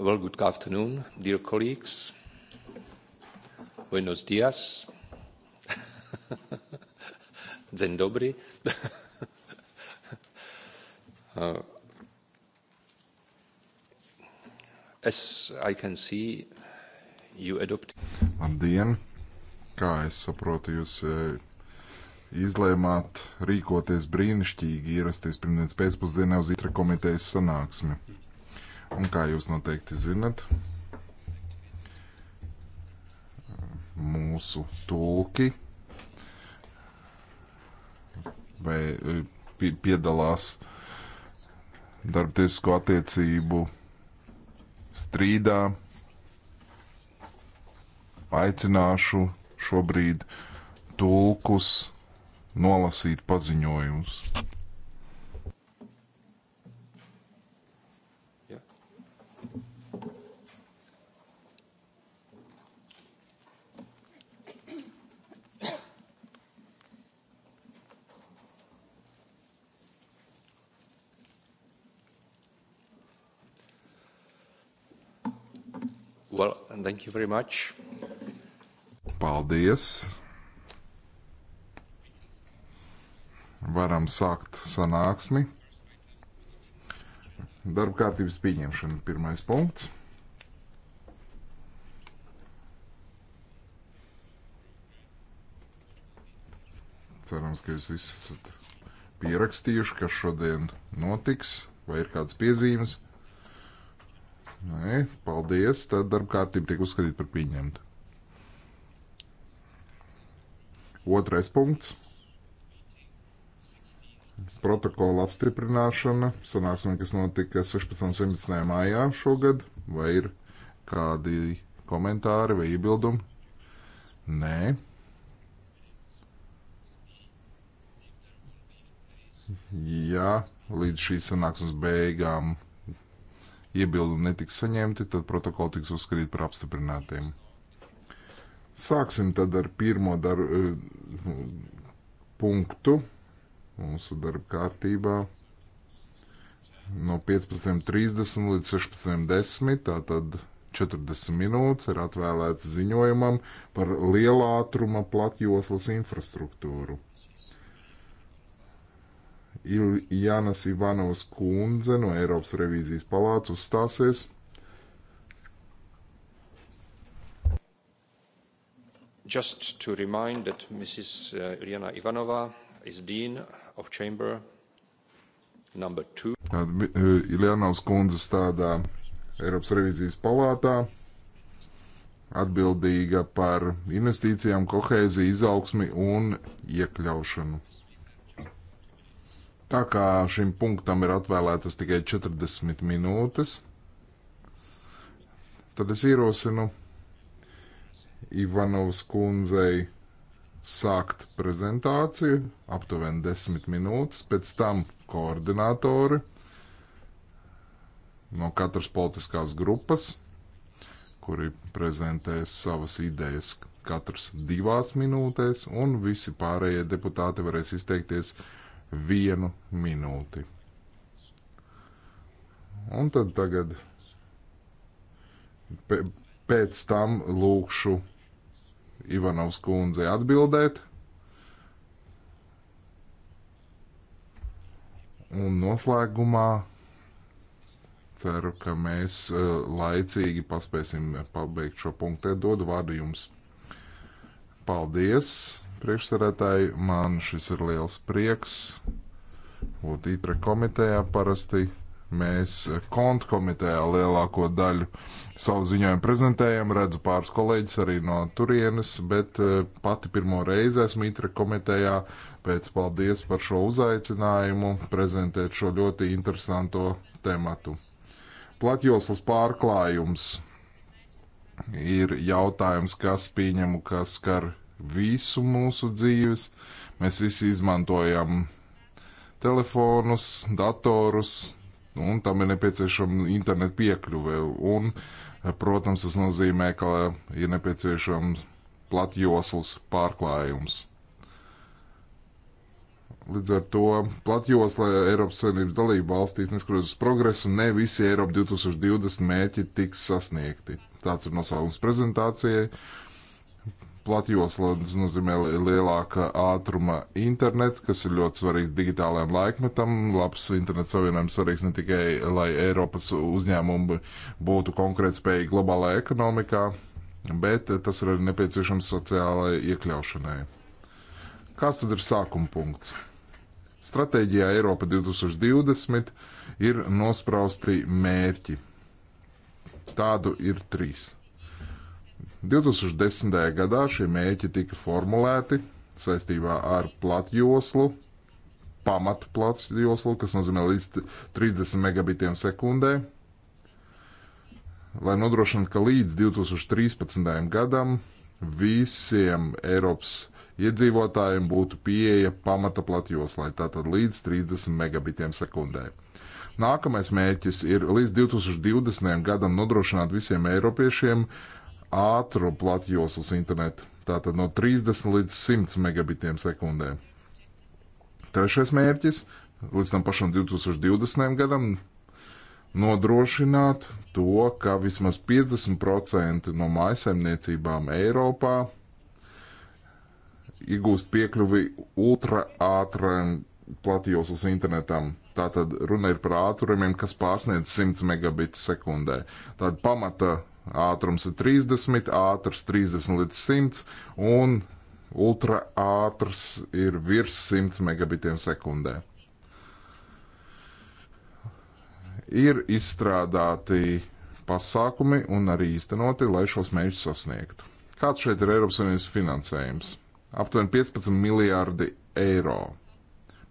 Well, good afternoon, dear colleagues. Buenos días. Dzień dobry. Uh, as I can see, you adopt. Labdien! Kā es saprotu, jūs uh, izlēmāt rīkoties brīnišķīgi, ierasties pirmdienas pēcpusdienā uz ITRA komitejas sanāksmi. Mm. Un kā jūs noteikti zinat, mūsu tulki vai e, piedalās darbtiesisko attiecību strīdā. Aicināšu šobrīd tulkus nolasīt paziņojumus. Thank you very much. Paldies. Varam sākt sanāksmi. Darba kārtības pieņemšana pirmais punkts. Cerams, ka jūs visi esat pierakstījuši, kas šodien notiks, vai ir kādas piezīmes. Nē, paldies. Tad darba kārtība tiek uzskatīta par pieņemtu. Otrais punkts. Protokola apstiprināšana sanāksmē, kas notika 16. un 17. maijā šogad. Vai ir kādi komentāri vai iebildumi? Nē. Ja līdz šīs sanāksmes beigām iebildumi netiks saņemti, tad protokoli tiks uzskatīt par apstiprinātiem. Sāksim tad ar pirmo dar, eh, punktu mūsu darba kārtībā no 15.30 līdz 16.10. Tātad 40 minūtes ir atvēlēts ziņojumam par lielātruma platjoslas infrastruktūru. Jānas Ivanovas kundze no Eiropas revīzijas palāca uzstāsies. Just to remind that Mrs. Uh, Iljana Ivanova is Dean of Chamber number two. Uh, Iljanovas kundze strādā Eiropas revīzijas palātā, atbildīga par investīcijām, kohēziju, izaugsmi un iekļaušanu. Tā kā šim punktam ir atvēlētas tikai 40 minūtes, tad es ierosinu Ivanovas kundzei sākt prezentāciju, aptuveni 10 minūtes, pēc tam koordinātori no katras politiskās grupas, kuri prezentēs savas idejas katrs divās minūtēs, un visi pārējie deputāti varēs izteikties 5 vienu minūti. Un tad tagad pēc tam lūkšu Ivanovs kundzei atbildēt. Un noslēgumā ceru, ka mēs e, laicīgi paspēsim pabeigt šo punktu. Dodu vārdu jums. Paldies! priekšsarētāji. Man šis ir liels prieks būt ITRE komitejā parasti. Mēs kontu komitejā lielāko daļu savu ziņojumu prezentējam, redzu pāris kolēģis arī no turienes, bet eh, pati pirmo reizi esmu ITRE komitejā, pēc paldies par šo uzaicinājumu prezentēt šo ļoti interesanto tematu. Platjoslas pārklājums ir jautājums, kas pieņemu, kas skar visu mūsu dzīves. Mēs visi izmantojam telefonus, datorus, un tam ir nepieciešama internetu piekļuve. Un, protams, tas nozīmē, ka ir nepieciešams platjoslas pārklājums. Līdz ar to platjoslē Eiropas Savienības dalību valstīs, neskatoties uz progresu, ne visi Eiropa 2020 mērķi tiks sasniegti. Tāds ir nosaukums prezentācijai. Uh, platjoslas nozīmē lielāka ātruma internets, kas ir ļoti svarīgs digitālajam laikmetam. Labs internets savienojums svarīgs ne tikai, lai Eiropas uzņēmumi būtu konkurētspējīgi globālajā ekonomikā, bet tas ir arī nepieciešams sociālai iekļaušanai. Kāds tad ir sākuma punkts? Stratēģijā Eiropa 2020 ir nosprausti mērķi. Tādu ir trīs 2010. gadā šie mēķi tika formulēti saistībā ar platjoslu, pamatu platjoslu, kas nozīmē līdz 30 megabitiem sekundē, lai nodrošinātu, ka līdz 2013. gadam visiem Eiropas iedzīvotājiem būtu pieeja pamata platjoslai, tātad līdz 30 megabitiem sekundē. Nākamais mērķis ir līdz 2020. gadam nodrošināt visiem eiropiešiem uh, ātru platjoslas internetu, tātad no 30 līdz 100 megabitiem sekundē. Trešais mērķis līdz tam pašam 2020. gadam nodrošināt to, ka vismaz 50% no mājasemniecībām Eiropā iegūst piekļuvi ultra ātram platjoslas internetam. Tātad runa ir par ātrumiem, kas pārsniedz 100 megabits sekundē. Tāda pamata ātrums ir 30, ātrs 30 līdz 100 un ultra ātrs ir virs 100 megabitiem sekundē. Ir izstrādāti pasākumi un arī īstenoti, lai šos mērķus sasniegtu. Kāds šeit ir Eiropas Savienības finansējums? Aptuveni 15 miljārdi eiro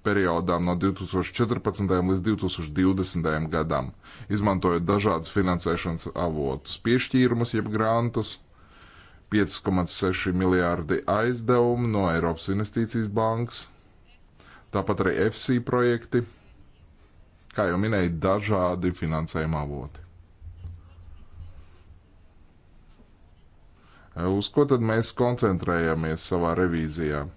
periodām no 2014. līdz 2020. gadam, izmantojot dažādus finansēšanas avotus, piešķīrumus jeb grantus, 5,6 miljārdi aizdevumu no Eiropas Investīcijas bankas, tāpat arī FC projekti, kā jau minēja, dažādi finansējuma avoti. Uz ko tad mēs koncentrējamies savā revīzijā?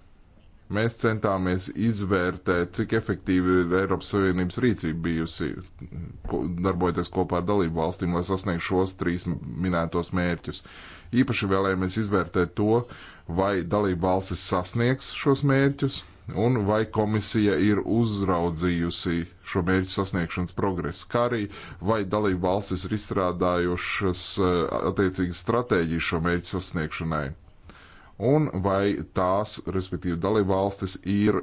Mēs centāmies izvērtēt, cik efektīva ir Eiropas Savienības rīcība bijusi, ko, darbojoties kopā ar dalību valstīm, lai sasniegtu šos trīs minētos mērķus. Īpaši vēlējāmies izvērtēt to, vai dalību valstis sasniegs šos mērķus un vai komisija ir uzraudzījusi šo mērķu sasniegšanas progresu, kā arī vai dalību valstis ir izstrādājušas eh, attiecīgas stratēģijas šo mērķu sasniegšanai un vai tās, respektīvi, dalībvalstis ir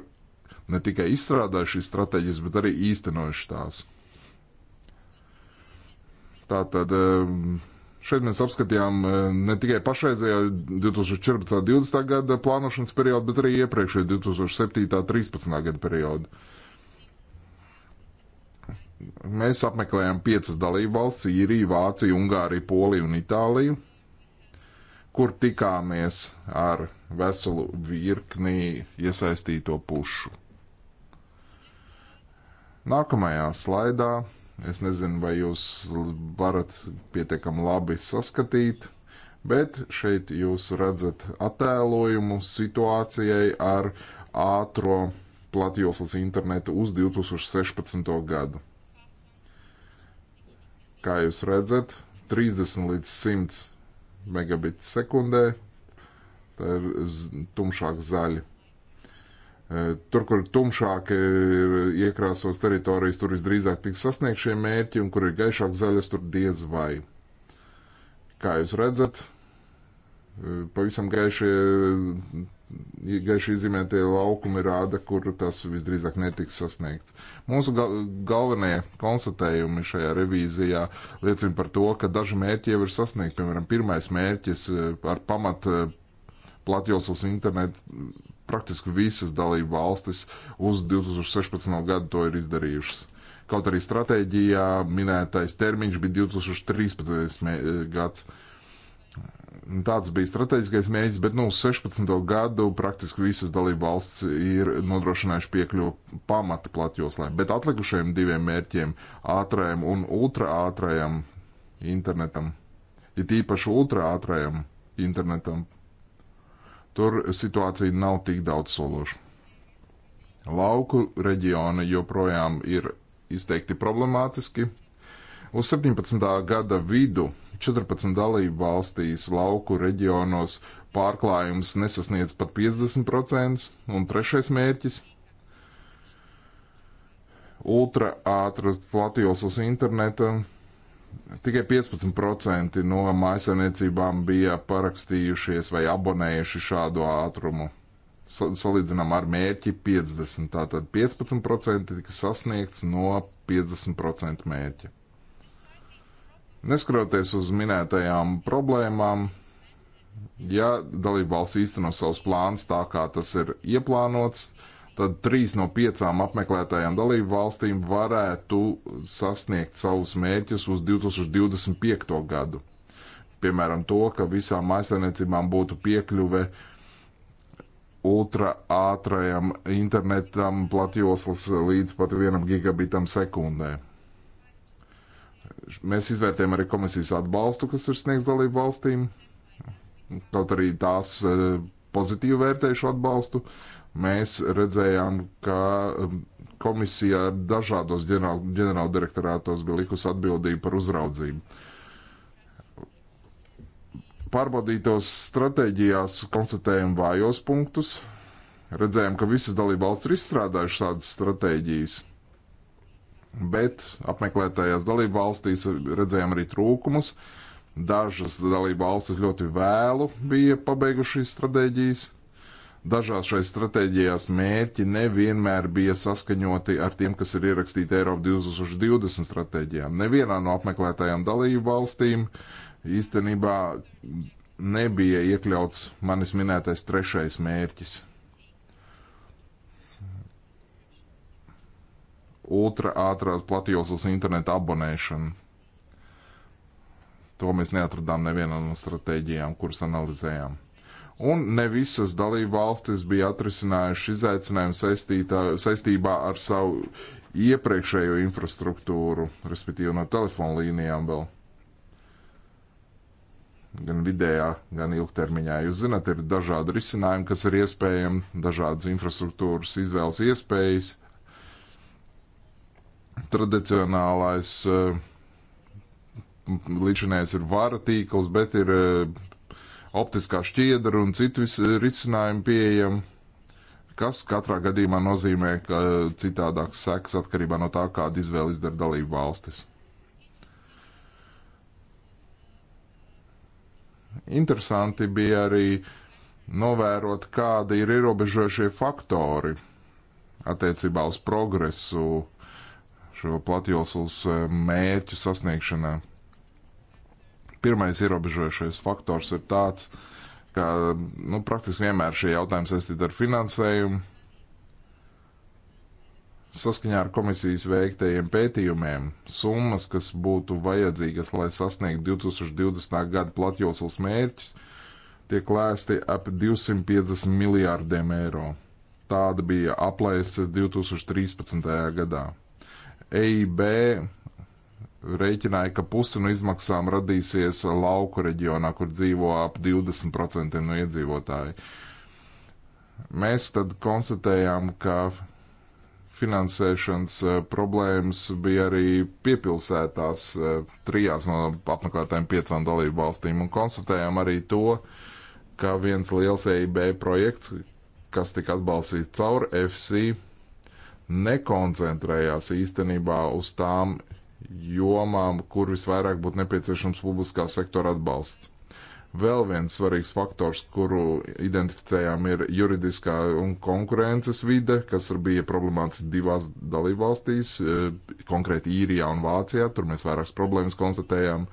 ne tikai izstrādājuši šīs stratēģijas, bet arī īstenojuši tās. Tātad um, šeit mēs apskatījām uh, ne tikai pašreizējo 2014.-2020. gada plānošanas periodu, bet arī iepriekšējo 2007.-2013. gada periodu. Mēs apmeklējām piecas dalību valsts - Īriju, Vāciju, Ungāriju, Poliju un Itāliju kur tikāmies ar veselu virkni iesaistīto pušu. Nākamajā slaidā es nezinu, vai jūs varat pietiekami labi saskatīt, bet šeit jūs redzat attēlojumu situācijai ar ātro platjoslas internetu uz 2016. gadu. Kā jūs redzat, 30 līdz 100 megabit sekundē. Tā ir tumšāk zaļa. E, tur, kur tumšāk ir e, iekrāsos teritorijas, tur visdrīzāk tiks sasniegt šie mērķi, un kur ir gaišāk zaļas, tur diez vai. Kā jūs redzat, e, pavisam gaišie gaiši izzīmētie laukumi rāda, kur tas visdrīzāk netiks sasniegts. Mūsu gal galvenie konstatējumi šajā revīzijā liecina par to, ka daži mērķi jau ir sasniegti. Piemēram, pirmais mērķis eh, ar pamat eh, platjoslas internetu praktiski visas dalību valstis uz 2016. gadu to ir izdarījušas. Kaut arī stratēģijā minētais termiņš bija 2013. Eh, gads. Nu, tāds bija strateģiskais mēģis, bet nu, uz 16. gadu praktiski visas dalību valsts ir nodrošinājuši piekļuvu pamata platjoslai, bet atlikušajiem diviem mērķiem - ātrajam un ultraātrajam internetam, ir ja tīpaši ultraātrajam internetam, tur situācija nav tik daudz sološa. Lauku reģioni joprojām ir izteikti problemātiski. Uz 17. gada vidu 14 dalību valstīs lauku reģionos pārklājums nesasniedz pat 50%, un trešais mērķis - ultra ātra platjoslas interneta. Tikai 15% no mājasainiecībām bija parakstījušies vai abonējuši šādu ātrumu. Salīdzinām ar mērķi 50, tātad 15% tika sasniegts no 50% mērķa. Neskroties uz minētajām problēmām, ja dalībvalsts īsteno savus plānus tā, kā tas ir ieplānots, tad trīs no piecām apmeklētajām dalību valstīm varētu sasniegt savus mērķus uz 2025. gadu. Piemēram, to, ka visām maisainiecībām būtu piekļuve ultra ātrajam internetam platjoslas līdz pat vienam gigabitam sekundē. Mēs izvērtējam arī komisijas atbalstu, kas ir sniegts dalību valstīm, kaut arī tās e, pozitīvi vērtējuši atbalstu. Mēs redzējām, ka komisija dažādos ģenerāldirektorātos bija likusi atbildību par uzraudzību pārbaudītos stratēģijās konstatējām vājos punktus. Redzējām, ka visas dalībvalstis ir izstrādājušas tādas stratēģijas, bet apmeklētajās dalību valstīs redzējām arī trūkumus. Dažas dalību valstis ļoti vēlu bija pabeiguši stratēģijas. Dažās šai stratēģijās mērķi nevienmēr bija saskaņoti ar tiem, kas ir ierakstīti Eiropa 2020 stratēģijām. Nevienā no apmeklētajām dalību valstīm īstenībā nebija iekļauts manis minētais trešais mērķis ultra ātrās platjoslas interneta abonēšanu. To mēs neatradām nevienā no stratēģijām, kuras analizējām. Un ne visas dalība valstis bija atrisinājuši izaicinājumu saistītā, saistībā ar savu iepriekšējo infrastruktūru, respektīvi no telefonu līnijām vēl. Gan vidējā, gan ilgtermiņā. Jūs zināt, ir dažādi risinājumi, kas ir iespējami, dažādas infrastruktūras izvēles iespējas, tradicionālais eh, līdzinājums ir vara tīkls, bet ir eh, optiskā šķiedra un citu risinājumu pieejami, kas katrā gadījumā nozīmē ka citādāks seks atkarībā no tā, kādu izvēli izdara dalību valstis. Interesanti bija arī novērot, kādi ir ierobežojošie faktori attiecībā uz progresu šo platjoslas eh, mērķu sasniegšanā. Pirmais ierobežojošais faktors ir tāds, ka nu, praktiski vienmēr šie jautājumi saistīti ar finansējumu. Saskaņā ar komisijas veiktajiem pētījumiem, summas, kas būtu vajadzīgas, lai sasniegtu 2020. gada platjoslas mērķus, tiek lēsti ap 250 miljārdiem eiro. Tāda bija aplēses 2013. gadā. EIB rēķināja, ka pusi no izmaksām radīsies lauku reģionā, kur dzīvo ap 20% no iedzīvotāji. Mēs tad konstatējām, ka finansēšanas e, problēmas bija arī piepilsētās e, trijās no apmeklētājiem piecām dalību valstīm un konstatējām arī to, ka viens liels EIB projekts, kas tika atbalstīts caur FC, nekoncentrējās īstenībā uz tām jomām, kur visvairāk būtu nepieciešams publiskā sektora atbalsts. Vēl viens svarīgs faktors, kuru identificējām, ir juridiskā un konkurences vide, kas bija problemāts divās dalībvalstīs, e, konkrēti īrijā un Vācijā. Tur mēs vairākas problēmas konstatējām.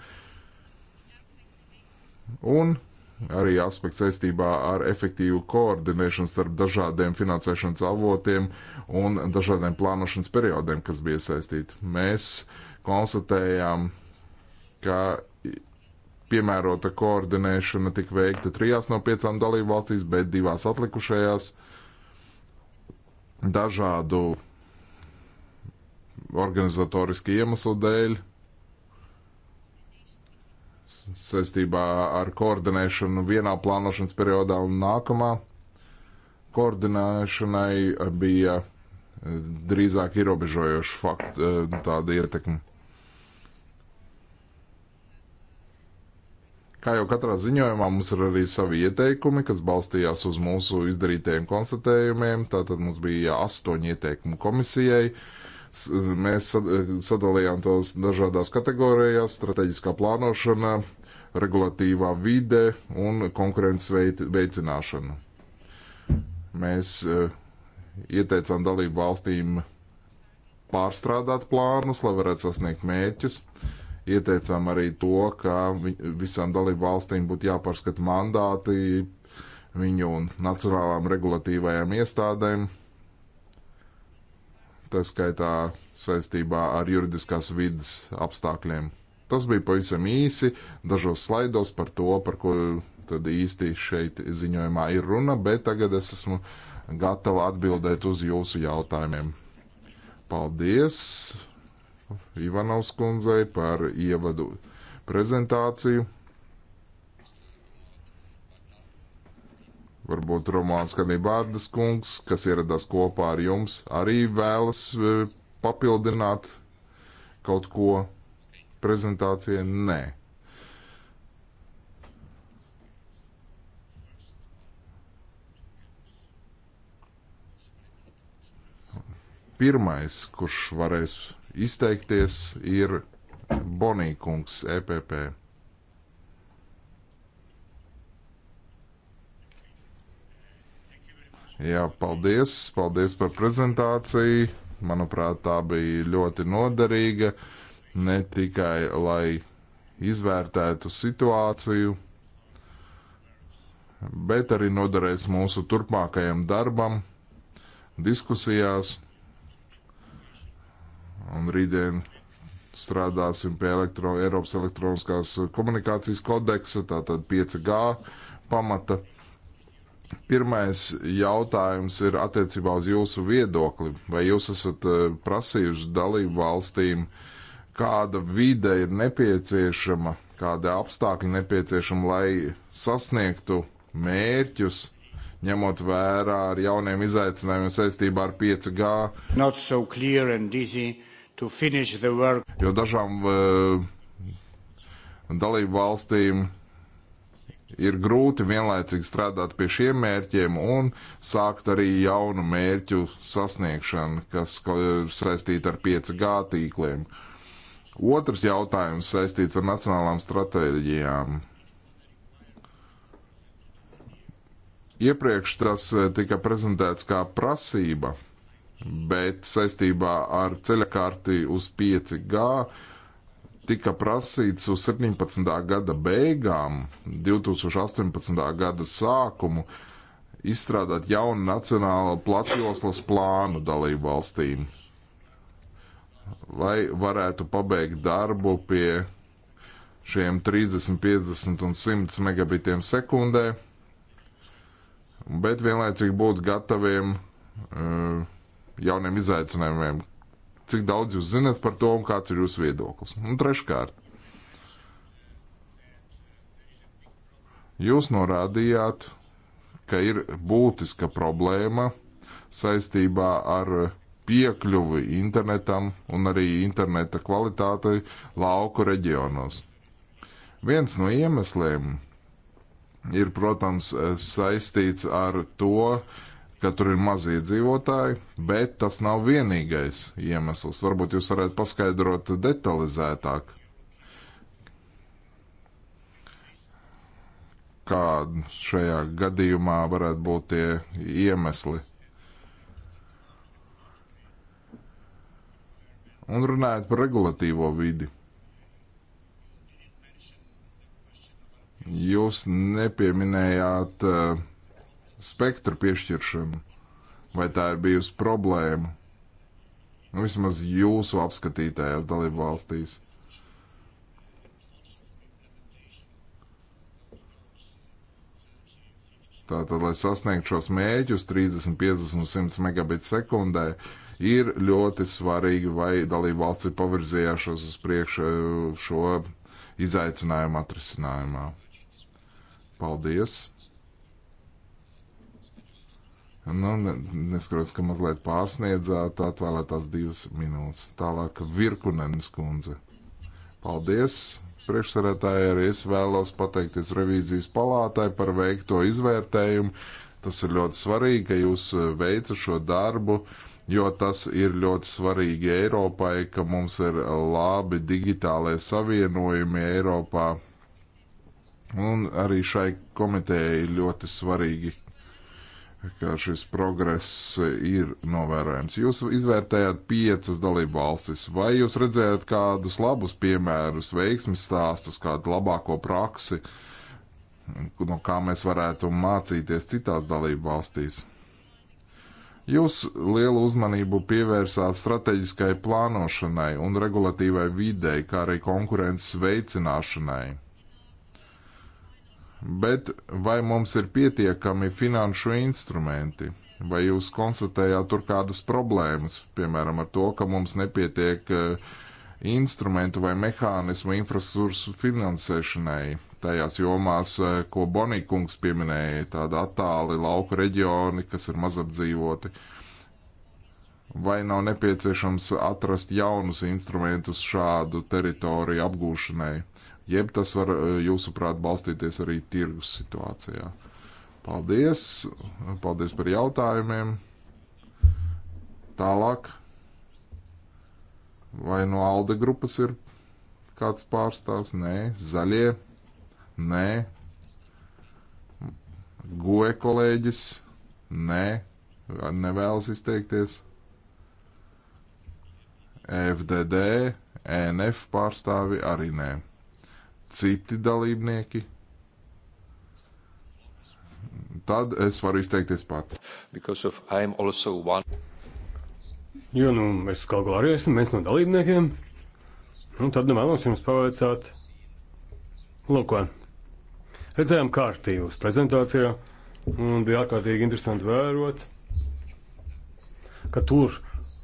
Un arī aspekts saistībā ar efektīvu koordinēšanu starp dažādiem finansēšanas avotiem un dažādiem plānošanas periodiem, kas bija saistīti. Mēs konstatējām, ka piemērota koordinēšana tika veikta trijās no piecām dalību valstīs, bet divās atlikušajās dažādu organizatoriski iemeslu dēļ saistībā ar koordinēšanu vienā plānošanas periodā un nākamā. Koordinēšanai bija eh, drīzāk ierobežojoša fakta eh, tāda ietekme. Kā jau katrā ziņojumā mums ir arī savi ieteikumi, kas balstījās uz mūsu izdarītajiem konstatējumiem. Tātad mums bija astoņi ieteikumi komisijai. Mēs eh, sadalījām tos dažādās kategorijās - strateģiskā plānošana, regulatīvā vide un konkurences veicināšanu. Mēs eh, ieteicām dalību valstīm pārstrādāt plānus, lai varētu sasniegt mērķus. Ieteicām arī to, ka visām dalību valstīm būtu jāpārskata mandāti viņu un nacionālām regulatīvajām iestādēm, tā skaitā saistībā ar juridiskās vidas apstākļiem. Tas bija pavisam īsi, dažos slaidos par to, par ko tad īsti šeit ziņojumā ir runa, bet tagad es esmu gatava atbildēt uz jūsu jautājumiem. Paldies Ivanovs kundzei par ievadu prezentāciju. varbūt Romanis Kanibārdas kungs, kas ieradās kopā ar jums, arī vēlas eh, papildināt kaut ko prezentācija nē. Pirmais, kurš varēs izteikties, ir Bonīkungs EPP. Jā, paldies, paldies par prezentāciju. Manuprāt, tā bija ļoti noderīga. Uh, ne tikai lai izvērtētu situāciju, bet arī noderēs mūsu turpmākajam darbam, diskusijās, un rītdien strādāsim pie elektro, Eiropas elektroniskās komunikācijas kodeksa, tātad 5G pamata. Pirmais jautājums ir attiecībā uz jūsu viedokli. Vai jūs esat eh, prasījuši dalību valstīm uh, kāda vide ir nepieciešama, kāda apstākļi nepieciešama, lai sasniegtu mērķus, ņemot vērā ar jauniem izaicinājumiem saistībā ar 5G. So jo dažām uh, dalību valstīm ir grūti vienlaicīgi strādāt pie šiem mērķiem un sākt arī jaunu mērķu sasniegšanu, kas ir saistīta ar 5G tīkliem. Uh, Otrs jautājums saistīts ar nacionālām stratēģijām. Iepriekš tas eh, tika prezentēts kā prasība, bet saistībā ar ceļakārti uz 5G tika prasīts uz 17. gada beigām, 2018. gada sākumu izstrādāt jaunu nacionālu platjoslas plānu dalību valstīm lai varētu pabeigt darbu pie šiem 30, 50 un 100 megabitiem sekundē, bet vienlaicīgi būt gataviem uh, jauniem izaicinājumiem. Cik daudz jūs zinat par to un kāds ir jūsu viedoklis? Un treškārt, jūs norādījāt, ka ir būtiska problēma saistībā ar uh, piekļuvi internetam un arī interneta kvalitātei lauku reģionos. Viens no iemesliem ir, protams, saistīts ar to, ka tur ir mazie dzīvotāji, bet tas nav vienīgais iemesls. Varbūt jūs varētu paskaidrot detalizētāk. Kādi šajā gadījumā varētu būt tie iemesli? Un runājot par regulatīvo vidi. Jūs nepieminējāt uh, spektra piešķiršanu, vai tā ir bijusi problēma? Nu, vismaz jūsu apskatītajās dalību valstīs. Tātad, lai sasniegtu šos mēģus 30, 50 un 100 megabit sekundē, uh, ir ļoti svarīgi, vai dalību valsts ir pavirzējušos uz priekšu eh, šo izaicinājumu atrisinājumā. Paldies! Nu, neskatoties, ka mazliet pārsniedzāt atvēlētās divas minūtes. Tālāk Virkunenes kundze. Paldies! Priekšsarētāji arī es vēlos pateikties revīzijas palātai par veikto izvērtējumu. Tas ir ļoti svarīgi, ka jūs eh, veica šo darbu. Uh, jo tas ir ļoti svarīgi Eiropai, ka mums ir labi digitālai savienojumi Eiropā. Un arī šai komitejai ir ļoti svarīgi, ka šis progress ir novērojams. Jūs izvērtējāt piecas dalību valstis. Vai jūs redzējāt kādus labus piemērus, veiksmes stāstus, kādu labāko praksi, no kā mēs varētu mācīties citās dalību valstīs? Jūs lielu uzmanību pievērsāt strateģiskai plānošanai un regulatīvai videi, kā arī konkurences veicināšanai. Bet vai mums ir pietiekami finanšu instrumenti? Vai jūs konstatējāt tur kādas problēmas, piemēram, ar to, ka mums nepietiek eh, instrumentu vai mehānismu infrastruktūras finansēšanai? tajās jomās, eh, ko Bonīkungs pieminēja, tāda attāli lauka reģioni, kas ir mazapdzīvoti. Vai nav nepieciešams atrast jaunus instrumentus šādu teritoriju apgūšanai, jeb tas var, eh, jūsuprāt, balstīties arī tirgus situācijā? Paldies! Paldies par jautājumiem! Tālāk, vai no Alde grupas ir kāds pārstāvs? Nē, zaļie. Nē. Goe kolēģis? Nē. Nevēlas izteikties. FDD, ENF pārstāvi arī nē. Citi dalībnieki? Tad es varu izteikties pats. Jo, nu, es kaut kā arī esmu viens no dalībniekiem. Un nu, tad nu vēlos jums pavaicāt, lūk, Redzējām kārtīvus prezentācijā un bija ārkārtīgi interesanti vērot, ka tur,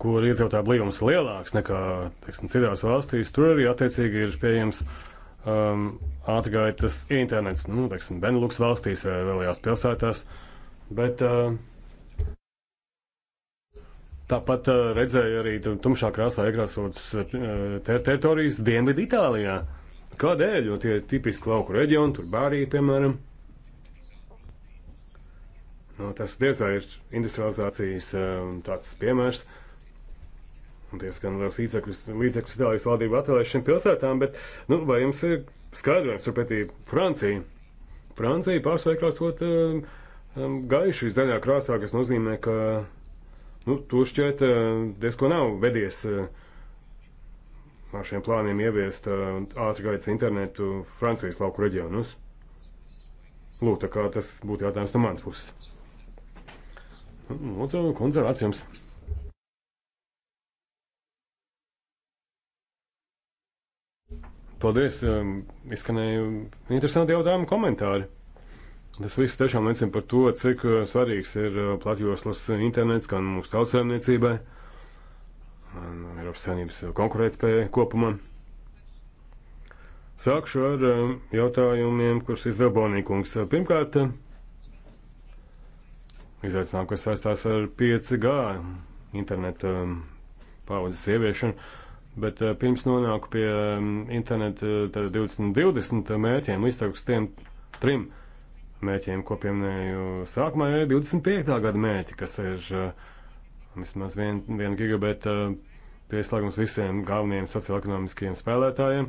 kur iedzīvotāju blīvums lielāks nekā, teiksim, citās valstīs, tur arī attiecīgi ir pieejams um, ātrgaitas internets, nu, teiksim, Benelux valstīs vai lielajās pilsētās, bet uh, Tāpat uh, redzēju arī tumšā krāsā iekrāsotas uh, ter teritorijas Dienvidu Itālijā. Uh, Kādēļ? Jo tie ir tipiski lauku reģioni, tur Bārija, piemēram. Nu, tas diez vai ir industrializācijas eh, tāds piemērs. Un diezgan liels līdzekļus, līdzekļus Itālijas valdība atvēlēja šīm pilsētām, bet nu, vai jums ir skaidrojums turpretī Francija? Francija pārsvarā krāsot um, eh, gaišu zaļā krāsā, kas nozīmē, ka nu, tur šķiet uh, eh, diezko nav vedies. Uh, ar šiem plāniem ieviest uh, ātrgaitas internetu Francijas lauku reģionus. Lūk, tā kā tas būtu jautājums no mans puses. Nu, lūdzu, kundze, vārds jums. Paldies, um, izskanēja interesanti jautājumi komentāri. Tas viss tiešām liecina par to, cik uh, svarīgs ir uh, platjoslas internets gan mūsu tautsēmniecībai no Eiropas Savienības konkurētspēja kopumā. Sākšu ar eh, jautājumiem, kurus izdev Bonīkungs. Pirmkārt, eh, izaicinājumu, kas saistās ar 5G interneta eh, paudzes ieviešanu. Bet pirms nonāku pie interneta 2020 mērķiem, izteikšu tiem trim mērķiem, ko pieminēju sākumā, ir 25. gada mērķi, kas ir uh, vismaz 1 gigabaita uh, pieslēgums visiem galvenajiem sociālajiem spēlētājiem,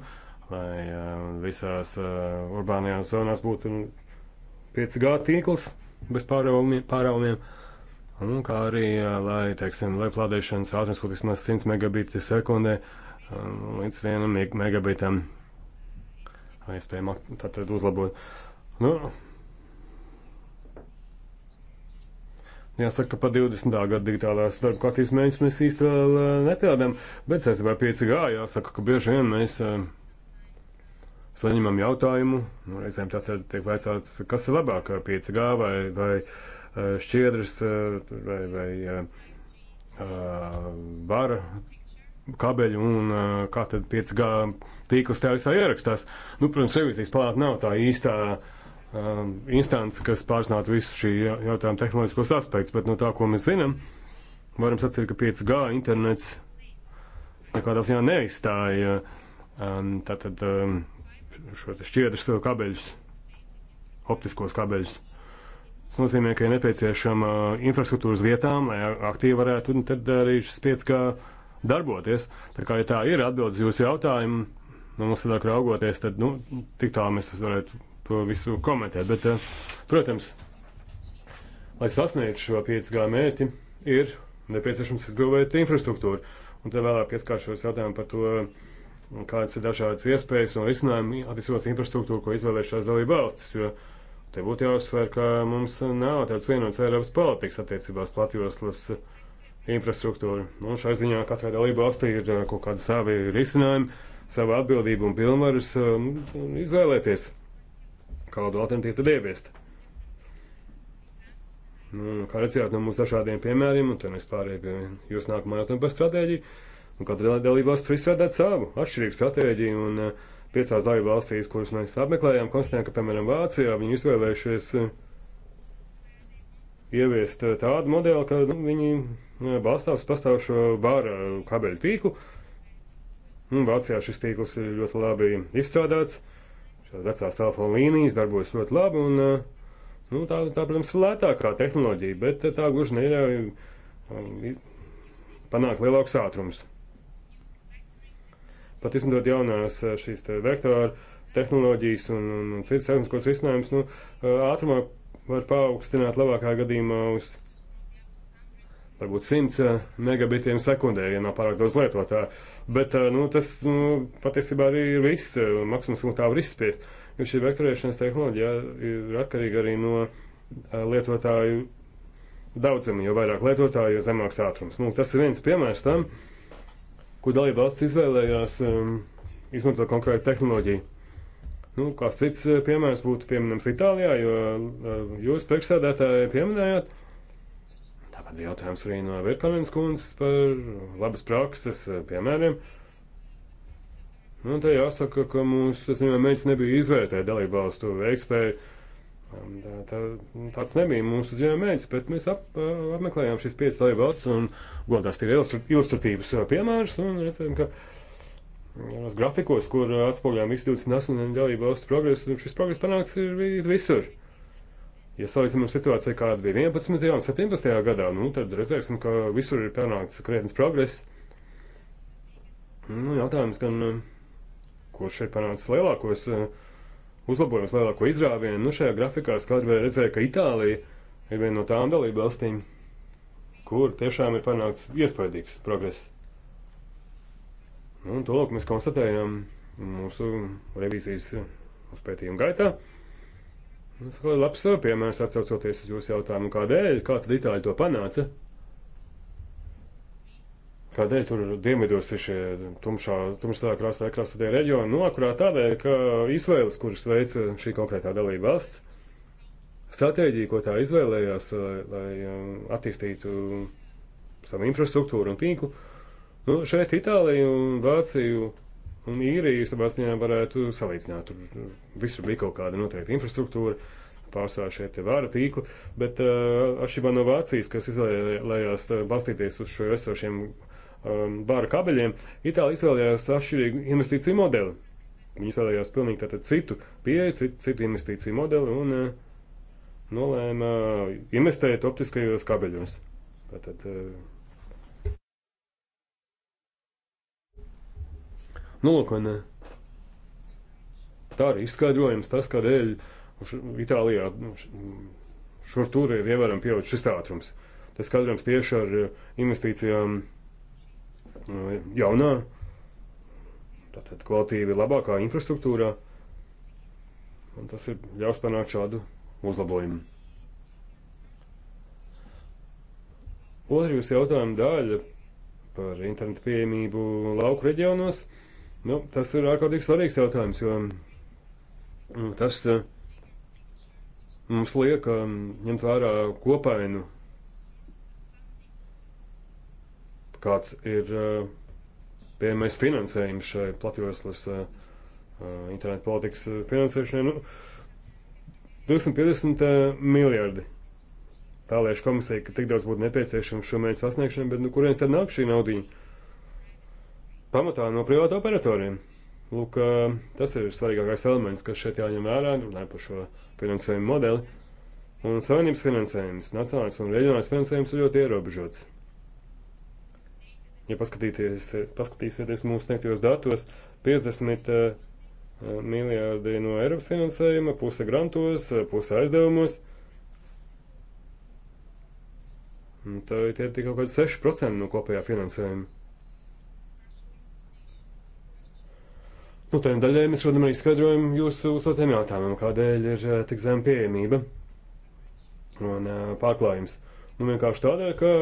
lai uh, visās uh, urbānajās zonās būtu 5G tīkls bez pāraumiem. Un kā arī, lai, teiksim, lai plādēšanas ātrums būtu vismaz 100 megabiti sekundē um, līdz 1 megabitam. Iespējams, tātad uzlabot. Nu, Jāsaka, pa 20. gada digitālās darba kārtības mēģinājums mēs īsti vēl eh, nepildām, bet saistībā ar 5G jāsaka, ka bieži vien mēs eh, saņemam jautājumu, nu, reizēm tātad tiek vaicāts, kas ir labāk, 5G vai, vai eh, šķiedras vai, vai vara kabeļi un kā tad 5G tīkls tā visā ierakstās. Nu, protams, revizijas palāta nav tā īstā um, instance, kas pārzinātu visu šī jautājuma tehnoloģiskos aspektus, bet no tā, ko mēs zinām, varam sacīt, ka 5G internets nekādā ziņā neizstāja um, tātad um, šo šķiedras uh, kabeļus, optiskos kabeļus. Tas nozīmē, ka ir nepieciešama infrastruktūras vietām, lai aktīvi varētu un tad arī šis 5G darboties. Tā kā, ja tā ir atbildes jūsu jautājumu, nu, mums tādā raugoties, tad, nu, tik tā mēs varētu to visu komentēt. Bet, eh, protams, lai sasniegtu šo 5G mērķi, ir nepieciešams izbūvēt infrastruktūru. Un te vēlāk pieskāršos jautājumu par to, kādas ir dažādas iespējas un risinājumi attīstot infrastruktūru, ko izvēlējušās dalība valstis. Jo te būtu jāuzsver, ka mums nav tāds vienots Eiropas politikas attiecībās platjoslas infrastruktūru. Un šai ziņā katrai dalība valstī ir eh, kaut kādi savi risinājumi, sava atbildība un pilnvaras eh, izvēlēties kādu alternatīvu tad ieviest. Nu, nu, kā redzējāt no mūsu dažādiem piemēriem, un tad mēs pārējām pie jūsu nākamā jautājuma par stratēģiju, un katra dalībvalsts izstrādāt savu atšķirīgu stratēģiju, un uh, piecās dalībvalstīs, kuras mēs apmeklējām, konstatējām, ka, piemēram, Vācijā viņi izvēlējušies uh, ieviest eh, tādu modeli, ka nu, viņi balstās uz pastāvošo vāra kabeļu tīklu. Un nu, Vācijā šis tīkls ir ļoti labi izstrādāts vecās telefona līnijas darbojas ļoti labi. Un, eh, nu, tā, tā, protams, ir lētākā tehnoloģija, bet tā gluži neļauj um, panākt lielākus ātrumus. Pat izmantojot jaunās eh, šīs te vektora tehnoloģijas un, un, un citas tehniskos risinājumus, nu, eh, ātrumā var paaugstināt labākā gadījumā uz varbūt 100 eh, megabitiem sekundē, ja nav pārāk daudz lietotāju. Bet eh, nu, tas nu, patiesībā arī ir viss, eh, maksimums, ko tā var izspiest. Jo šī vektorēšanas tehnoloģija ir atkarīga arī no lietotāju daudzuma. Jo vairāk lietotāju, jo zemāks ātrums. Nu, tas ir viens piemērs tam, ko dalība valsts izvēlējās um, izmantot konkrētu tehnoloģiju. Nu, kāds cits piemērs būtu pieminams Itālijā, jo uh, jūs priekšsēdētāji pieminējāt, uh, Tāpat bija jautājums arī no Virkamens kundzes par labas prakses eh, piemēriem. Nu, un te jāsaka, ka mūsu mērķis nebija izvērtēt dalībvalstu veikspēju. Um, tā, tā, nu, tāds nebija mūsu mērķis, bet mēs ap, apmeklējām šīs piecas dalībvalstis un godās ir ilustratīvas piemērus un redzējām, ka grafikos, kur atspoguļām visu 28 dalībvalstu progresu, šis progress panāks ir visur. Ja salīdzinām situāciju, kāda bija 11. un 17. gadā, nu, tad redzēsim, ka visur ir panācis krietnes progress. Nu, jautājums gan, eh, kurš ir panācis lielākos eh, uzlabojumus, lielāko izrāvienu? Nu, šajā grafikā skaidri redzēja, ka Itālija ir viena no tām dalību valstīm, kur tiešām ir panācis iespaidīgs progress. Nu, un to lūk mēs konstatējam mūsu revīzijas eh, uzpētījuma gaitā. Tas nu, ir labs piemērs atcaucoties uz jūsu jautājumu, kādēļ, kā tad itāļi to panāca? Kādēļ tur dienvidos ir šie tumšā, tumšā krāsā krāsotie reģioni? Nu, akurā tādēļ, ka Izraels, kuras veica šī konkrētā dalība valsts, stratēģija, ko tā izvēlējās, lai, lai um, attīstītu savu infrastruktūru un tīklu, nu, šeit Itāliju un Vāciju Un īrija savā ziņā varētu salīdzināt. Tur visur bija kaut kāda noteikta infrastruktūra, pārsvarā šeit ir vāra tīkla, bet uh, eh, atšķirībā no Vācijas, kas izvēlējās eh, balstīties uz šo esošiem um, vāra kabeļiem, Itālija izvēlējās atšķirīgu investīciju modeli. Viņi izvēlējās pilnīgi tātad citu pieeju, citu, citu investīciju modeli un uh, nolēma investēt optiskajos kabeļos. Tātad, uh, Nu, lūk, un tā arī izskaidrojums tas, kādēļ Itālijā nu, mm, šur tur ir ievērojami pieaudzis šis ātrums. Tas skaidrojums tieši ar eh, investīcijām eh, jaunā, tātad kvalitīvi labākā infrastruktūrā, un tas ir ļaus panākt šādu uzlabojumu. Otra jūsu jautājuma daļa par internetu pieejamību lauku reģionos – Nu, tas ir ārkārtīgi svarīgs jautājums, jo mm, tas eh, mums liek eh, ņemt vērā kopainu, kāds ir eh, pieejamais finansējums šai platjoslas internetu politikas finansēšanai. Nu, 250 miljardi. Tālēšu komisija, ka tik daudz būtu nepieciešams šo mērķu sasniegšanai, bet nu, kurienes tad nāk šī naudiņa? pamatā no privāta operatoriem. Lūk, tas ir svarīgākais elements, kas šeit jāņem vērā, runājot par šo finansējumu modeli. Un savienības finansējums, nacionālais un reģionālais finansējums ir ļoti ierobežots. Ja paskatīsieties mūsu sniegtajos datos, 50 uh, miljārdi no Eiropas finansējuma, puse grantos, puse aizdevumos. Un tā ir tie tikai kaut kādi 6% no kopējā finansējuma. Nu, tādiem daļai mēs rodam arī skaidrojumu jūsu uzdotiem jautājumiem, kādēļ ir eh, tik zem pieejamība un eh, pārklājums. Nu, vienkārši tādēļ, ka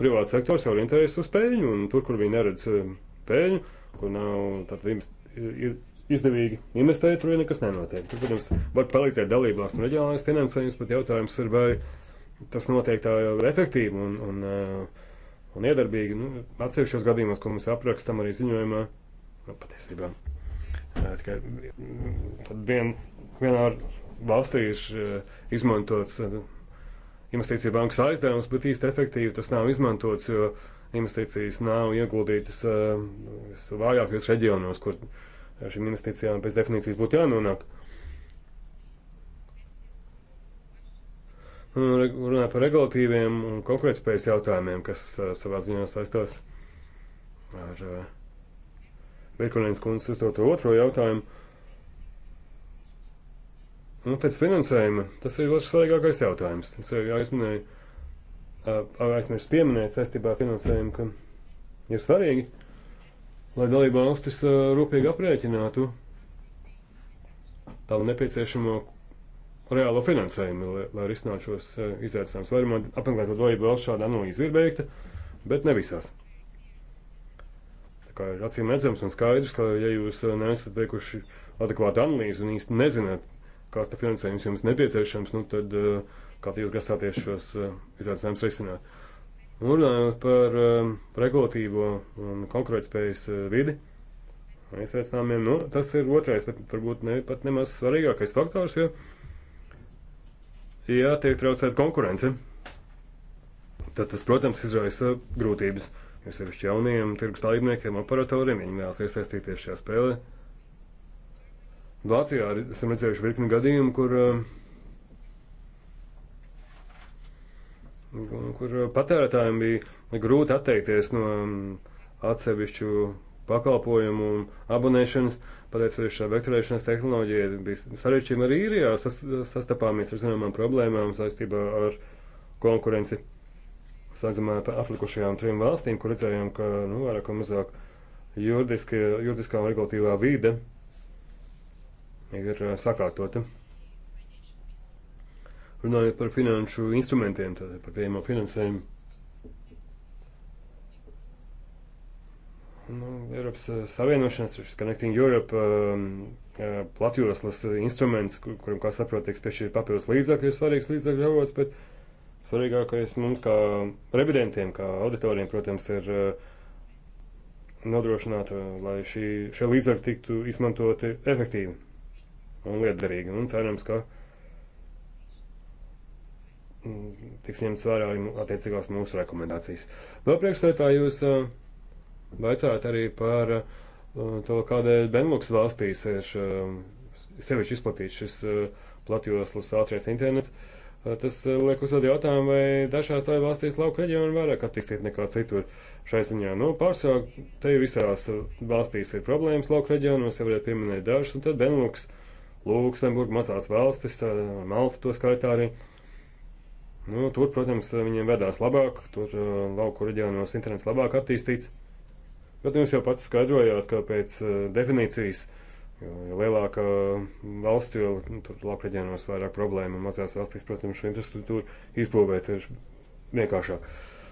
privāts sektors orientējas uz peļņu, un tur, kur viņi neredz eh, peļņu, kur nav tātad ir izdevīgi investēt, tur nekas nenotiek. Tur, protams, var palīdzēt dalībās un reģionālais finansējums, bet jautājums ir, vai tas notiek tā efektīvi un, un, un iedarbīgi. Nu, atsevišķos gadījumos, ko mēs aprakstam arī ziņojumā, Nu, patiesībā tikai mm, vien, vienā valstī ir izmantots investīcija bankas aizdevums, bet īsti efektīvi tas nav izmantots, jo investīcijas nav ieguldītas vājākajos reģionos, kur šīm investīcijām pēc definīcijas būtu jānonāk. Nu, Runāju par regulatīviem un konkurētspējas jautājumiem, kas savā ziņā saistās ar uh, Virkunēns kundzes uzdot otro jautājumu. Nu, pēc finansējuma tas ir otrs svarīgākais jautājums. Tas ir jāizminēja, aizmirst pieminēt saistībā ar finansējumu, ka ir svarīgi, lai dalība valstis rūpīgi aprēķinātu tādu nepieciešamo reālo finansējumu, lai, lai risinātu šos izaicinājumus. Vairumā apmeklēto dalību valsts šāda analīze ir veikta, bet ne visās kā ir acīm redzams un skaidrs, ka ja jūs eh, neesat veikuši adekvātu analīzi un īsti nezināt, kāds te finansējums jums nepieciešams, nu tad eh, kā jūs grasāties šos eh, izaicinājumus risināt. Un runājot par regulatīvo un konkurētspējas vidi, izaicinājumiem, nu, tas ir otrais, bet varbūt ne, pat nemaz svarīgākais faktors, jo ja tiek traucēta konkurence, tad tas, protams, izraisa grūtības jo sevišķi jauniem tirgus dalībniekiem, operatoriem, viņi vēlas iesaistīties šajā spēlē. Vācijā esam redzējuši virkni gadījumu, kur, um, kur uh, patērētājiem bija grūti atteikties no um, atsevišķu pakalpojumu un abonēšanas, pateicoties šai vektorēšanas tehnoloģijai, bija sarežģījumi arī īrijā, sas, sastapāmies ar zināmām problēmām saistībā ar konkurenci. Sākumā par atlikušajām trim valstīm, kur redzējām, ka nu, vairāk vai mazāk juridiski, juridiskā un regulatīvā vīde ir eh, sakārtota. Runājot par finanšu instrumentiem, tātad par pieejamo finansējumu. Nu, Eiropas eh, Savienošanas, šis Connecting Europe um, platjoslas instruments, kur, kuram, kā saprot, tiek piešķirt papildus līdzakļi, ir svarīgs līdzakļu avots, bet uh, Svarīgākais mums kā revidentiem, kā auditoriem, protams, ir eh, nodrošināt, eh, lai šī, šie līdzekļi tiktu izmantoti efektīvi un lietderīgi. Un cerams, ka mm, tiks ņemts vērā attiecīgās mūsu rekomendācijas. Vēl priekšstādā jūs baicāt eh, arī par to, kādēļ Benelux valstīs ir sevišķi izplatīts šis platjoslas ātrās internets. Uh, Tas liek uzdot jautājumu, vai dažās tādā valstīs lauka reģionu vairāk attīstīt nekā citur. Šai ziņā, nu, pārsvarā te visās valstīs ir problēmas lauka reģionos, jau varētu pieminēt dažas, un tad Benelux, Luksemburga, mazās valstis, Malta to skaitā arī. Nu, tur, protams, viņiem vedās labāk, tur lauku reģionos internets labāk attīstīts. Bet jūs jau pats skaidrojāt, ka pēc definīcijas uh, Jo, jo lielāka valsts, jo nu, tur lauka reģionos vairāk problēmu, un mazās valstīs, protams, šo infrastruktūru izbūvēt ir vienkāršāk.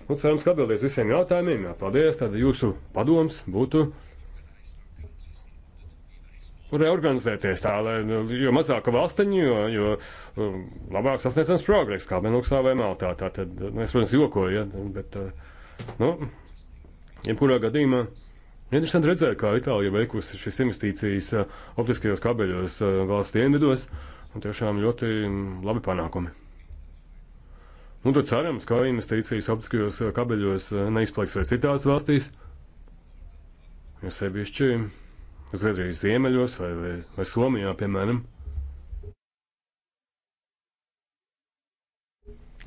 Nu, cerams, ka atbildēs visiem jautājumiem. Jā, paldies. Tad jūsu padoms būtu reorganizēties tā, lai, nu, jo mazāka valstiņa, jo, jo um, labāk sasniedzams progress, kā Benuksā vai Maltā. Tā tad, nu, es, protams, jokoju, ja, bet, uh, nu, jebkurā gadījumā. Nu, interesanti redzēt, kā Itālija veikusi šīs investīcijas eh, optiskajos kabeļos eh, valsts dienvidos, un tiešām ļoti mm, labi panākumi. Nu, tad cerams, ka investīcijas optiskajos eh, kabeļos neizplēks arī citās valstīs, jo sevišķi Zviedrijas ziemeļos vai, vai, vai Somijā, piemēram,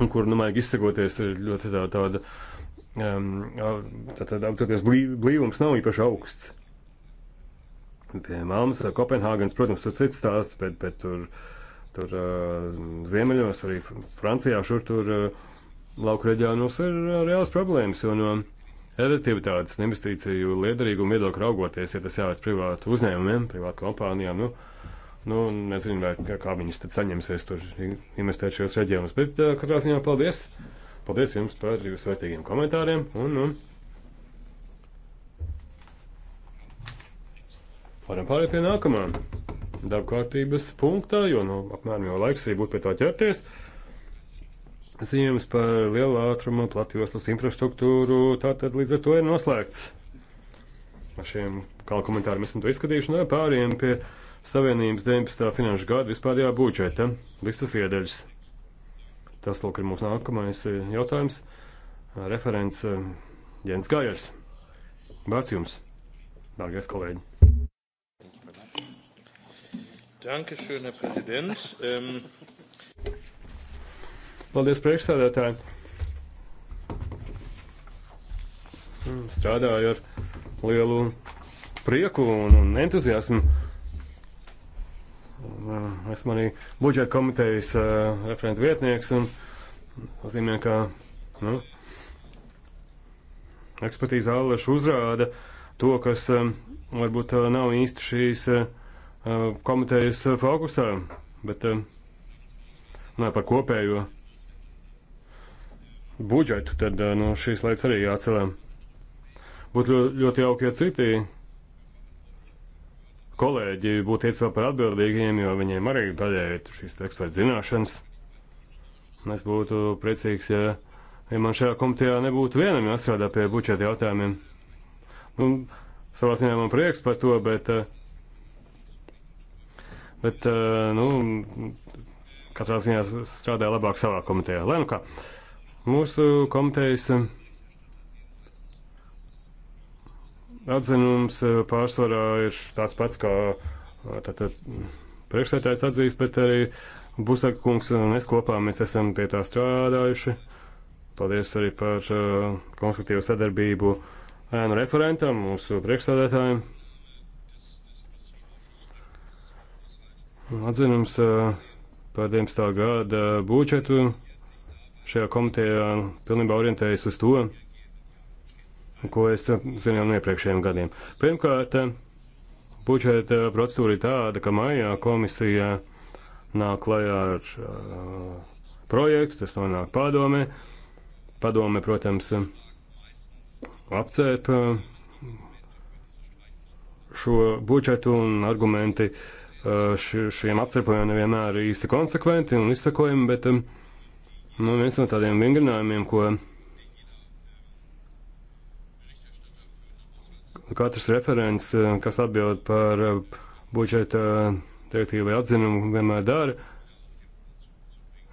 un kur, nu, vajag izsakoties, ir ļoti tā, tāda. tāda Ehm, Tātad apskatoties blīvums nav īpaši augsts. Pie Malmas, Kopenhāgenes, protams, tur cits stāsts, bet, bet tur, tur ziemeļos, arī Francijā, šur tur lauku reģionos ir reāls problēmas, jo no efektivitātes un investīciju liederīgumu viedokļa raugoties, ja tas jāveic privātu uzņēmumiem, privātu kompānijām, nu, Nu, nezinu, vai, kā viņas tad saņemsies tur investēt šajos reģionos, bet katrā ziņā paldies! Uh, Paldies jums par jūsu vērtīgiem komentāriem un, un nu, varam pārēt pie nākamā darba kārtības punktā, jo nu, apmēram jau laiks arī būtu pie tā ķerties. Ziņojums par lielu ātrumu platjoslas infrastruktūru, tātad līdz ar to ir noslēgts. Ar šiem kā komentāriem esam to izskatījuši, nu pāriem pie Savienības 19. finanšu gada vispārējā budžeta, visas iedaļas. Tas, lūk, ir mūsu nākamais eh, jautājums. Eh, referents eh, Jens Gājers. Vārds jums, dārgais kolēģi. Dankeschön, Herr Präsident. Ähm. Paldies, priekšsēdētāji. Mm, strādāju ar lielu prieku un, un entuziasmu Eh, esmu arī budžeta komitejas uh, referenta vietnieks, un nozīmē, ka nu, ekspertīze Alleša uzrāda to, kas um, varbūt uh, nav īsti šīs uh, komitejas uh, fokusā, bet uh, ne, nu, par kopējo budžetu, tad uh, nu, šīs lietas arī jāatcelē. Būtu ļoti, ļoti jauki, ja citi kolēģi būtu iecelt par atbildīgiem, jo viņiem arī daļēji ir šīs eksperta zināšanas. Es būtu priecīgs, ja, ja man šajā komitejā nebūtu vienam jāstrādā pie budžeta jautājumiem. Nu, savā ziņā man prieks par to, bet, eh, bet eh, nu, katrā ziņā strādāja labāk savā komitejā. Lai nu kā, mūsu komitejas. Eh, atzinums eh, pārsvarā ir tāds pats, kā eh, tātad mm, priekšsētājs atzīst, bet arī Busaka kungs un es kopā mēs esam pie tā strādājuši. Paldies arī par uh, konstruktīvu sadarbību ēnu referentam, mūsu priekšsēdētājiem. Atzinums uh, par 19. gada budžetu šajā komitejā pilnībā orientējas uz to, ko es zinu no iepriekšējiem gadiem. Pirmkārt, budžeta procedūra ir tāda, ka maijā komisija nāk klajā ar uh, projektu, tas nonāk padomē. Padome, protams, apcēp uh, šo budžetu un argumenti uh, š, šiem apcepojumiem nevienmēr ir īsti konsekventi un izsakojami, bet um, nu, viens no tādiem vingrinājumiem, ko katrs referents, eh, kas atbild par eh, budžeta eh, direktīvu vai atzinumu, vienmēr dara.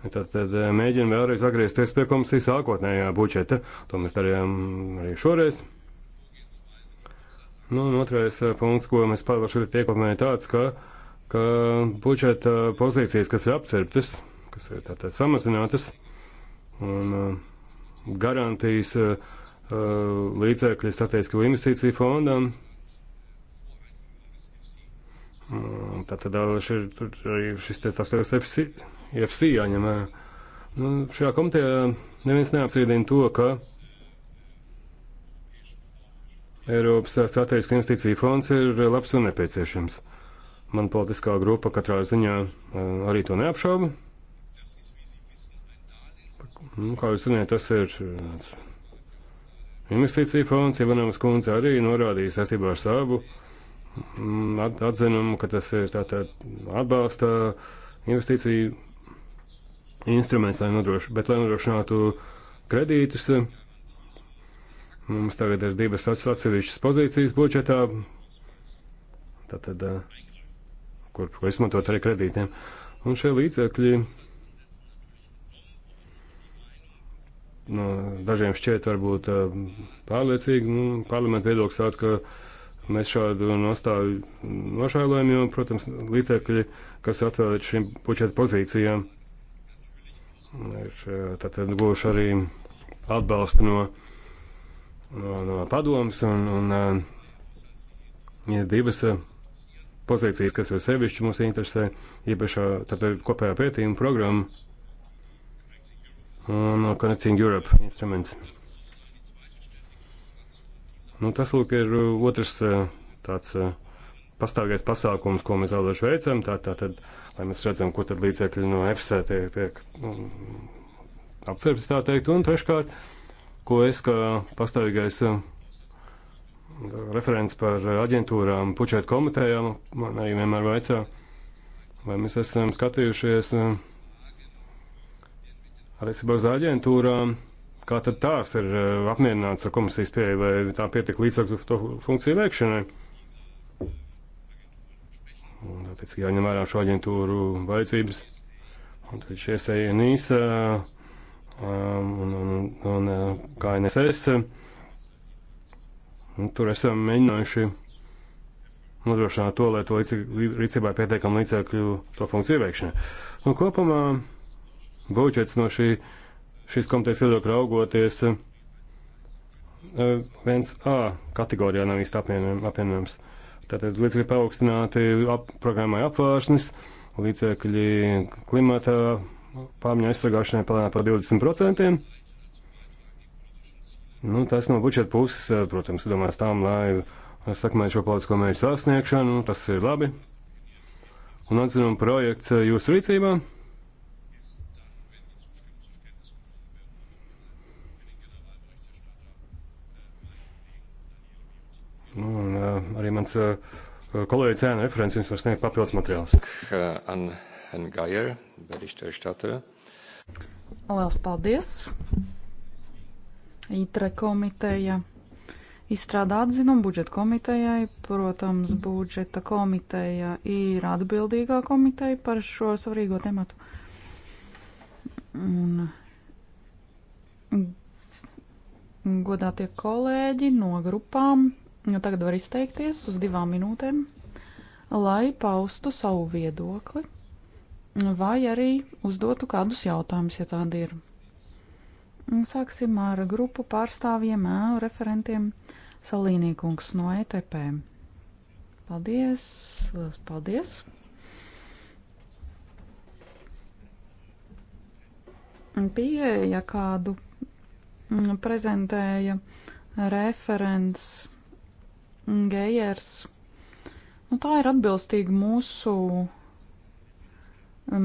Tad, tad mēģinam vēlreiz atgriezties pie komisijas sākotnējā budžeta. To mēs darījām arī šoreiz. Nu, un otrais punkts, ko mēs pārvaršu piekopmēju tāds, ka, ka budžeta pozīcijas, kas ir apcerptas, kas ir tātad samazinātas, un garantijas uh, Uh, līdzekļi strateģisko investīciju fondam. Tātad mm, uh, šir, tur arī šis te tās tevis FC, FC jāņem. Uh. Nu, šajā komitejā neviens neapsīdina to, ka Eiropas strateģiska investīcija fonds ir labs un nepieciešams. Man politiskā grupa katrā ziņā arī to neapšauba. Nu, kā jūs zināt, tas ir Investīcija fonds, Ivanamas kundze arī norādīja saistībā ar savu mm, at, atzinumu, ka tas ir tātad atbalsta investīciju instruments, lai nodrošinātu, bet lai nodrošinātu kredītus. Mums tagad ir divas atsevišķas pozīcijas budžetā, tātad, eh, kur, kur izmantot arī kredītiem. Un šie līdzekļi nu, dažiem šķiet varbūt eh, pārliecīgi, nu, parlamenta viedoklis tāds, ka mēs šādu nostāju nošailojam, jo, protams, līdzekļi, kas atvēlēti šīm pučeta pozīcijām, ir eh, tātad guvuši arī atbalstu no, no, no padomas un, un ja eh, divas pozīcijas, kas jau sevišķi mums interesē, īpašā tātad kopējā pētījuma programma un uh, Connecting Europe instruments. Nu, tas, lūk, ir uh, otrs uh, tāds pastāvīgais pasākums, ko mēs vēlamies veicam, tā, tā tad, lai mēs redzam, ko tad līdzekļi no EFSA tiek, tiek nu, apcerpts, tā teikt, un treškārt, ko es kā pastāvīgais referents par aģentūrām, pučēt komitejām, man arī vienmēr vaicā, vai mēs esam skatījušies. Uh, attiecībā uz aģentūrām. Kā tad tās ir eh, apmierināts ar komisijas pieeju, vai tā pietiek līdzekļu to funkciju veikšanai? Un, attiecīgi, jāņem vērā šo aģentūru vajadzības. Un tad šie SENIS eh, um, un, un, un eh, KNSS. Un tur esam mēģinājuši nodrošināt to, lai to rīcībā pietiekam līdzekļu to funkciju veikšanai. Un kopumā budžets no šī, šīs komitejas viedokļa raugoties 1A eh, kategorijā nav īsti apvienojams. Tātad līdzekļi paaugstināti ap, programmai apvāršanas, līdzekļi klimata pārmaiņu aizsargāšanai palēnā par 20%. Nu, tas no budžeta puses, eh, protams, domās tām, lai sakmētu šo politisko mērķu sasniegšanu, tas ir labi. Un atzinuma projekts eh, jūsu rīcībā. Nu, un, uh, arī mans uh, kolēģis Ēna referents jums var sniegt papildus materiālus. An, an Gaier, Berichterstatter. Lielas paldies! ITRE komiteja izstrādā atzinumu budžeta komitejai. Protams, budžeta komiteja ir atbildīgā komiteja par šo svarīgo tematu. Un godā tie kolēģi no grupām Nu, tagad var izteikties uz divām minūtēm, lai paustu savu viedokli vai arī uzdotu kādus jautājumus, ja tādi ir. Sāksim ar grupu pārstāvjiem, ēnu referentiem Salīnīkungs no ETP. Paldies! Liels paldies! Pieeja kādu prezentēja referents Geijers. Nu, tā ir atbilstīga mūsu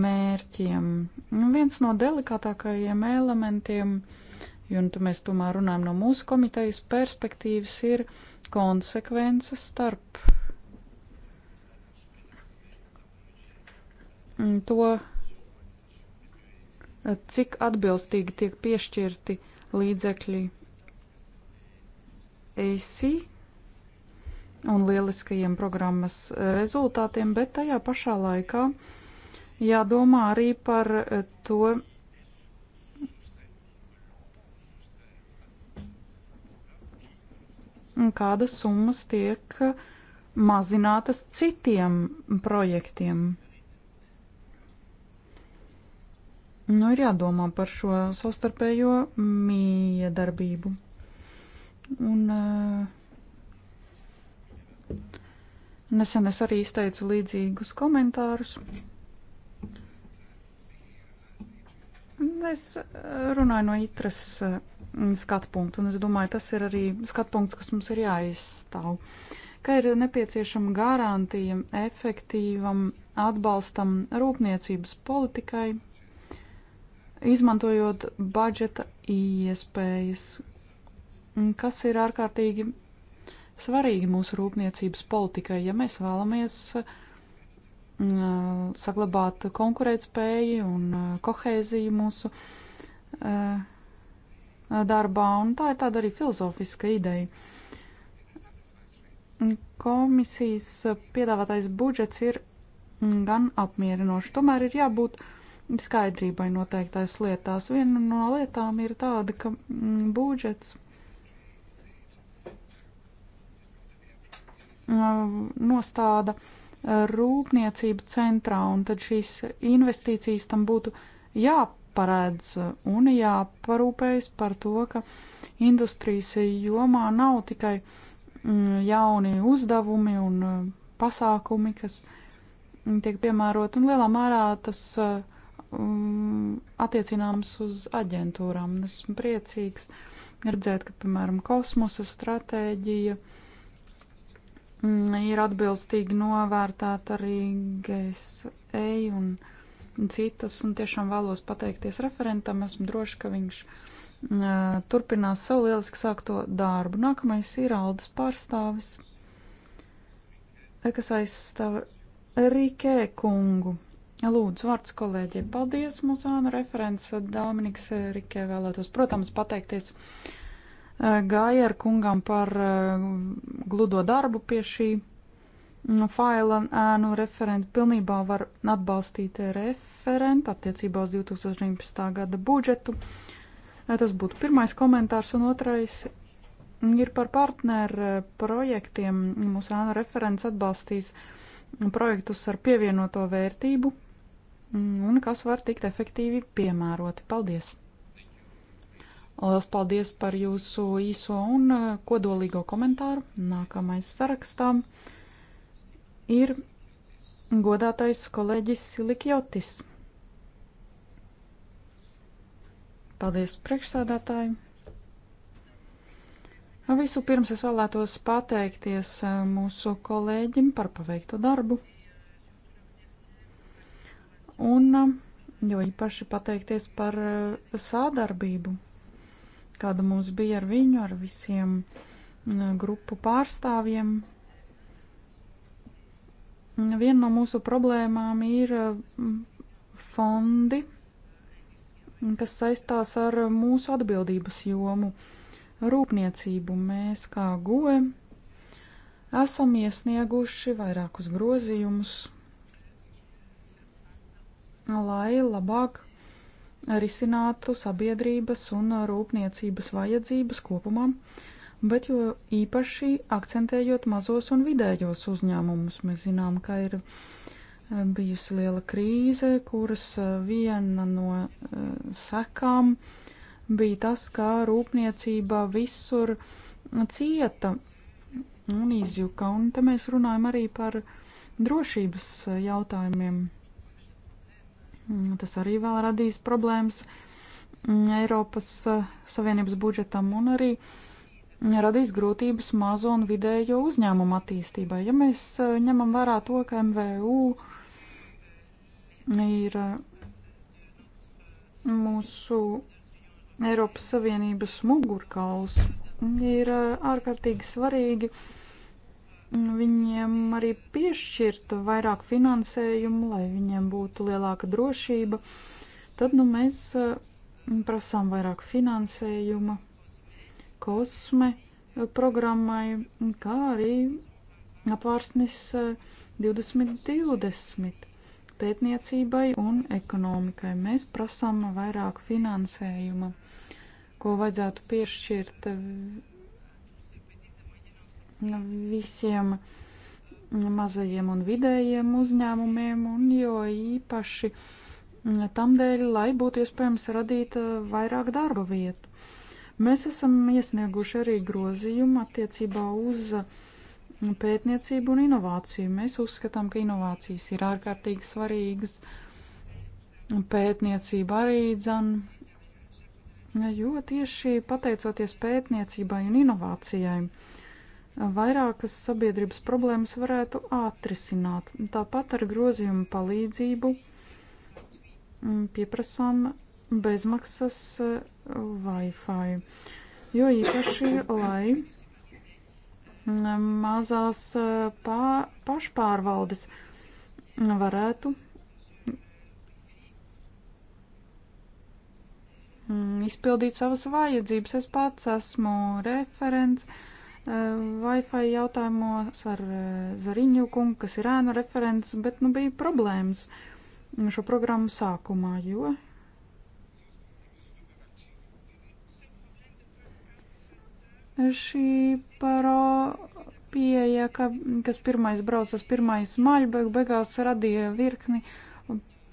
mērķiem. Nu, viens no delikātākajiem elementiem, un nu, tu mēs tomēr runājam no mūsu komitejas perspektīvas, ir konsekvences starp to, cik atbilstīgi tiek piešķirti līdzekļi ESI un lieliskajiem programmas rezultātiem, bet tajā pašā laikā jādomā arī par to, kādas summas tiek mazinātas citiem projektiem. Nu, ir jādomā par šo savstarpējo miedarbību. Un uh, Nesen es arī izteicu līdzīgus komentārus. Es eh, runāju no itras eh, skatu punktu, un es domāju, tas ir arī skatu punkts, kas mums ir jāizstāv. Ka ir nepieciešama garantija efektīvam atbalstam rūpniecības politikai, izmantojot budžeta iespējas, kas ir ārkārtīgi svarīgi mūsu rūpniecības politikai, ja mēs vēlamies mm, saglabāt konkurētspēju un kohēziju mūsu darbā, un tā ir tāda arī filozofiska ideja. Komisijas piedāvātais budžets ir mm, gan apmierinošs, tomēr ir jābūt skaidrībai noteiktais lietās. Viena no lietām ir tāda, ka mm, budžets nostāda rūpniecību centrā, un tad šīs investīcijas tam būtu jāparedz un jāparūpējas par to, ka industrijas jomā nav tikai jauni uzdevumi un pasākumi, kas tiek piemēroti, un lielā mērā tas attiecināms uz aģentūrām. Esmu priecīgs redzēt, ka, piemēram, kosmosa stratēģija, uh, Mm, ir atbilstīgi novērtēt arī GSE un citas, un tiešām vēlos pateikties referentam, esmu droši, ka viņš uh, turpinās savu lieliski sākto darbu. Nākamais ir Aldas pārstāvis, kas aizstāv Rīkē kungu. Lūdzu, vārds kolēģiem. Paldies, mūsu āna referents Dominiks Rikē vēlētos, protams, pateikties uh, Eh, Gājer kungam par eh, gludo darbu pie šī mm, faila ēnu referentu pilnībā var atbalstīt referentu attiecībā uz 2019. gada budžetu. Eh, tas būtu pirmais komentārs un otrais ir par partneru projektiem. Mūsu ēnu referents atbalstīs projektus ar pievienoto vērtību mm, un kas var tikt efektīvi piemēroti. Paldies! Lielas paldies par jūsu īso un eh, kodolīgo komentāru. Nākamais sarakstā ir godātais kolēģis Likjotis. Paldies priekšsādātāji! Visu pirms es vēlētos pateikties eh, mūsu kolēģim par paveikto darbu. Un eh, jo īpaši pateikties par sādarbību kāda mums bija ar viņu, ar visiem mm, grupu pārstāvjiem. Viena no mūsu problēmām ir mm, fondi, kas saistās ar mūsu atbildības jomu - rūpniecību. Mēs kā goe esam iesnieguši vairākus grozījumus, lai labāk risinātu sabiedrības un rūpniecības vajadzības kopumā, bet jo īpaši akcentējot mazos un vidējos uzņēmumus. Mēs zinām, ka ir eh, bijusi liela krīze, kuras eh, viena no eh, sekām bija tas, ka rūpniecība visur cieta un izjuka, un te mēs runājam arī par drošības jautājumiem. Mm, tas arī vēl radīs problēmas mm, Eiropas eh, Savienības budžetam un arī mm, radīs grūtības mazo un vidējo uzņēmumu attīstībai. Ja mēs eh, ņemam vērā to, ka MVU ir eh, mūsu Eiropas Savienības mugurkauls, ir ārkārtīgi svarīgi viņiem arī piešķirt vairāk finansējumu, lai viņiem būtu lielāka drošība, tad nu, mēs eh, prasām vairāk finansējuma kosme eh, programmai, kā arī apvārsnis 2020 eh, pētniecībai un ekonomikai. Mēs prasām vairāk finansējuma, ko vajadzētu piešķirt visiem mazajiem un vidējiem uzņēmumiem, un jo īpaši tam dēļ, lai būtu iespējams radīt uh, vairāk darba vietu. Mēs esam iesnieguši arī grozījumu attiecībā uz uh, pētniecību un inovāciju. Mēs uzskatām, ka inovācijas ir ārkārtīgi svarīgas. Pētniecība arī dzan, jo tieši pateicoties pētniecībai un inovācijai, uh, vairākas sabiedrības problēmas varētu atrisināt. Tāpat ar grozījumu palīdzību mm, pieprasām bezmaksas eh, Wi-Fi, jo īpaši, lai mm, mazās eh, pā, pašpārvaldes varētu mm, izpildīt savas vajadzības. Es pats esmu referents. Uh, Wi-Fi jautājumos ar eh, Zariņu kungu, kas ir ēnu referents, bet nu bija problēmas šo programmu sākumā, jo. Šī paro pieeja, ka, kas pirmais brauc, tas pirmais maļ, bet beigās radīja virkni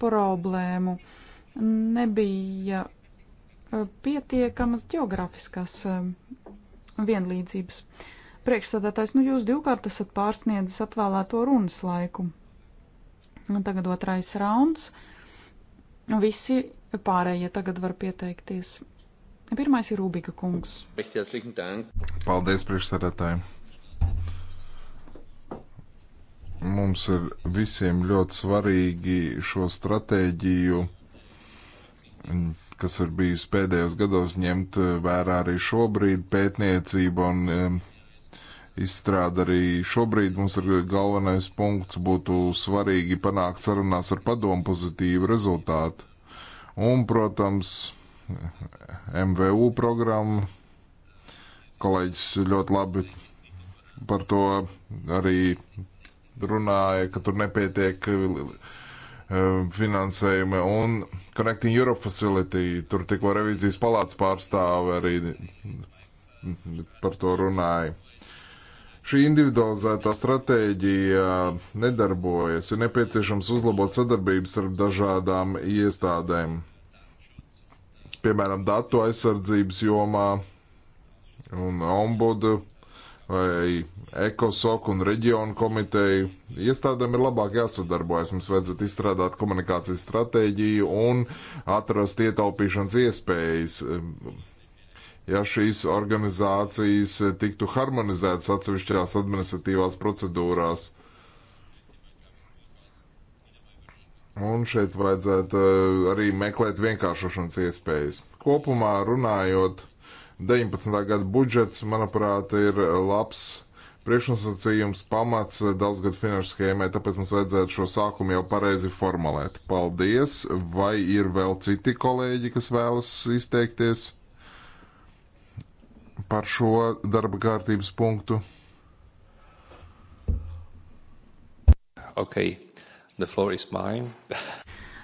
problēmu. Nebija eh, pietiekamas geogrāfiskās eh, vienlīdzības. Priekšsēdētājs, nu jūs divkārt esat pārsniedzis atvēlēto runas laiku. Un tagad otrais rauns. Visi pārējie tagad var pieteikties. Pirmais ir Rūbīga kungs. Paldies, priekšsēdētāji! mums ir visiem ļoti svarīgi šo stratēģiju kas ir bijusi pēdējos gados, ņemt eh, vērā arī šobrīd pētniecība un um, eh, izstrāda arī šobrīd. Mums ir galvenais punkts, būtu svarīgi panākt sarunās ar padomu pozitīvu rezultātu. Un, protams, MVU programma. Kolēģis ļoti labi par to arī runāja, ka tur nepietiek Um, finansējumi un Connecting Europe Facility. Tur tikko revizijas palātas pārstāve arī par to runāja. Šī individualizētā stratēģija nedarbojas. Ir nepieciešams uzlabot sadarbību starp dažādām iestādēm. Piemēram, datu aizsardzības jomā un ombudu vai ECOSOC un reģionu komiteju. Iestādēm ir labāk jāsadarbojas, mums vajadzētu izstrādāt komunikācijas stratēģiju un atrast ietaupīšanas iespējas. Um, ja šīs organizācijas tiktu harmonizētas atsevišķās administratīvās procedūrās, Un šeit vajadzētu uh, arī meklēt vienkāršošanas iespējas. Kopumā runājot, 19. gada budžets, manuprāt, ir labs priekšnosacījums, pamats daudzgad finanšu schēmai, tāpēc mums vajadzētu šo sākumu jau pareizi formulēt. Paldies! Vai ir vēl citi kolēģi, kas vēlas izteikties par šo darba kārtības punktu? ok, the floor is mine.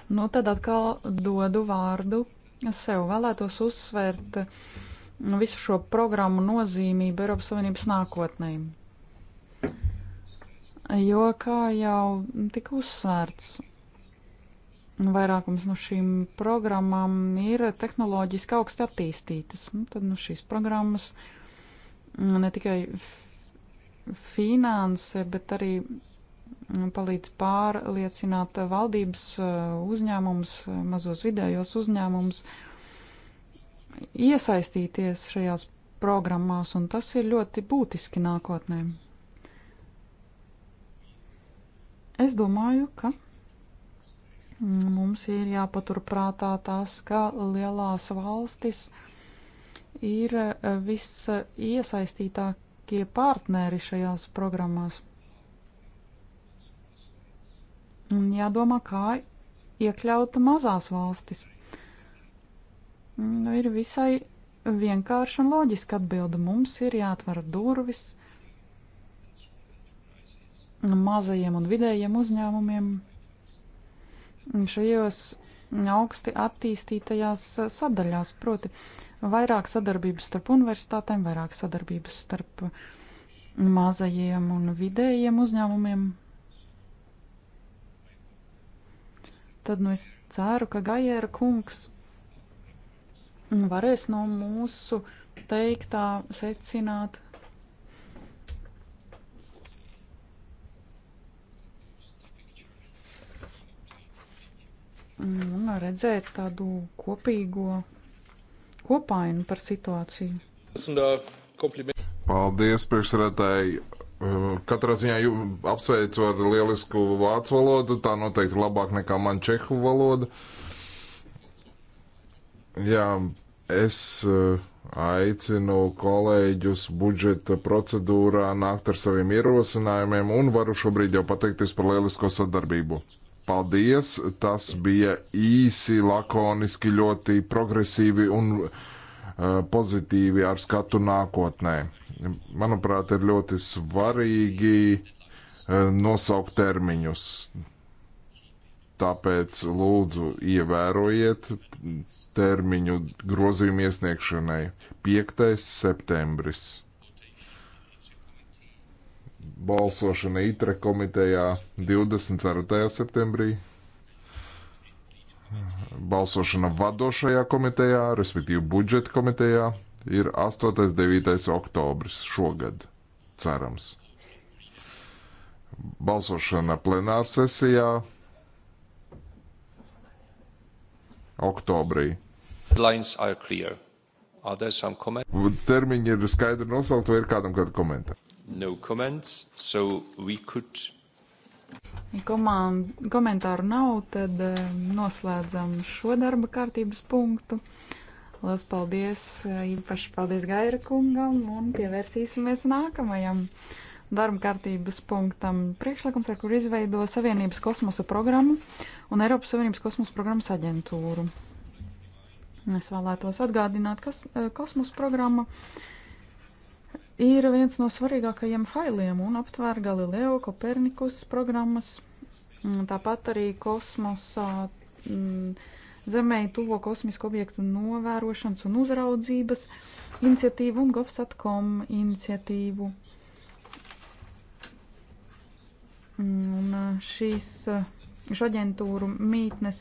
nu, tad atkal dodu vārdu. Es sev vēlētos uzsvērt Nu, visu šo programmu nozīmību Eiropas Savienības nākotnē. Jo, kā jau tika uzsvērts, vairākums no šīm programmām ir tehnoloģiski augsti attīstītas. Nu, tad nu, šīs programmas mm, ne tikai finanse, bet arī mm, palīdz pārliecināt valdības uh, uzņēmumus, mazos vidējos uzņēmumus, uh, iesaistīties šajās programmās, un tas ir ļoti būtiski nākotnē. Es domāju, ka mums ir jāpaturprātā tas, ka lielās valstis ir eh, viss iesaistītākie partneri šajās programmās. Un jādomā, kā iekļaut mazās valstis Mm, nu, ir visai vienkārša un loģiska atbilde. Mums ir jāatver durvis mazajiem un vidējiem uzņēmumiem šajos augsti attīstītajās sadaļās, proti vairāk sadarbības starp universitātēm, vairāk sadarbības starp mazajiem un vidējiem uzņēmumiem. Tad nu es ceru, ka Gaiera kungs varēs no mūsu teiktā secināt. Un nu, redzēt tādu kopīgo kopainu par situāciju. Paldies, priekšsēdētāji! Katrā ziņā apsveicu ar lielisku vācu valodu. Tā noteikti ir labāk nekā man čehu valoda. Uh, Jā, es eh, aicinu kolēģus budžeta procedūrā nākt ar saviem ierosinājumiem un varu šobrīd jau pateikties par lielisko sadarbību. Paldies! Tas bija īsi, lakoniski, ļoti progresīvi un eh, pozitīvi ar skatu nākotnē. Manuprāt, ir ļoti svarīgi eh, nosaukt termiņus. Tāpēc lūdzu ievērojiet termiņu grozījumu iesniegšanai 5. septembris. Balsošana ITRE komitejā 24. septembrī. Balsošana vadošajā komitejā, respektīvi budžeta komitejā, ir 8. un 9. oktobris šogad, cerams. Balsošana plenārsesijā oktobrī. Termiņi ir skaidri nosaukt, vai ir kādam kāda komenta? No comments, so we could. Komand, komentāru nav, tad eh, noslēdzam šo darba kārtības punktu. Lielas paldies, eh, īpaši paldies Gaira kungam un pievērsīsimies nākamajam darba kārtības punktam priekšlikums, ar kur izveido Savienības kosmosa programmu un Eiropas Savienības kosmosa programmas aģentūru. Es vēlētos atgādināt, kas eh, kosmosa programma ir viens no svarīgākajiem failiem un aptvēr Galileo Kopernikus programmas, mm, tāpat arī kosmosā mm, zemē tuvo kosmisku objektu novērošanas un uzraudzības iniciatīvu un Govsatkom iniciatīvu Mm, un šīs, šo aģentūru mītnes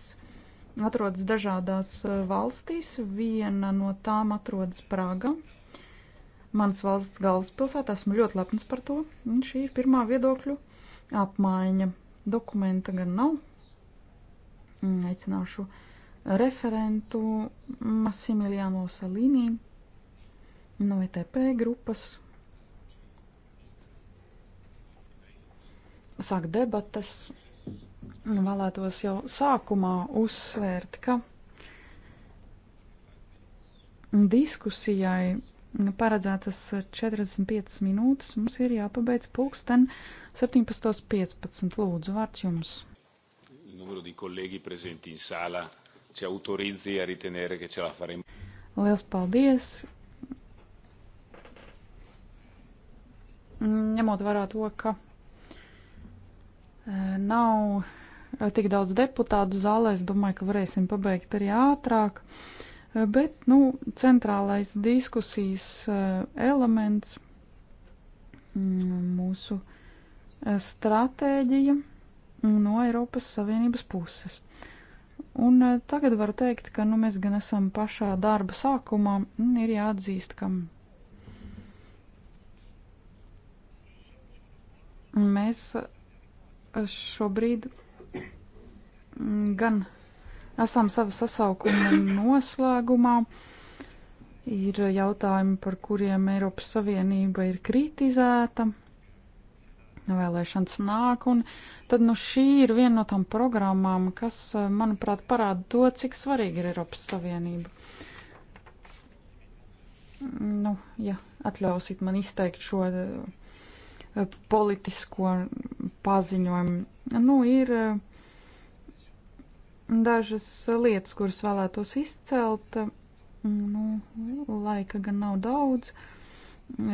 atrodas dažādās valstīs. Viena no tām atrodas Prāga. Mans valsts galvaspilsēta, esmu ļoti lepns par to. Un šī ir pirmā viedokļu apmaiņa. Dokumenta gan nav. Mm, aicināšu referentu Massimiliano Salīnī no ETP grupas sāk debatas. Nu, vēlētos jau sākumā uzsvērt, ka diskusijai nu, paredzētas 45 minūtes. Mums ir jāpabeidz pulksten 17.15. Lūdzu, vārds jums. Liels paldies! Ņemot vērā to, ka Nav eh, tik daudz deputātu zālē, es domāju, ka varēsim pabeigt arī ātrāk. Eh, bet, nu, centrālais diskusijas eh, elements mm, mūsu stratēģija no Eiropas Savienības puses. Un tagad varu teikt, ka nu, mēs gan esam pašā darba sākumā, ir jāatzīst, ka mēs šobrīd mm, gan esam sava sasaukuma noslēgumā. Ir jautājumi, par kuriem Eiropas Savienība ir kritizēta, vēlēšanas nāk, un tad nu šī ir viena no tām programmām, kas, manuprāt, parāda to, cik svarīga ir Eiropas Savienība. Nu, ja atļausit man izteikt šo uh, politisko paziņojumu. Nu, ir eh, dažas lietas, kuras vēlētos izcelt. Nu, laika gan nav daudz.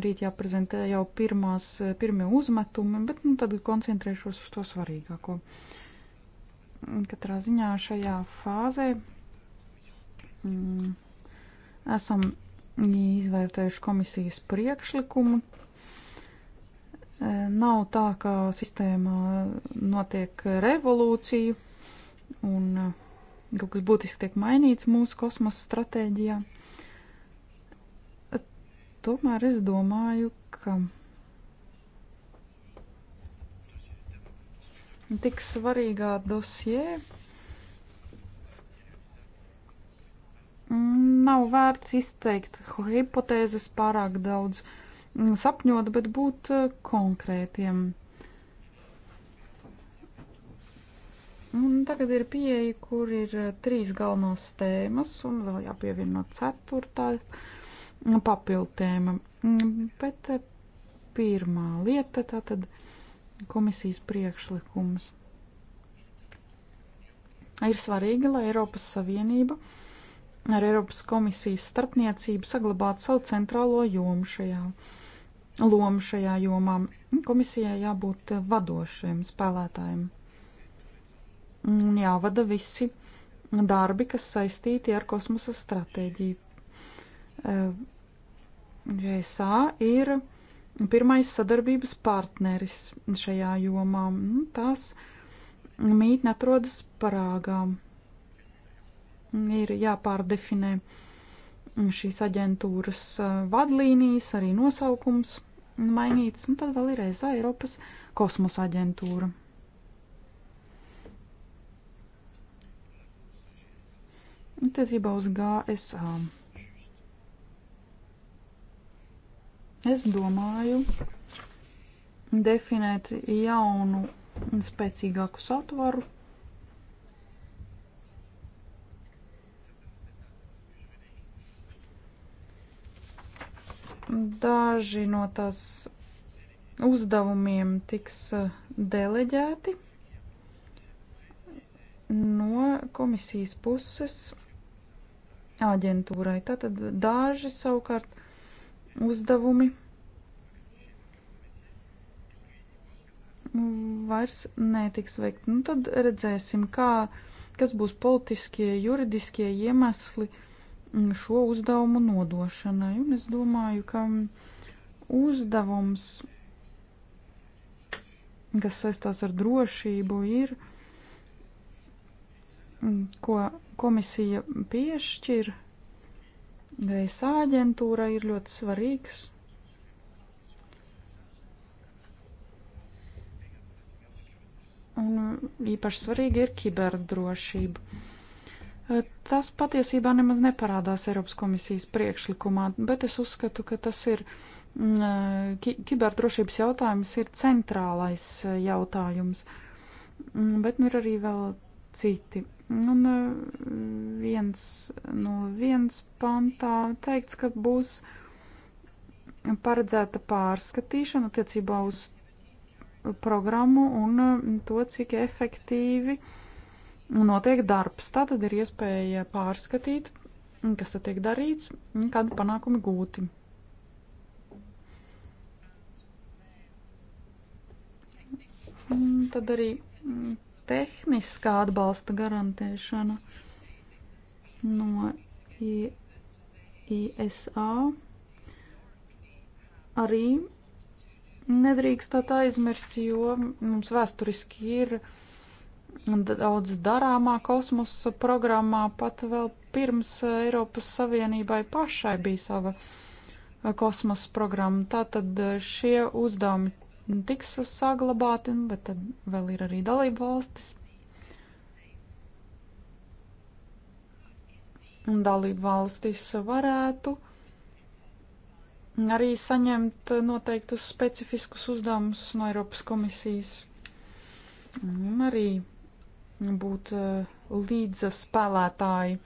Rīt jāprezentē jau pirmās, pirmie uzmetumi, bet nu, tad koncentrēšos uz to svarīgāko. Katrā ziņā šajā fāzē mm, esam izvērtējuši komisijas priekšlikumu, Nav tā, ka sistēmā notiek revolūcija un kaut kas būtiski tiek mainīts mūsu kosmosa stratēģijā. Tomēr es domāju, ka tik svarīgā dosjē nav vērts izteikt hipotēzes pārāk daudz. Uh, Mm, sapņot, bet būt eh, konkrētiem. Un tagad ir pieeja, kur ir eh, trīs galvenās tēmas, un vēl jāpievieno ceturtā papildtēma. Mm, bet eh, pirmā lieta tā tad komisijas priekšlikums. Ir svarīgi, lai Eiropas Savienība ar Eiropas komisijas starpniecību saglabātu savu centrālo jomu šajā jomā lomu šajā jomā. Komisijai jābūt vadošiem spēlētājiem. Jāvada visi darbi, kas saistīti ar kosmosa stratēģiju. JSA ir pirmais sadarbības partneris šajā jomā. Nu, tās mītne atrodas Parāgā. Ir jāpārdefinē. Ja šīs aģentūras eh, vadlīnijas, arī nosaukums mainīts, un tad vēl ir ESA Eiropas kosmosa aģentūra. Attiecībā uz GSA. Es domāju, definēt jaunu un spēcīgāku satvaru Daži no tās uzdevumiem tiks eh, deleģēti no komisijas puses aģentūrai. Tātad daži savukārt uzdevumi vairs netiks veikt. Nu, tad redzēsim, kā, kas būs politiskie, juridiskie iemesli, uh, Mm, šo uzdevumu nodošanai. Un es domāju, ka uzdevums, kas saistās ar drošību, ir, mm, ko komisija piešķir gaisa aģentūrai, ir ļoti svarīgs. Un īpaši svarīgi ir kiberdrošība. Tas patiesībā nemaz neparādās Eiropas komisijas priekšlikumā, bet es uzskatu, ka tas ir mm, eh, ki kiberdrošības jautājums, ir centrālais eh, jautājums. Mm, bet nu ir arī vēl citi. Un eh, viens no nu, viens pantā teikts, ka būs paredzēta pārskatīšana attiecībā uz programmu un to, cik efektīvi uh, un notiek darbs. Tā tad ir iespēja pārskatīt, kas tad tiek darīts un kādi panākumi gūti. Un tad arī mm, tehniskā atbalsta garantēšana no ISA arī nedrīkst tā aizmirst, jo mums vēsturiski ir uh, daudz darāmā kosmosa programmā, pat vēl pirms Eiropas Savienībai pašai bija sava eh, kosmosa programma. Tātad eh, šie uzdevumi tiks saglabāti, bet tad vēl ir arī dalība valstis. Un dalība valstis varētu arī saņemt noteiktus specifiskus uzdevumus no Eiropas komisijas. Un arī būt eh, līdz spēlētāji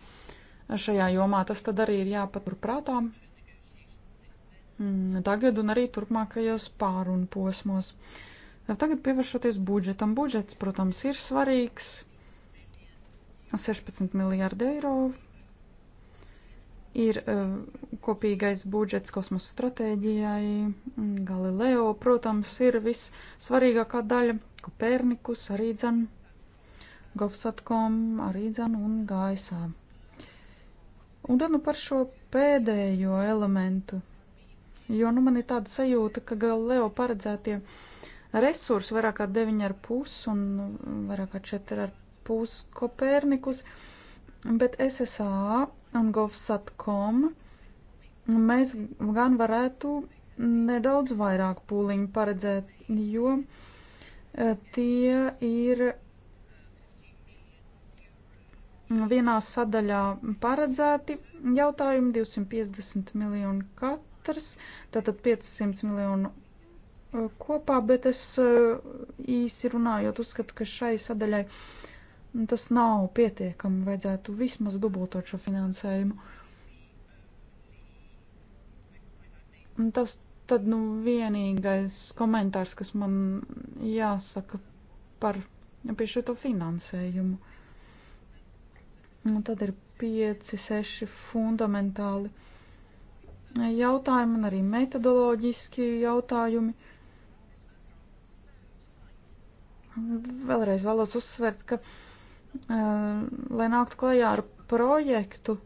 šajā jomā. Tas tad arī ir jāpaturprātā mm, tagad un arī turpmākajos pārunu posmos. Tagad pievēršoties budžetam. Budžets, protams, ir svarīgs. 16 miljārdi eiro ir eh, kopīgais budžets kosmosa stratēģijai. Galileo, protams, ir vissvarīgākā daļa. Kopernikus arī dzene. Govsatkom, arī dzanu un gaisā. Un tad nu par šo pēdējo elementu, jo nu man ir tāda sajūta, ka Galileo paredzētie resursi vairāk kā 9,5 un mm, vairāk kā 4,5 Kopernikus, bet SSA un Govsatkom nu, mēs gan varētu nedaudz vairāk pūliņu paredzēt, jo eh, tie ir vienā sadaļā paredzēti jautājumi 250 miljoni katrs, tātad 500 miljonu uh, kopā, bet es uh, īsi runājot uzskatu, ka šai sadaļai tas nav pietiekami, vajadzētu vismaz dubultot šo finansējumu. Tas tad nu vienīgais komentārs, kas man jāsaka par pie šo to finansējumu. Un tad ir pieci, seši fundamentāli jautājumi un arī metodoloģiski jautājumi. Vēlreiz vēlos uzsvērt, ka, uh, lai nāktu klajā ar projektu,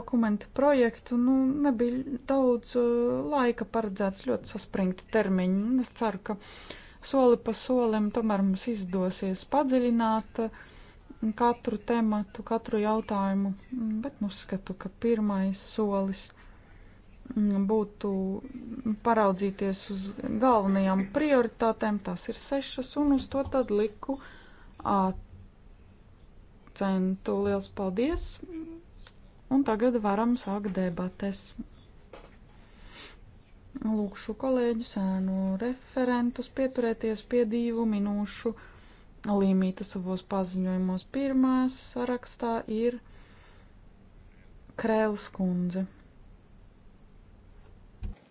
dokumentu projektu, nu, nebija daudz uh, laika paredzēts ļoti saspringti termiņi. Es ceru, ka soli pa solim tomēr mums izdosies padziļināt uh, katru tematu, katru jautājumu, mm, bet uzskatu, ka pirmais solis mm, būtu paraudzīties uz galvenajām prioritātēm, tās ir sešas, un uz to tad liku akcentu. Liels paldies! Un tagad varam sākt debates. Lūkšu kolēģus, ēnu referentus pieturēties pie divu minūšu līmīta savos paziņojumos. Pirmā sarakstā ir Krēls kundze.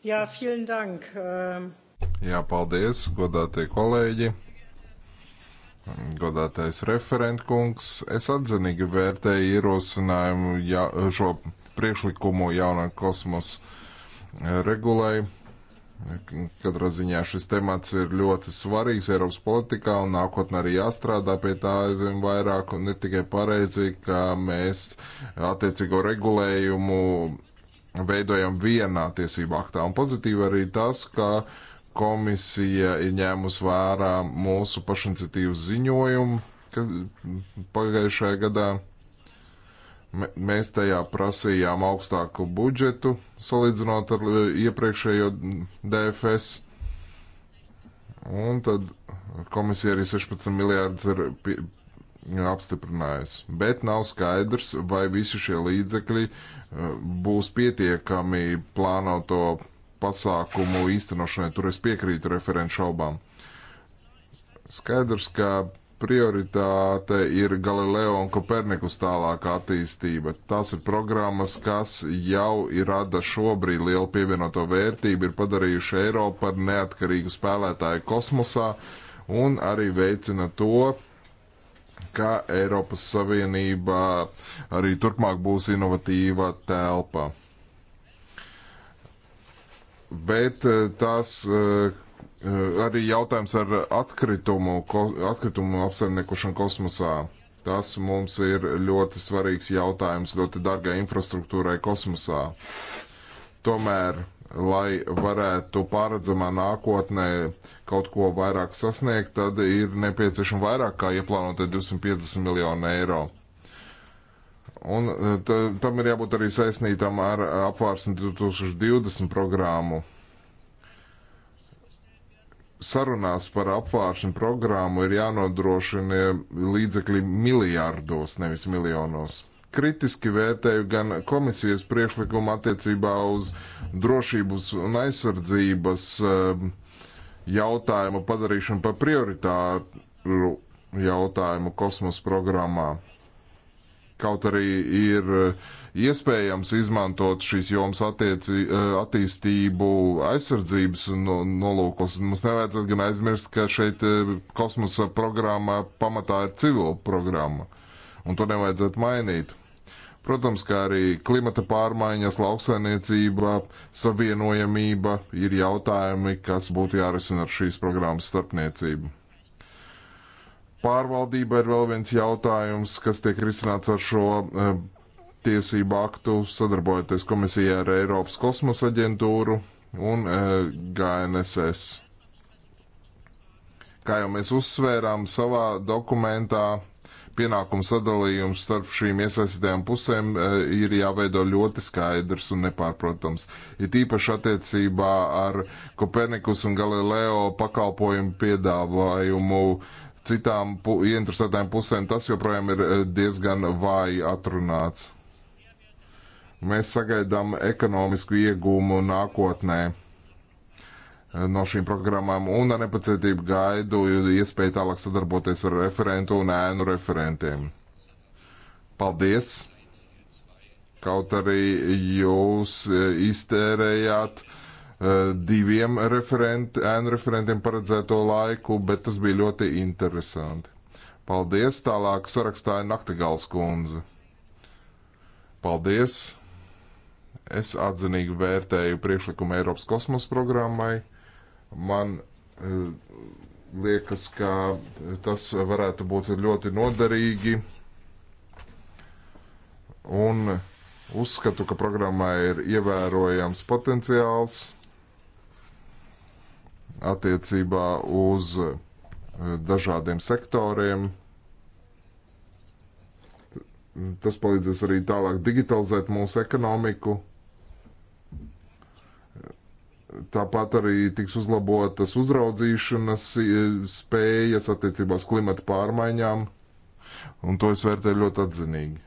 Jā, vielen dank. Ehm. Jā, paldies, godātie kolēģi. Godātais referentkungs, es atzinīgi vērtēju ierosinājumu ja, šo priekšlikumu jaunā kosmosa regulēju Katrā ziņā šis temats ir ļoti svarīgs Eiropas politikā un nākotnē arī jāstrādā pie tā vairāk un ir tikai pareizi, ka mēs attiecīgo regulējumu veidojam vienā tiesību aktā. Un pozitīvi arī tas, ka komisija ir ņēmus vērā mūsu pašiniciatīvu ziņojumu pagājušajā gadā Mēs tajā prasījām augstāku budžetu salīdzinot ar e, iepriekšējo DFS. Un tad komisija arī 16 miljārdus ir apstiprinājusi. Bet nav skaidrs, vai visi šie līdzekļi e, būs pietiekami plānoto pasākumu īstenošanai. Tur es piekrītu referentu šaubām. Skaidrs, ka prioritāte ir Galileo un Kopernikus tālākā attīstība. Tās ir programmas, kas jau ir rada šobrīd lielu pievienoto vērtību, ir padarījuši Eiropu par neatkarīgu spēlētāju kosmosā un arī veicina to, ka Eiropas Savienība arī turpmāk būs inovatīva telpa. Bet eh, tas, eh, Eh, arī jautājums ar atkritumu, ko, atkritumu apsaimniekošanu kosmosā. Tas mums ir ļoti svarīgs jautājums ļoti dārgai infrastruktūrai kosmosā. Tomēr, lai varētu paredzamā nākotnē kaut ko vairāk sasniegt, tad ir nepieciešama vairāk kā ieplānota 250 miljonu eiro. Un eh, t, tam ir jābūt arī saistītam ar apvārsni 2020 programmu sarunās par apvāršanu programmu ir jānodrošina līdzekļi miljārdos, nevis miljonos. Kritiski vērtēju gan komisijas priekšlikumu attiecībā uz drošības un aizsardzības ehm, jautājumu padarīšanu par prioritāru jautājumu kosmosa programmā. Kaut arī ir uh, iespējams izmantot šīs jomas attieci, eh, attīstību aizsardzības nolūkos. Mums nevajadzētu gan aizmirst, ka šeit eh, kosmosa programma pamatā ir civila programma, un to nevajadzētu mainīt. Protams, kā arī klimata pārmaiņas, lauksainiecība, savienojamība ir jautājumi, kas būtu jārisina ar šīs programmas starpniecību. Pārvaldība ir vēl viens jautājums, kas tiek risināts ar šo eh, tiesību aktu, sadarbojoties komisijā ar Eiropas kosmosa aģentūru un e, GNSS. Kā jau mēs uzsvērām savā dokumentā, pienākumu sadalījums starp šīm iesaistītajām pusēm e, ir jāveido ļoti skaidrs un nepārprotams. Ir tīpaši attiecībā ar Kopernikus un Galileo pakalpojumu piedāvājumu citām pu ieinteresētām pusēm, tas joprojām ir e, diezgan vāji atrunāts. Mēs sagaidām ekonomisku iegūmu nākotnē no šīm programmām un ar nepacietību gaidu iespēju tālāk sadarboties ar referentu un ēnu referentiem. Paldies! Kaut arī jūs e, iztērējāt e, diviem referent, ēnu referentiem paredzēto laiku, bet tas bija ļoti interesanti. Paldies! Tālāk sarakstāja Naktigāls kundze. Paldies! Es atzinīgi vērtēju priekšlikumu Eiropas kosmosa programmai. Man eh, liekas, ka tas varētu būt ļoti noderīgi. Un uzskatu, ka programmā ir ievērojams potenciāls attiecībā uz eh, dažādiem sektoriem. Tas palīdzēs arī tālāk digitalizēt mūsu ekonomiku Tāpat arī tiks uzlabotas uzraudzīšanas e, spējas attiecībās klimata pārmaiņām, un to es vērtēju ļoti atzinīgi.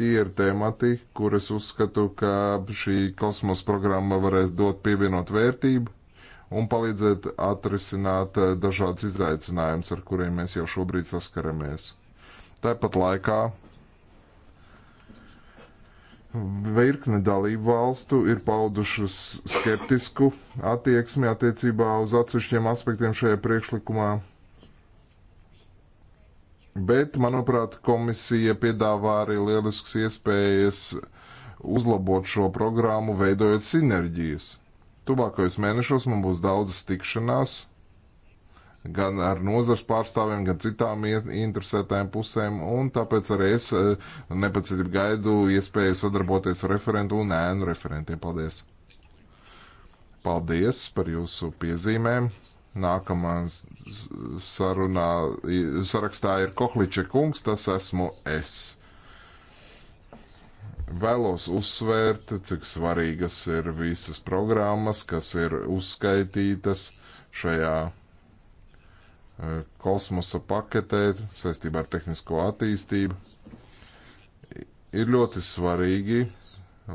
Tie ir temati, kur es uzskatu, ka šī kosmosa programma varēs dot pievienot vērtību un palīdzēt atrisināt e, dažādas izaicinājumus, ar kuriem mēs jau šobrīd saskaramies. Tāpat laikā Virkne dalību valstu ir paudušas skeptisku attieksmi attiecībā uz atsevišķiem aspektiem šajā priekšlikumā. Bet, manuprāt, komisija piedāvā arī lielisks iespējas uzlabot šo programmu, veidojot sinerģijas. Tuvākajos mēnešos man būs daudzas tikšanās gan ar nozars pārstāvjiem, gan citām interesētām pusēm, un tāpēc arī es eh, nepacietīgi gaidu iespēju sadarboties ar referentu un ēnu referentiem. Paldies! Paldies par jūsu piezīmēm! Nākamā sarunā, sarakstā ir Kohliča kungs, tas esmu es. Vēlos uzsvērt, cik svarīgas ir visas programmas, kas ir uzskaitītas šajā Eh, kosmosa paketē saistībā ar tehnisko attīstību. Ir ļoti svarīgi,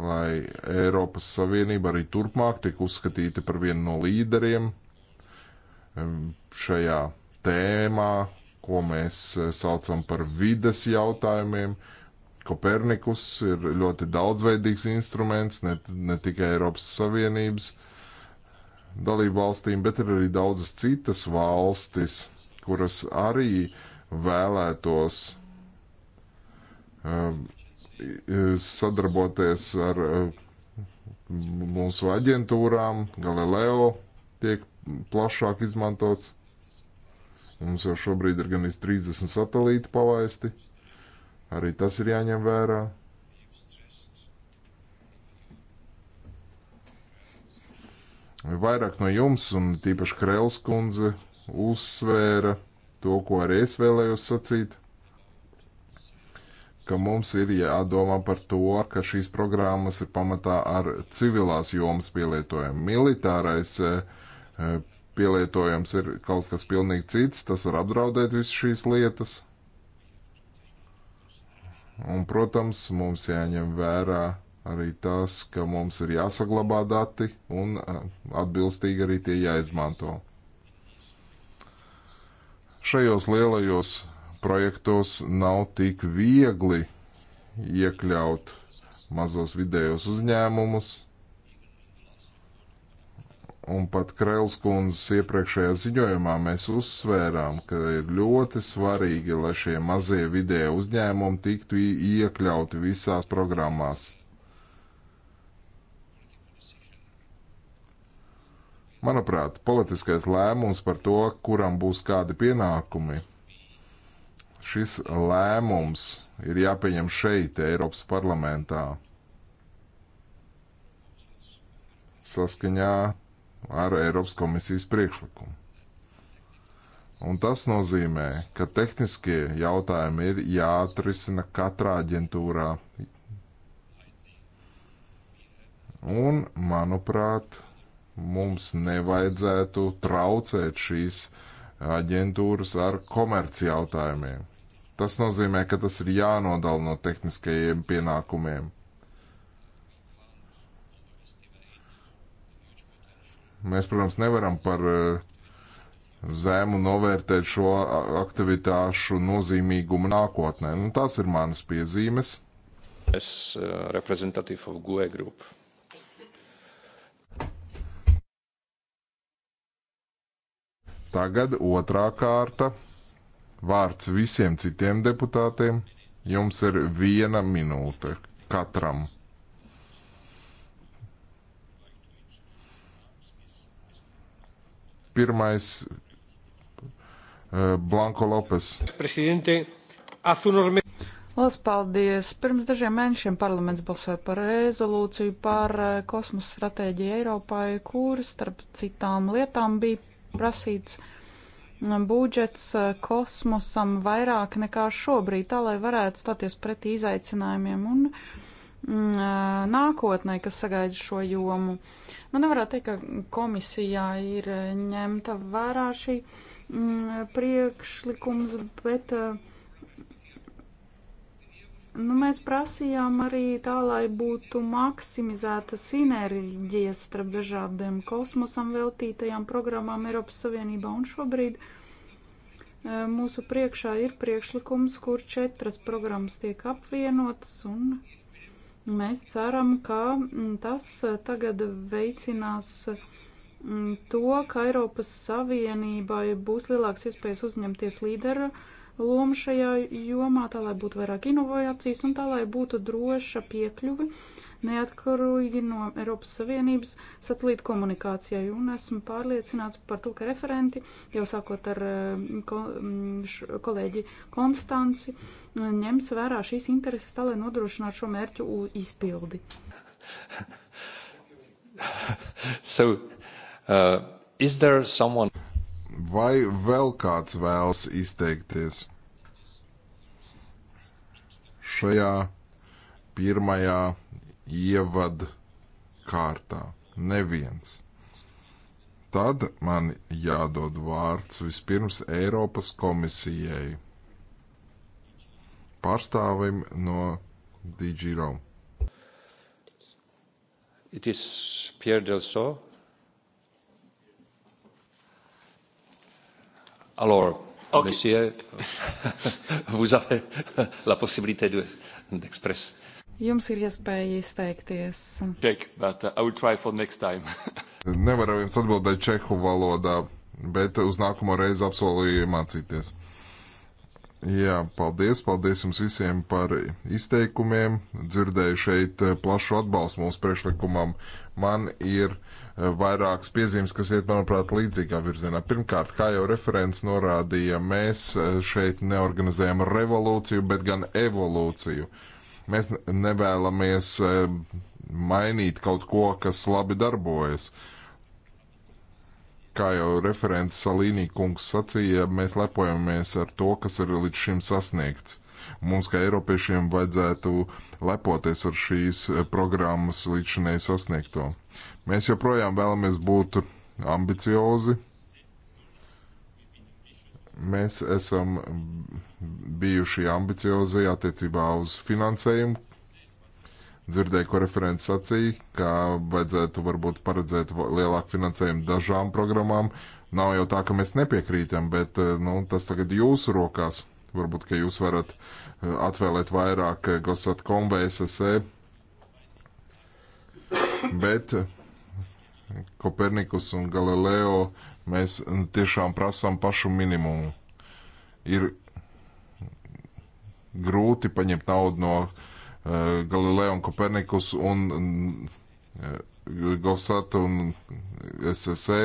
lai Eiropas Savienība arī turpmāk tik uzskatīta par vienu no līderiem eh, šajā tēmā, ko mēs eh, saucam par vides jautājumiem. Kopernikus ir ļoti daudzveidīgs instruments, ne, ne tikai Eiropas Savienības dalību valstīm, bet ir arī daudzas citas valstis, kuras arī vēlētos um, sadarboties ar um, mūsu aģentūrām. Galileo tiek plašāk izmantots. Mums jau šobrīd ir gan iz 30 satelīti palaisti. Arī tas ir jāņem vērā. Vairāk no jums, un tīpaši Krēls kundze, uzsvēra to, ko arī es vēlējos sacīt, ka mums ir jādomā par to, ka šīs programmas ir pamatā ar civilās jomas pielietojumu. Militārais e, e, pielietojums ir kaut kas pilnīgi cits, tas var apdraudēt visu šīs lietas. Un, protams, mums jāņem vērā arī tas, ka mums ir jāsaglabā dati un e, atbilstīgi arī tie jāizmanto šajos lielajos projektos nav tik viegli iekļaut mazos vidējos uzņēmumus. Un pat Krēlskundzes iepriekšējā ziņojumā mēs uzsvērām, ka ir ļoti svarīgi, lai šie mazie vidēji uzņēmumi tiktu iekļauti visās programmās. Manuprāt, politiskais lēmums par to, kuram būs kādi pienākumi, šis lēmums ir jāpieņem šeit, Eiropas parlamentā, saskaņā ar Eiropas komisijas priekšlikumu. Un tas nozīmē, ka tehniskie jautājumi ir jāatrisina katrā aģentūrā. Un, manuprāt, mums nevajadzētu traucēt šīs aģentūras ar komerci jautājumiem. Tas nozīmē, ka tas ir jānodala no tehniskajiem pienākumiem. Mēs, protams, nevaram par eh, zēmu novērtēt šo aktivitāšu nozīmīgumu nākotnē. Nu, tās ir manas piezīmes. Es uh, eh, reprezentatīvu GUE grupu. Tagad otrā kārta. Vārds visiem citiem deputātiem. Jums ir viena minūte katram. Pirmais eh, Blanko Lopes. Lielas paldies! Pirms dažiem mēnešiem parlaments balsoja par rezolūciju par eh, kosmosa stratēģiju Eiropai, kur starp citām lietām bija prasīts mm, budžets eh, kosmosam vairāk nekā šobrīd, tā lai varētu stāties pretī izaicinājumiem un mm, eh, nākotnē, kas sagaida šo jomu. Nu, nevarētu teikt, ka komisijā ir eh, ņemta vērā šī mm, priekšlikums, bet uh, Nu, mēs prasījām arī tā, lai būtu maksimizēta sinerģijas starp dažādiem kosmosam veltītajām programmām Eiropas Savienībā. Un šobrīd e, mūsu priekšā ir priekšlikums, kur četras programmas tiek apvienotas, un mēs ceram, ka tas e, tagad veicinās to, ka Eiropas Savienībai būs lielāks iespējas uzņemties līderu loma šajā jomā, tā lai būtu vairāk inovācijas un tā lai būtu droša piekļuve neatkarīgi no Eiropas Savienības satelīta komunikācijai. Un esmu pārliecināts par to, ka referenti, jau sākot ar eh, ko, mm, kolēģi Konstanci, ņems vērā šīs intereses tā, lai nodrošinātu šo mērķu izpildi. so, uh, is there someone? Vai vēl kāds vēlas izteikties šajā pirmajā ievada kārtā? Neviens. Tad man jādod vārds vispirms Eiropas komisijai pārstāvim no DigiRom. It is Pierre Delso Alors, okay. monsieur, vous avez la possibilité de, d'express. Jums ir iespēja izteikties. Check, but uh, I will try for next time. Nevaru jums atbildēt čehu valodā, bet uz nākamo reizi apsolīju iemācīties. Jā, paldies, paldies jums visiem par izteikumiem. Dzirdēju šeit eh, plašu atbalstu mūsu priekšlikumam. Man ir uh, vairākas piezīmes, kas iet, manuprāt, līdzīgā virzienā. Pirmkārt, kā jau referents norādīja, mēs eh, šeit neorganizējam revolūciju, bet gan evolūciju. Mēs nevēlamies eh, mainīt kaut ko, kas labi darbojas. Kā jau referents Salīnī kungs sacīja, mēs lepojamies ar to, kas ir līdz šim sasniegts Mums, kā Eiropiešiem, vajadzētu lepoties ar šīs eh, programmas līdzinēji sasniegto. Mēs joprojām vēlamies būt ambiciozi. Mēs esam bijuši ambiciozi attiecībā uz finansējumu, dzirdēju, ko referents sacīja, ka vajadzētu varbūt paredzēt lielāku finansējumu dažām programmām. Nav jau tā, ka mēs nepiekrītam, bet eh, nu, tas tagad ir jūsu rokās. Varbūt, ka jūs varat eh, atvēlēt vairāk eh, Gosat konvēsasē. E. Bet eh, Kopernikus un Galileo mēs tiešām prasām pašu minimumu. Ir grūti paņemt naudu no uh, Galileo un Kopernikus un uh, Gosat un SSE.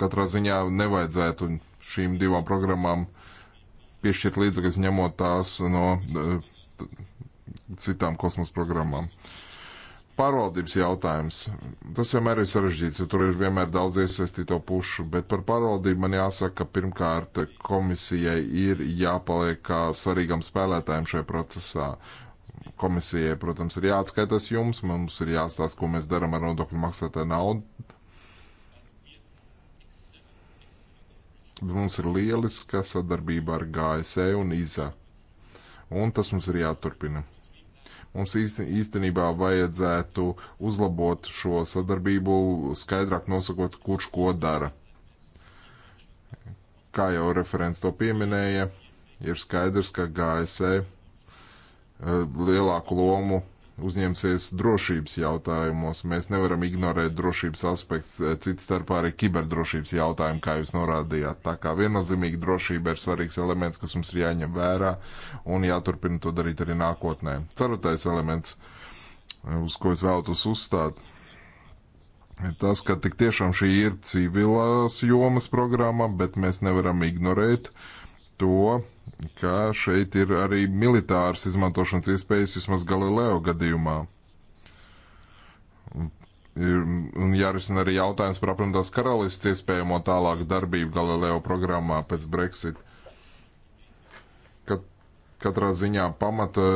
Katrā ziņā nevajadzētu šīm divām programmām uh, piešķirt līdzekļus, ņemot tās no eh, citām kosmosa programmām. Pārvaldības jautājums. Tas vienmēr ir sarežģīts, jo tur ir vienmēr daudz iesaistīto pušu, bet par pārvaldību man jāsaka, ka pirmkārt komisijai ir jāpaliek kā svarīgam spēlētājam šajā procesā. Komisijai, protams, ir jāatskaitas jums, mums ir jāstāsta, ko mēs darām ar nodokļu maksātāju naudu, Mums ir lieliska sadarbība ar GSE un IZA. Un tas mums ir jāturpina. Mums īsten, īstenībā vajadzētu uzlabot šo sadarbību, skaidrāk nosakot, kurš ko dara. Kā jau referents to pieminēja, ir skaidrs, ka GSE eh, lielāku lomu uzņemsies drošības jautājumos. Mēs nevaram ignorēt drošības aspekts, eh, cits starpā arī kiberdrošības jautājumu, kā jūs norādījāt. Tā kā viennozīmīgi drošība ir svarīgs elements, kas mums ir jāņem vērā un jāturpina to darīt arī nākotnē. Ceturtais elements, eh, uz ko es vēlētos uzstāt, ir tas, ka tik tiešām šī ir civilās jomas programma, bet mēs nevaram ignorēt to, ka šeit ir arī militārs izmantošanas iespējas vismaz Galileo gadījumā. Ir, un jārisina arī jautājums par apvienotās karalists iespējamo tālāku darbību Galileo programmā pēc Brexit. Kat, katrā ziņā pamata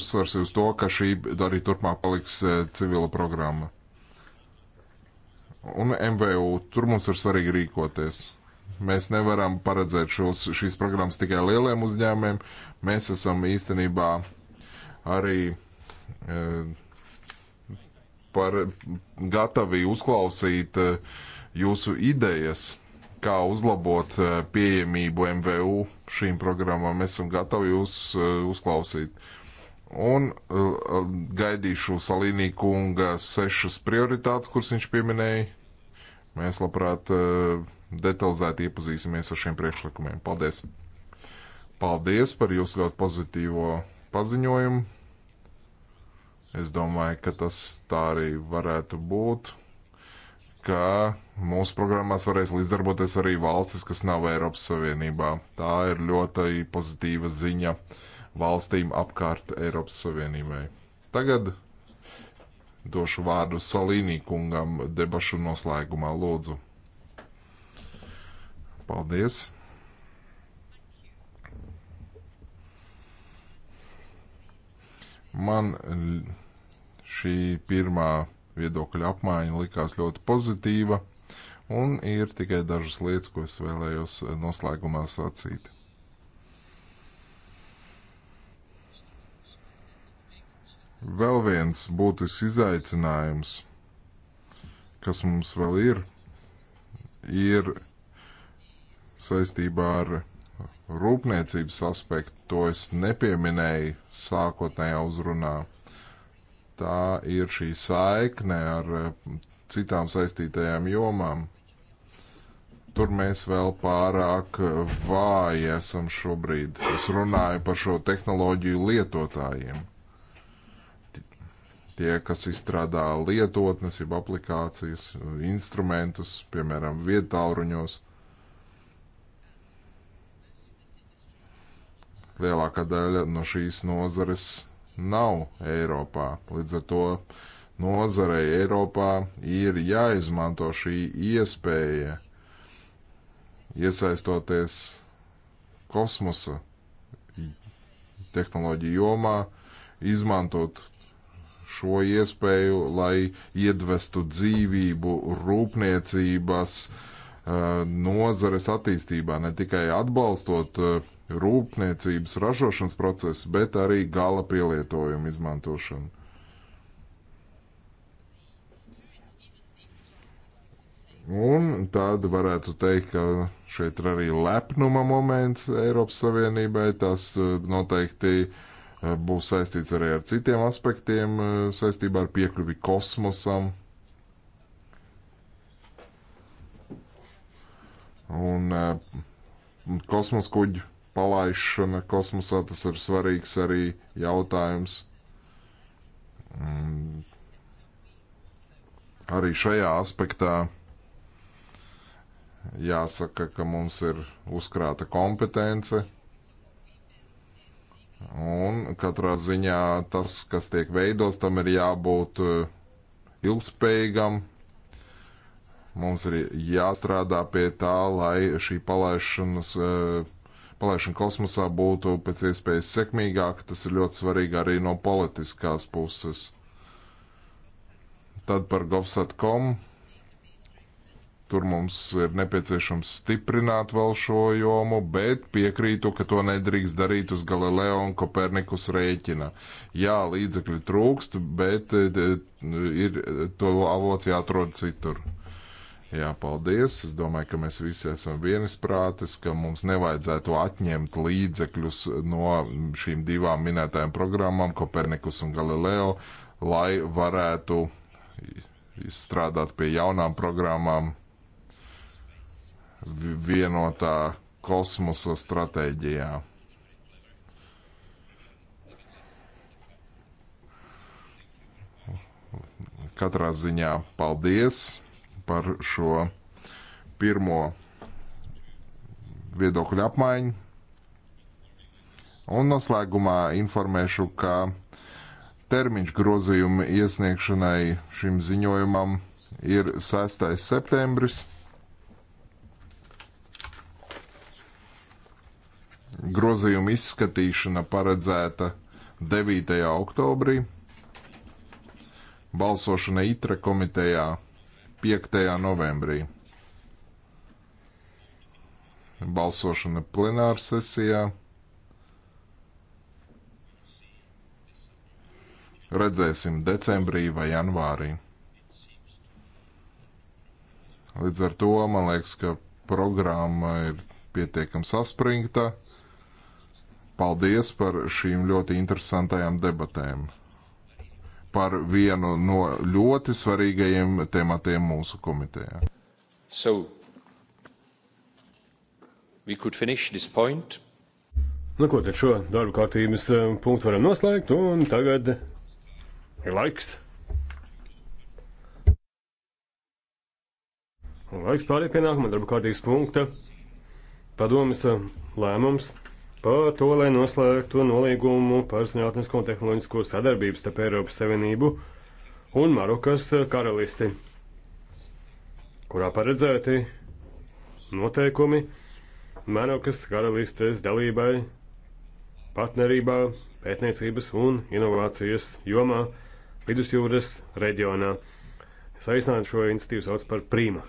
uzsvers uz to, ka šī arī turpmāk paliks eh, civila programma. Un MVU, tur mums ir svarīgi rīkoties. Mēs nevaram paredzēt šos, šīs programmas tikai lieliem uzņēmumiem. Mēs esam īstenībā arī e, par, gatavi uzklausīt e, jūsu idejas, kā uzlabot e, pieejamību MVU šīm programmām. Mēs esam gatavi jūs uz, e, uzklausīt un uh, gaidīšu Salīnī kunga sešas prioritātes, kuras viņš pieminēja. Mēs labprāt uh, detalizēti iepazīsimies ar šiem priekšlikumiem. Paldies! Paldies par jūsu ļoti pozitīvo paziņojumu. Es domāju, ka tas tā arī varētu būt, ka mūsu programmās varēs līdzdarboties arī valstis, kas nav Eiropas Savienībā. Tā ir ļoti pozitīva ziņa valstīm apkārt Eiropas Savienībai. Tagad došu vārdu Salīnī kungam debašu noslēgumā, lūdzu. Paldies! Man šī pirmā viedokļa apmaiņa likās ļoti pozitīva, un ir tikai dažas lietas, ko es vēlējos noslēgumā sacīt. Vēl viens būtisks izaicinājums, kas mums vēl ir, ir saistībā ar rūpniecības aspektu, to es nepieminēju sākotnējā uzrunā. Tā ir šī saikne ar eh, citām saistītajām jomām. Tur mēs vēl pārāk eh, vāji esam šobrīd. Es runāju par šo tehnoloģiju lietotājiem. Tie, kas izstrādā lietotnes, jeb aplikācijas, instrumentus, piemēram, viedtāluņos, Lielākā daļa no šīs nozares nav Eiropā. Līdz ar to nozarei Eiropā ir jāizmanto šī iespēja iesaistoties kosmosa tehnoloģiju jomā, izmantot šo iespēju, lai iedvestu dzīvību rūpniecības eh, nozares attīstībā, ne tikai atbalstot uh, rūpniecības ražošanas procesu, bet arī gala pielietojumu izmantošanu. Un tad varētu teikt, ka šeit ir arī lepnuma moments Eiropas Savienībai. Tas eh, noteikti eh, būs saistīts arī ar citiem aspektiem eh, saistībā ar piekļuvi kosmosam. Un kosmos kuģu palaišana kosmosā, tas ir svarīgs arī jautājums. Arī šajā aspektā jāsaka, ka mums ir uzkrāta kompetence. Un katrā ziņā tas, kas tiek veidots, tam ir jābūt eh, ilgspējīgam. Mums ir jāstrādā pie tā, lai šī palaišanas uh, palaišana kosmosā būtu pēc iespējas sekmīgāka. Tas ir ļoti svarīgi arī no politiskās puses. Tad par govsat.com. Tur mums ir nepieciešams stiprināt vēl šo jomu, bet piekrītu, ka to nedrīkst darīt uz Galileo un Kopernikus rēķina. Jā, līdzekļi trūkst, bet eh, ir to avots jāatrod citur. Jā, paldies. Es domāju, ka mēs visi esam vienisprātis, ka mums nevajadzētu atņemt līdzekļus no šīm divām minētajām programmām, Kopernikus un Galileo, lai varētu strādāt pie jaunām programmām vienotā kosmosa stratēģijā. Katrā ziņā paldies! par šo pirmo viedokļu apmaiņu. Un noslēgumā informēšu, ka termiņš grozījuma iesniegšanai šim ziņojumam ir 6. septembris. Grozījuma izskatīšana paredzēta 9. oktobrī. Balsošana ITRE komitejā 5. novembrī. Balsošana plenāra sesijā. Redzēsim decembrī vai janvārī. Līdz ar to man liekas, ka programma ir pietiekami saspringta. Paldies par šīm ļoti interesantajām debatēm par vienu no ļoti svarīgajiem tematiem mūsu komitejā. So, we could finish this point. Nu, ko tad šo darbu kārtības eh, punktu varam noslēgt, un tagad ir laiks. Un laiks pārējai pienākuma darba kārtības punkta padomas eh, lēmums par to, lai noslēgtu nolīgumu par zinātnisko un tehnoloģisko sadarbību starp Eiropas Savienību un Marokas karalisti, kurā paredzēti noteikumi Marokas karalistes dalībai partnerībā pētniecības un inovācijas jomā Vidusjūras reģionā. Saīsināt šo institīvu sauc par prīma.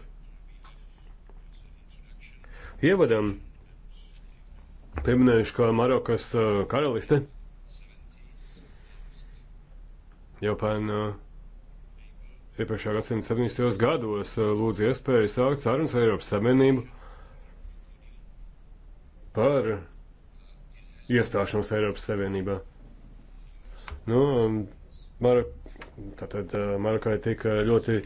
Ievadam pieminējuši, ka Marokas karaliste jau pēc iepriekšējā gadsimta 70. gados lūdz iespēju sākt sarunas ar Eiropas Savienību par iestāšanos Eiropas Savienībā. Nu, Marok, tātad Marokai tika ļoti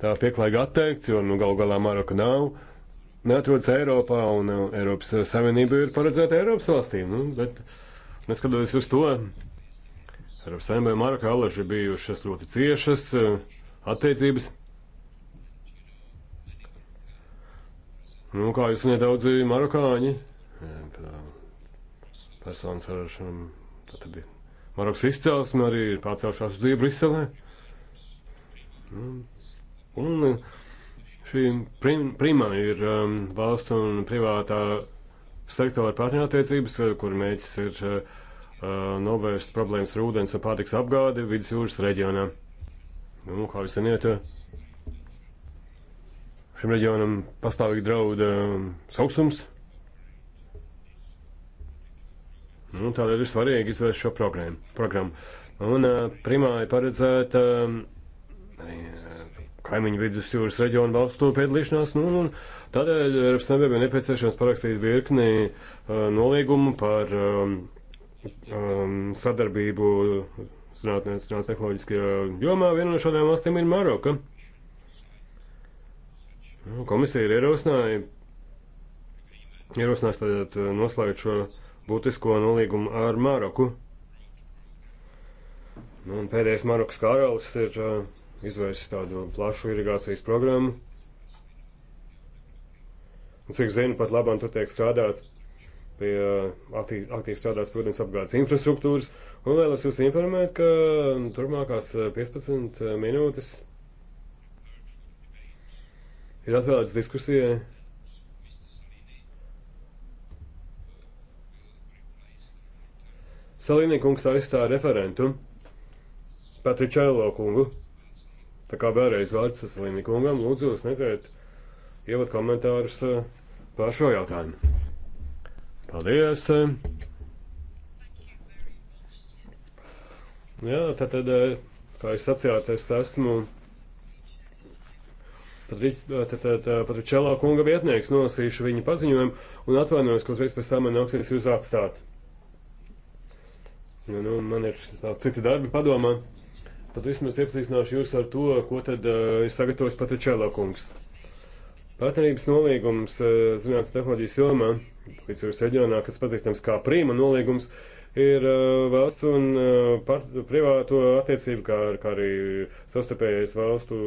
tā pieklājīgi atteikts, jo nu, gal galā Maroka nav. Uh, neatrodas Eiropā, un uh, Eiropas Savienība ir paredzēta Eiropas valstīm. Nu, bet, neskatoties uz to, Eiropas Savienībai Marka Alaži bijušas ļoti ciešas uh, attiecības. Nu, kā jūs nedaudzi marokāņi, uh, personas ar um, tātad, Marokas izcelsmi arī ir pārcēlušās uz Brīselē. Nu, un, un Šī prim, primā ir um, valsts un privātā sektora partnerattiecības, uh, kur mēģis ir uh, uh, novērst problēmas ar ūdens un pārtiks apgādi vidus jūras reģionā. Nu, kā jūs ziniet, uh, šim reģionam pastāvīgi draud um, sausums. Nu, tādēļ ir svarīgi izvērst šo programmu. programmu. Un uh, primā ir paredzēta um, arī kaimiņu vidusjūras reģionu valstu piedalīšanās. Nu, un tādēļ Eiropas Savienībai nepieciešams parakstīt virkni uh, noliegumu par um, um, sadarbību zinātnēs, zinātnē, tehnoloģiskajā jomā. Viena no šādām valstīm ir Maroka. Nu, komisija ir ierosināja, ierosinās tad uh, noslēgt šo būtisko nolīgumu ar Maroku. Nu, un pēdējais Marokas karalis ir uh, izvērst tādu plašu irigācijas programmu. Un, cik zinu, pat labam tur tiek strādāts pie uh, aktīvi, aktīvi strādāts, protams, apgādes infrastruktūras. Un vēlos jūs informēt, ka um, turpmākās 15 uh, uh, minūtes ir atvēlētas diskusijai. Salīnī kungs aizstāja referentu Patričēlo kungu. Tā kā vēlreiz vārds Sasalīnī kungam, lūdzu jūs nedzēt ievad komentārus eh, par šo jautājumu. Paldies! Jā, tātad, eh, kā jūs sacījāt, es esmu eh, Patričēlā kunga vietnieks, nolasīšu viņa paziņojumu un atvainojos, ka uzreiz pēc tam man nāksies jūs atstāt. Jo, nu, nu, man ir citi darbi padomā. Tad vismaz iepazīstināšu jūs ar to, ko tad uh, ir sagatavojis Patričēlā kungs. Partnerības nolīgums uh, zinātnes tehnoloģijas jomā, līdz jūras reģionā, kas pazīstams kā prīma nolīgums, ir uh, valsts un uh, part, privāto attiecību, kā, kā arī sastapējais valstu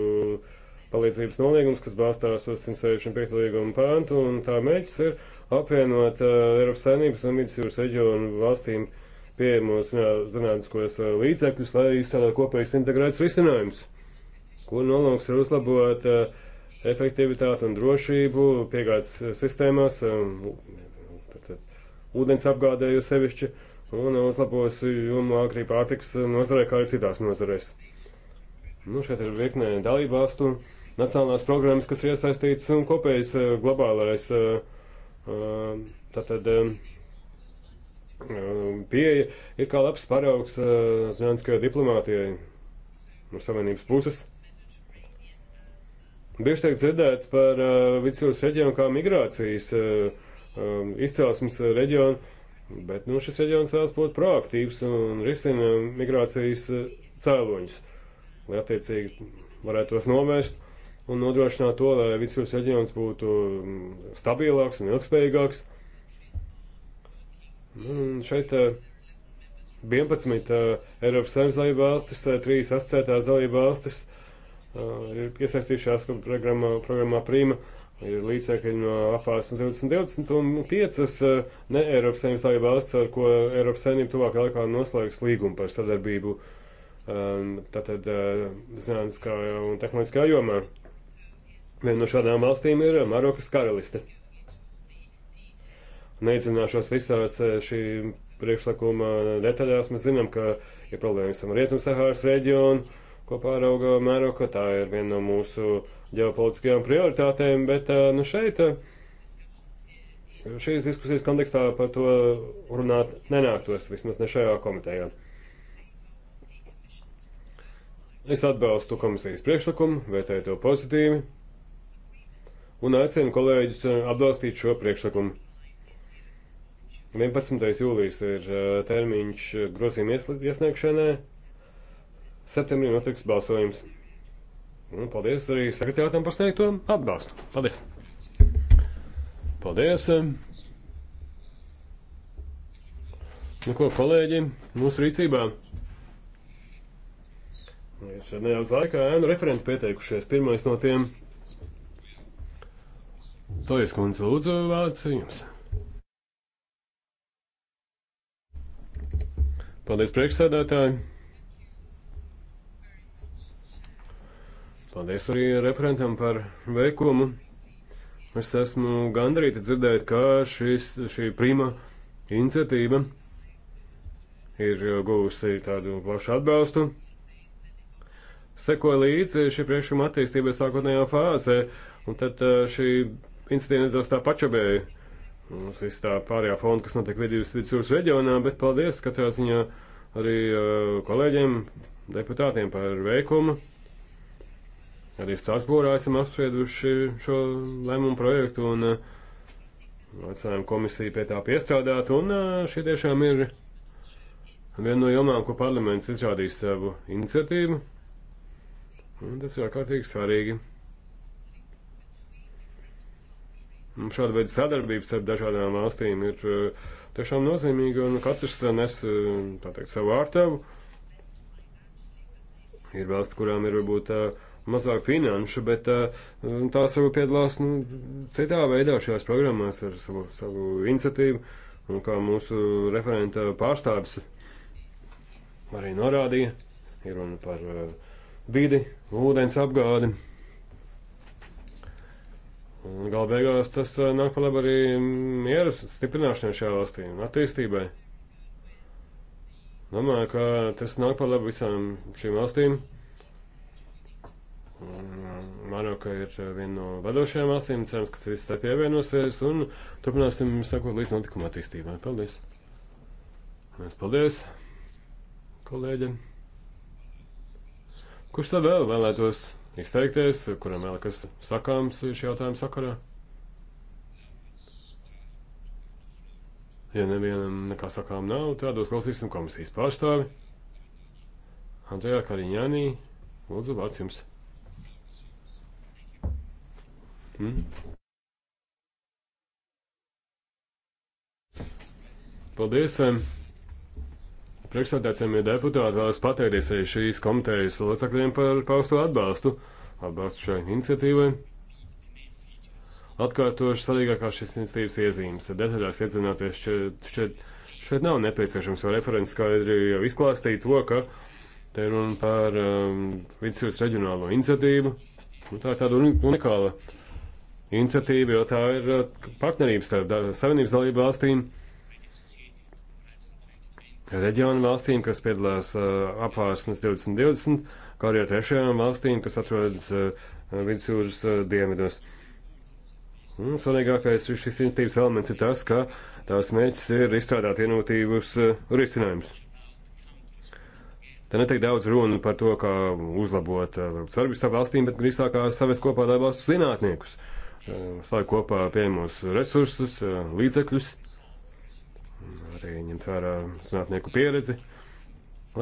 palīdzības nolīgums, kas balstās uz 165. līguma pāntu, un tā mēģis ir apvienot uh, Eiropas saimnības un vidusjūras reģionu valstīm uh, pieejamos zinātniskos eh, līdzekļus, lai izstrādātu kopējus integrētus risinājumus, kur nolūks ir uzlabot eh, efektivitāti un drošību piegādes eh, sistēmās, ūdens apgādē jo sevišķi, un uzlabos jomu agrī pārtiks nozarē, kā arī citās nozarēs. Nu, šeit ir virknē dalību valstu nacionālās programmas, kas ir iesaistītas un kopējas globālais tātad. Tā Ehm, pieeja ir kā labs paraugs eh, zinātniskajai diplomātijai no savienības puses. Bieži tiek dzirdēts par uh, vidusjūras reģionu kā migrācijas uh, um, izcelsmes reģionu, bet nu, šis reģions vēlas būt proaktīvs un risina migrācijas uh, cēloņus, lai attiecīgi varētu tos novērst un nodrošināt to, lai vidusjūras reģions būtu mm, stabilāks un ilgspējīgāks. Uh, Nu, un šeit 11 Eiropas Savienības dalība valstis, 3 asociētās dalība valstis ir piesaistījušās programmā, programmā Prīma. Ir līdzekļi no apvārsnes 2020 un 5 ne Eiropas Savienības dalība valsts, ar ko Eiropas Savienība tuvākajā laikā noslēgs līgumu par sadarbību tātad zinātniskā un tehnoloģiskā jomā. Viena no šādām valstīm ir Marokas karaliste. Neizzināšos visās eh, šī priekšlikuma detaļās. Mēs zinām, ka ir ja problēmas ar Rietumsahāras reģionu, ko pārauga Mēroka. Tā ir viena no mūsu ģeopolitiskajām prioritātēm, bet eh, nu, šeit eh, šīs diskusijas kontekstā par to runāt nenāktos, vismaz ne šajā komitejā. Es atbalstu komisijas priekšlikumu, vērtēju to pozitīvi un aicinu kolēģus atbalstīt šo priekšlikumu. 11. jūlijas ir termiņš grozījuma iesniegšanai. Septembrī notiks balsojums. Un nu, paldies arī sekretārātam par sniegto atbalstu. Paldies! Paldies! Nu ko, kolēģi, mūsu rīcībā ir šeit nedaudz laikā ēnu referenti pieteikušies. Pirmais no tiem - Tojas kundze, lūdzu, vārds jums! Paldies, priekšsēdētāji! Paldies arī referentam par veikumu. Es esmu gandrīti dzirdēt, ka šis, šī prima iniciatīva ir guvusi tādu plašu atbalstu. Sekoja līdzi šī priekšuma attīstībai sākotnējā fāzē, un tad eh, šī iniciatīva nedaudz tā pačabēja Mums viss tā pārējā fonda, kas notiek vidus vidusjūras reģionā, bet paldies katrā ziņā arī uh, kolēģiem, deputātiem par veikumu. Arī Strasbūrā esam apsprieduši šo lēmumu projektu un uh, aicinājām komisiju pie tā piestrādāt. Un uh, šī tiešām ir viena no jomām, ko parlaments izrādīs savu iniciatīvu. Un tas ir ārkārtīgi svarīgi. Šāda veida sadarbības ar dažādām valstīm ir eh, tiešām nozīmīga, un katrs nes eh, teikt, savu ārtevu. Ir valsts, kurām ir varbūt tā, eh, mazāk finanšu, bet tās varbūt piedalās nu, citā veidā šajās programmās ar savu, savu iniciatīvu, un kā mūsu referenta pārstāvis arī norādīja, ir runa par vidi, ūdens apgādi Galu beigās tas eh, nāk par labu arī mieru stiprināšanai šajā valstī un attīstībai. Domāju, ka tas nāk par labu visām šīm valstīm. Eh, Maroka ir eh, viena no vadošajām valstīm. Cerams, ka viss tā pievienosies un turpināsim sekot līdz notikuma attīstībai. Paldies! Mēs paldies, kolēģi! Kurš tad vēl vēlētos? izteikties, kuram vēl kas sakāms šī jautājuma sakarā? Ja nevienam nekā sakām nav, tad uzklausīsim komisijas pārstāvi. Andrejā Kariņānī, lūdzu, vārds jums. Hmm? Paldies! Um, priekšsādācējiem deputāti vēlas pateikties arī šīs komitejas locekļiem par pausto atbalstu, atbalstu šai iniciatīvai. Atkārtoši svarīgākās šīs iniciatīvas iezīmes, detaļās iedzināties šeit, šeit, šeit nav nepieciešams, jo referents skaidri jau izklāstīja to, ka te runa par um, vidusjūras reģionālo iniciatīvu, Nu, tā ir tāda unikāla iniciatīva, jo tā ir uh, partnerības starp savienības dalību valstīm reģionu valstīm, kas piedalās apvārsnes 2020, kā arī ar trešajām valstīm, kas atrodas vidusjūras dienvidos. Un svarīgākais šis institīvas elements ir tas, ka tās mērķis ir izstrādāt inovatīvus risinājumus. Te netiek daudz runa par to, kā uzlabot varbūt sargus ar valstīm, bet drīzāk kā savest kopā lai valstu zinātniekus, stāj kopā pieejamos resursus, līdzekļus arī ņemt vērā zinātnieku pieredzi,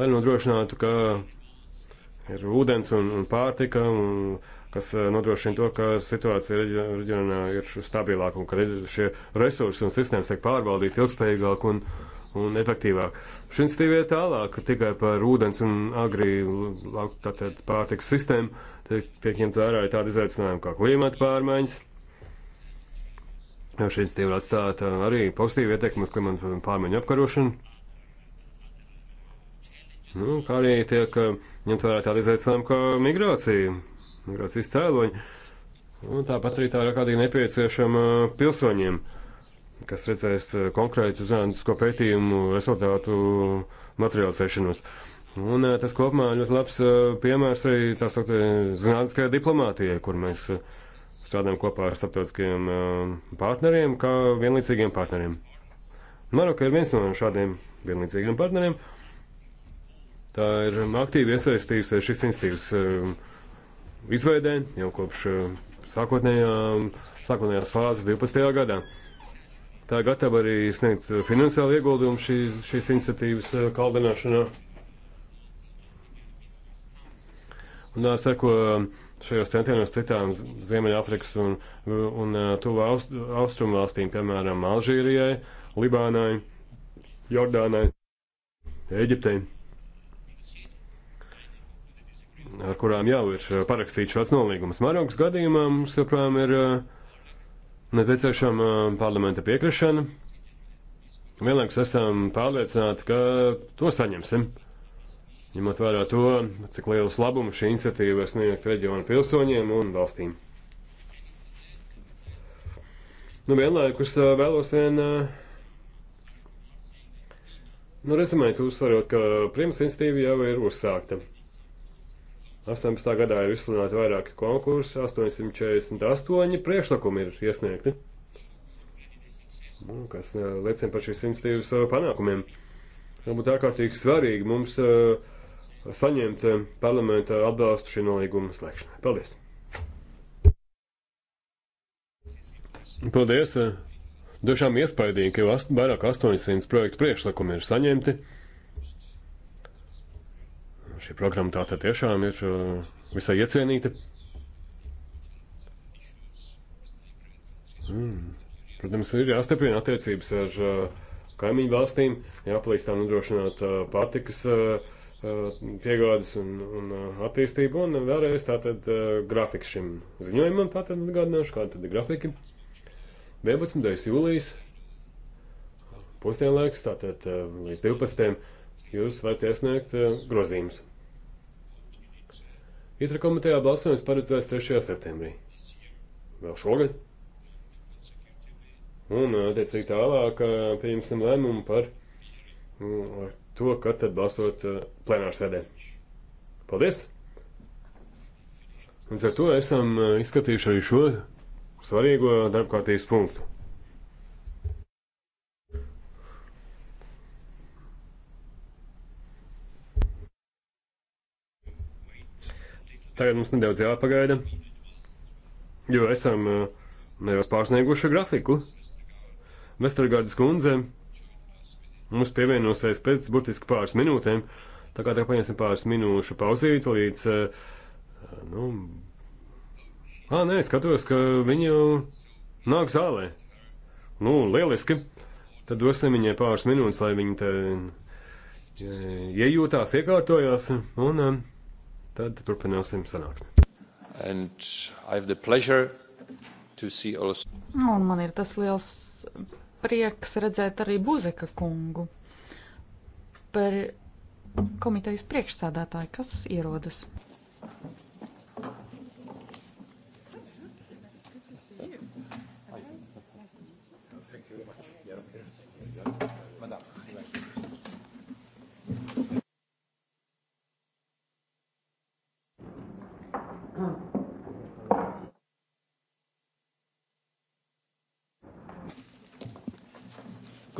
lai nodrošinātu, ka ir ūdens un, un pārtika, un, kas eh, nodrošina to, ka situācija reģionā ir stabilāka un ka šie resursi un sistēmas tiek pārvaldīti ilgspējīgāk un, un efektīvāk. Šī institīva iet tālāk tikai par ūdens un agri tātad, pārtikas sistēmu, tiek, tiek ņemt vērā arī tādi izaicinājumi kā klimata pārmaiņas Šī institīva var atstāt arī pozitīvu ietekmi uz klimatu pārmaiņu apkarošanu. Nu, kā arī tiek eh, ņemt vērā tādi izaicinājumi kā migrācija, migrācijas cēloņi. Un tāpat arī tā ir ārkārtīgi nepieciešama pilsoņiem, kas redzēs eh, konkrētu zinātnisko pētījumu rezultātu materializēšanos. Un eh, tas kopumā ļoti labs piemērs arī tā sauktā zinātniskajai diplomātijai, kur mēs uh, strādājam kopā ar starptautiskiem eh, partneriem, kā vienlīdzīgiem partneriem. Maroka ir viens no šādiem vienlīdzīgiem partneriem. Tā ir eh, aktīvi iesaistījusies šīs institīvas eh, izveidē jau kopš sākotnējā, sākotnējās fāzes 12. gadā. Tā gatava arī sniegt finansiālu ieguldījumu šī, šīs iniciatīvas kaldināšanā. Un tā seko uh, šajos centienos citām Ziemeļāfrikas un, un uh, tuvā aust, austrumu valstīm, piemēram, Alžīrijai, Libānai, Jordānai, Eģiptei, ar kurām jau ir uh, parakstīts šāds nolīgums. Marokas gadījumā mums joprojām ir uh, nepieciešama parlamenta piekrišana. Vienlaikus esam pārliecināti, ka to saņemsim ņemot vērā to, cik lielus labumus šī iniciatīva var sniegt reģionu pilsoņiem un valstīm. Nu, vienlaikus vēlos vien nu, rezumēt, uzsverot, ka Primas institīva jau ir uzsākta. 18. gadā ir izsludināti vairāki konkursi, 848 priekšlikumi ir iesniegti, nu, kas liecina par šīs institīvas panākumiem. Varbūt ārkārtīgi svarīgi mums uh, saņemt eh, parlamenta atbalstu šī nolīguma slēgšanai. Paldies! Paldies! Eh, dažām iespaidīgi, ka jau ast, vairāk 800 projektu priekšlikumi ir saņemti. Šī programma tā tad tiešām ir eh, visai iecienīta. Mm. Protams, ir jāstiprina attiecības ar uh, kaimiņu valstīm, jāpalīdz tām nodrošināt uh, pārtikas uh, Eh, piegādes un, un eh, attīstību. Un vēlreiz tātad eh, grafiks šim ziņojumam tātad atgādināšu, kāda tad ir grafika. 11. jūlijas pusdienlaiks, tātad līdz 12. jūs varat iesniegt grozījumus. Itra komitejā balsojums paredzēts 3. septembrī. Vēl šogad. Un, attiecīgi, tālāk pieņemsim lēmumu par mm, to, kad tad balsot eh, plenārsēdē. Paldies! Līdz ar to esam eh, izskatījuši arī šo svarīgo darbkārtības punktu. Tagad mums nedaudz jāpagaida, jo esam eh, nedaudz pārsnieguši grafiku. Vestergārdas kundzei mums pievienosies pēc burtiski pāris minūtēm. Tā kā tagad paņemsim pāris minūšu pauzīti līdz. Eh, nu, ā, nē, skatos, ka viņi jau nāk zālē. Nu, lieliski. Tad dosim viņai pāris minūtes, lai viņi te eh, iejūtās, iekārtojās, un eh, tad turpināsim sanāksmi. And I have the pleasure to see also. Un man ir tas liels prieks redzēt arī Buzeka kungu par komitejas priekšsādātāju, kas ierodas.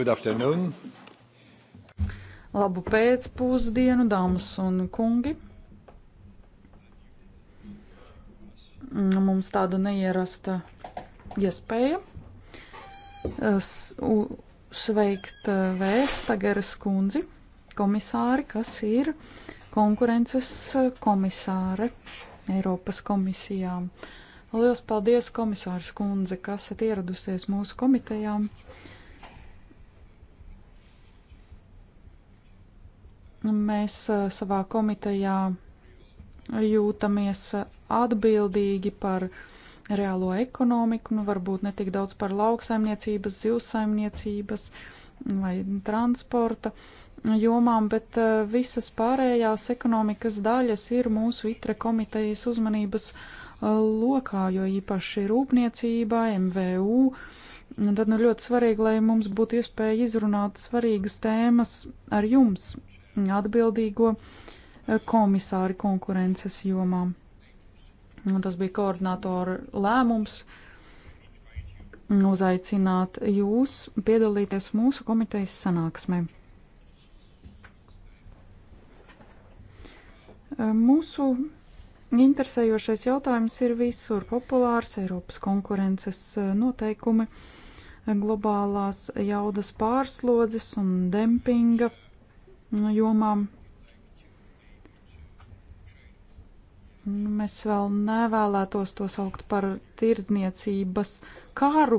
Good afternoon. Labu pēcpusdienu, dāmas un kungi. Mm, mums tāda neierasta iespēja sveikt eh, Vēstageres kundzi, komisāri, kas ir konkurences eh, komisāre Eiropas komisijām. Lielas paldies, komisārs kundze, kas esat ieradusies mūsu komitejām. Mēs savā komitejā jūtamies atbildīgi par reālo ekonomiku, nu varbūt ne tik daudz par lauksaimniecības, zivsaimniecības vai transporta jomām, bet visas pārējās ekonomikas daļas ir mūsu itre komitejas uzmanības lokā, jo īpaši rūpniecība, MVU. Tad nu ļoti svarīgi, lai mums būtu iespēja izrunāt svarīgas tēmas ar jums, atbildīgo eh, komisāri konkurences jomā. Tas bija koordinātora lēmums uzaicināt jūs piedalīties mūsu komitejas sanāksmē. Eh, mūsu interesējošais jautājums ir visur populārs Eiropas konkurences eh, noteikumi, globālās jaudas pārslodzes un dempinga jomām. Mēs vēl nevēlētos to saukt par tirdzniecības kāru.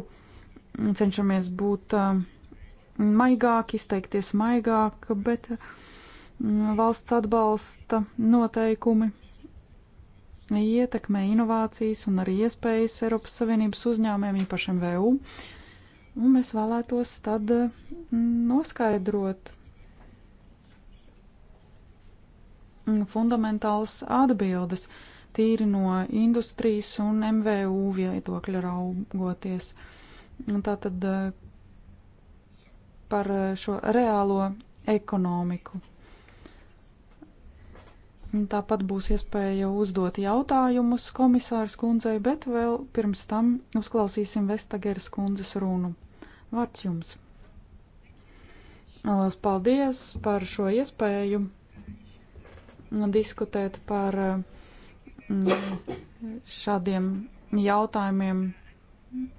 Cenšamies būt uh, maigāk, izteikties maigāk, bet uh, valsts atbalsta noteikumi ietekmē inovācijas un arī iespējas Eiropas Savienības uzņēmējiem, īpašiem VU. Un mēs vēlētos tad uh, noskaidrot fundamentāls atbildes tīri no industrijas un MVU viedokļa raugoties. Tātad par šo reālo ekonomiku. Tāpat būs iespēja uzdot jautājumus komisārs kundzei, bet vēl pirms tam uzklausīsim Vestageras kundzes runu. Vārds jums! Lielas paldies par šo iespēju! diskutēt par eh, mm, šādiem jautājumiem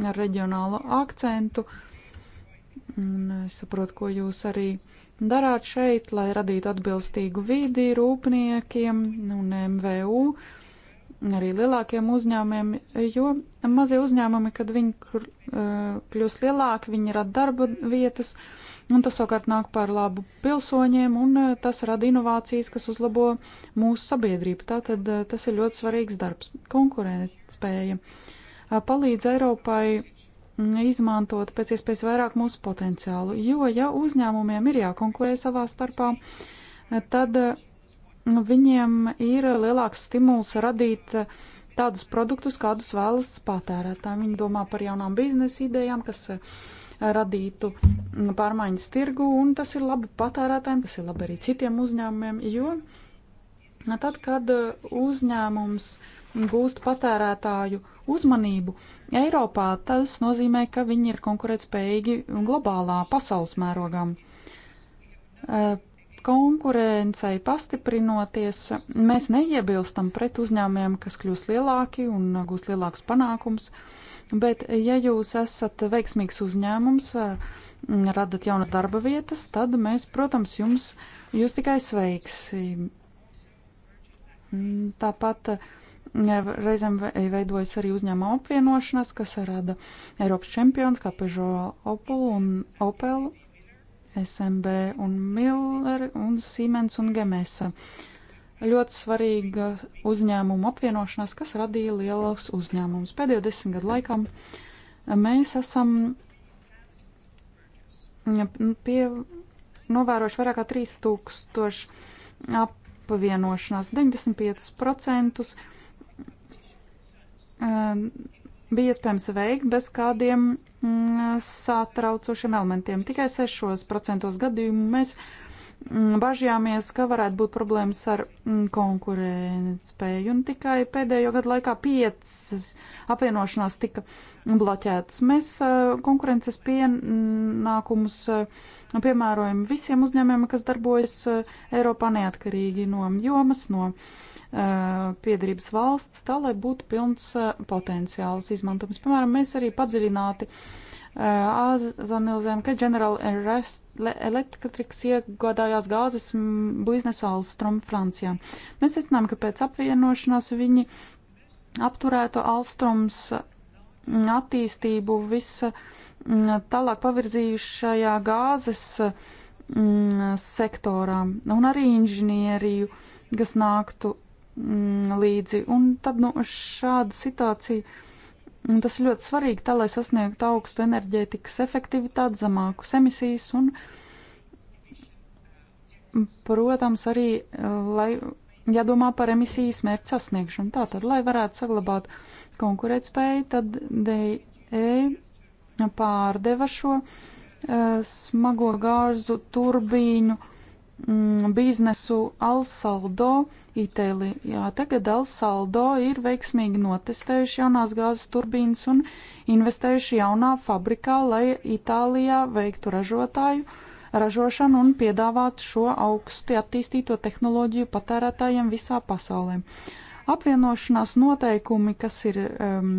ar reģionālu akcentu. Un es saprotu, ko jūs arī darāt šeit, lai radītu atbilstīgu vidi rūpniekiem un MVU, arī lielākiem uzņēmumiem, jo mazie uzņēmumi, kad viņi eh, kļūst lielāki, viņi rada darba vietas. Uh, un tas savukārt nāk par labu pilsoņiem, un eh, tas rada inovācijas, kas uzlabo mūsu sabiedrību. Tātad eh, tas ir ļoti svarīgs darbs. Konkurētspēja eh, palīdz Eiropai mm, izmantot pēc iespējas vairāk mūsu potenciālu. Jo, ja uzņēmumiem ir jākonkurē savā starpā, tad viņiem ir lielāks stimuls radīt tādus produktus, kādus vēlas patērētāji. Viņi domā par jaunām biznesa idejām, kas radītu pārmaiņas tirgu, un tas ir labi patērētājiem, tas ir labi arī citiem uzņēmumiem, jo tad, kad uh, uzņēmums gūst patērētāju uzmanību Eiropā, tas nozīmē, ka viņi ir konkurētspējīgi globālā pasaules mērogā. Uh, konkurencei pastiprinoties, mēs neiebilstam pret uzņēmumiem, kas kļūst lielāki un uh, gūst lielākus panākumus. Uh, Bet, ja jūs esat veiksmīgs uzņēmums, radat jaunas darba vietas, tad mēs, protams, jums, jūs tikai sveiksi. Tāpat reizēm veidojas arī uzņēmuma apvienošanas, kas rada Eiropas čempions, kā Peugeot Opel un Opel, SMB un Miller un Siemens un Gemesa. Uh, ļoti svarīga uzņēmuma apvienošanās, kas radīja lielas uzņēmumus. Pēdējo desmit gadu laikā mēs esam nu, pie, novērojuši vairāk kā 3000 apvienošanās, 95% um, bija iespējams veikt bez kādiem mm, satraucošiem elementiem. Tikai 6% gadījumu mēs Mm, bažījāmies, ka varētu būt problēmas ar mm, konkurētspēju, un tikai pēdējo gadu laikā piecas apvienošanās tika bloķētas. Mēs eh, konkurences pienākumus eh, piemērojam visiem uzņēmumiem, kas darbojas eh, Eiropā neatkarīgi no jomas, no piedarības valsts, tā lai būtu pilns potenciāls izmantojums. Piemēram, mēs arī padziļināti uh, ārzemilzēm, ka General Electrics iegādājās gāzes biznesa Alstrom Francijā. Mēs secinām, ka pēc apvienošanās viņi apturētu Alstroms attīstību visa tālāk pavirzījušajā gāzes sektorā un arī inženieriju, kas nāktu līdzi. Un tad nu, šāda situācija Un tas ir ļoti svarīgi, tā, lai sasniegtu augstu enerģētikas efektivitāti, zemākus emisijas un, protams, arī, eh, lai jādomā par emisijas mērķu sasniegšanu. Tātad, lai varētu saglabāt konkurētspēju, tad DE pārdeva šo uh, smago gāzu turbīnu uh, Mm, biznesu Alsaldo Itālijā. Tagad Alsaldo ir veiksmīgi notestējuši jaunās gāzes turbīnas un investējuši jaunā fabrikā, lai Itālijā veiktu ražotāju ražošanu un piedāvātu šo augsti attīstīto tehnoloģiju patērētājiem visā pasaulē. Apvienošanās noteikumi, kas ir um,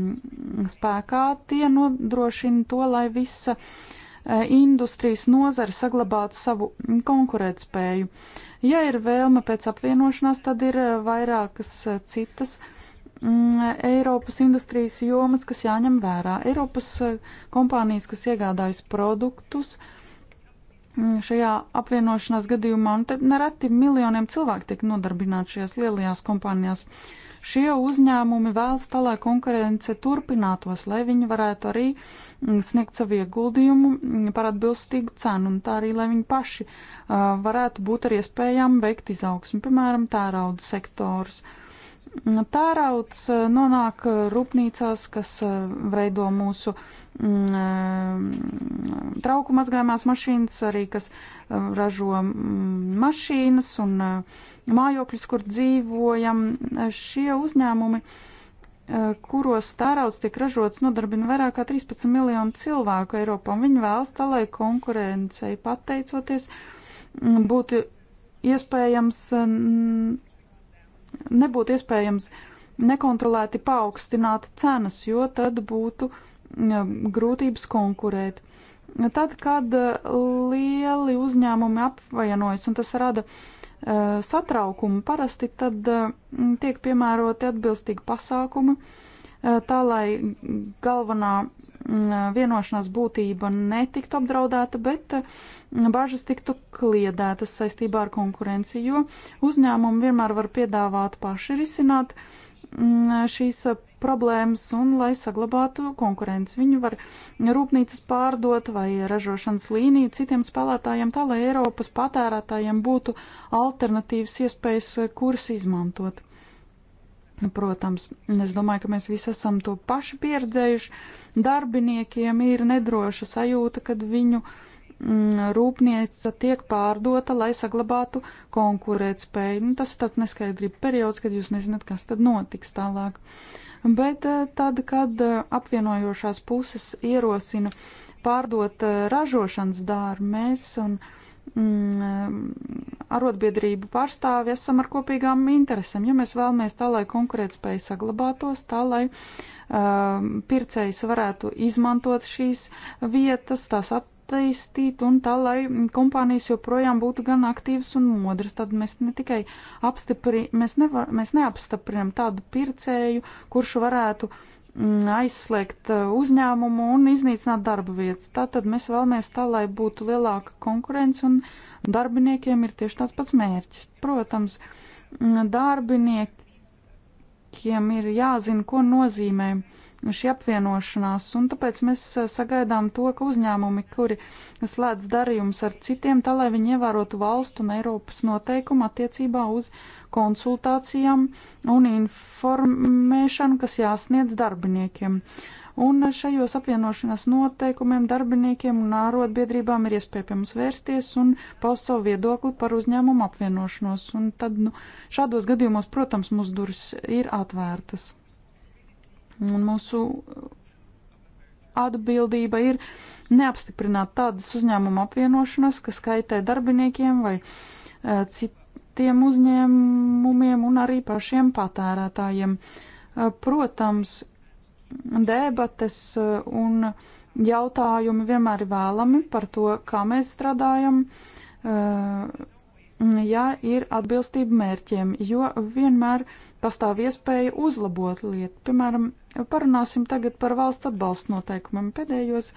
spēkā, tie nodrošina to, lai visa uh, Eh, industrijas nozara saglabātu savu mm, konkurētspēju. Ja ir vēlme pēc apvienošanās, tad ir eh, vairākas eh, citas. Mm, Eiropas industrijas jomas, kas jāņem vērā. Eiropas kompānijas, kas iegādājas produktus, mm, šajā apvienošanās gadījumā, un te nereti miljoniem cilvēku tiek nodarbināti šajās lielajās kompānijās. Šie uzņēmumi vēlas tā, lai konkurence turpinātos, lai viņi varētu arī mm, sniegt savu ieguldījumu mm, par atbilstīgu cenu, un tā arī, lai viņi paši uh, varētu būt ar iespējām veikt izaugsmi, piemēram, tērauda sektors. Mm, tērauds nonāk rūpnīcās, kas veido mūsu mm, trauku mazgājumās mašīnas, arī kas ražo mašīnas un uh, mājokļus, kur dzīvojam. E, šie uzņēmumi, e, kuros tērauds tiek ražots, nodarbina vairāk kā 13 miljonu cilvēku Eiropā. Viņi vēlas tā, lai konkurencei pateicoties būtu iespējams, e, nebūtu iespējams nekontrolēti paaugstināt cenas, jo tad būtu grūtības konkurēt. Tad, kad lieli uzņēmumi apvainojas, un tas rada uh, Eh, satraukumu. Parasti tad eh, tiek piemēroti atbilstīgi pasākumi, eh, tā lai galvenā vienošanās būtība netiktu apdraudēta, bet bažas tiktu kliedētas saistībā ar konkurenci, jo uzņēmumi vienmēr var piedāvāt paši risināt šīs problēmas un lai saglabātu konkurenci. Viņu var rūpnīcas pārdot vai ražošanas līniju citiem spēlētājiem, tā lai Eiropas patērētājiem būtu alternatīvas iespējas, eh, kuras izmantot. Protams, es domāju, ka mēs visi esam to paši pieredzējuši. Darbiniekiem ir nedroša sajūta, kad viņu mm, rūpnīca tiek pārdota, lai saglabātu konkurētspēju. Nu, tas ir tāds neskaidrība periods, kad jūs nezināt, kas tad notiks tālāk. Uh, bet eh, tad, kad eh, apvienojošās puses ierosina pārdot eh, ražošanas dārbu, mēs un mm, arotbiedrību pārstāvi esam ar kopīgām interesēm. Ja mēs vēlamies tā, lai konkurētspēja saglabātos, tā, lai um, pircējs varētu izmantot šīs vietas, tās at, attīstīt un tā, lai kompānijas joprojām būtu gan aktīvas un modras. Tad mēs ne tikai apstipri, mēs, nevar, mēs neapstiprinam tādu pircēju, kurš varētu mm, aizslēgt uh, uzņēmumu un iznīcināt darba vietas. Tātad mēs vēlamies tā, lai būtu lielāka konkurence un darbiniekiem ir tieši tāds pats mērķis. Protams, mm, darbiniekiem ir jāzina, ko nozīmē uh, šī apvienošanās, un tāpēc mēs e, sagaidām to, ka uzņēmumi, kuri slēdz darījumus ar citiem, tā lai viņi ievērotu valstu un Eiropas noteikumu attiecībā uz konsultācijām un informēšanu, kas jāsniedz darbiniekiem. Un šajos apvienošanās noteikumiem darbiniekiem un ārotbiedrībām ir iespēja pie mums vērsties un paust savu viedokli par uzņēmumu apvienošanos. Un tad, nu, šādos gadījumos, protams, mūsu durvis ir atvērtas. Un mūsu atbildība ir neapstiprināt tādas uzņēmuma apvienošanas, kas kaitē darbiniekiem vai eh, citiem uzņēmumiem un arī pašiem patērētājiem. Eh, protams, debates eh, un jautājumi vienmēr ir vēlami par to, kā mēs strādājam, ja ir atbilstība mērķiem, jo vienmēr pastāv iespēja uzlabot lietu. Piemēram, parunāsim tagad par valsts atbalsta noteikumiem. Pēdējos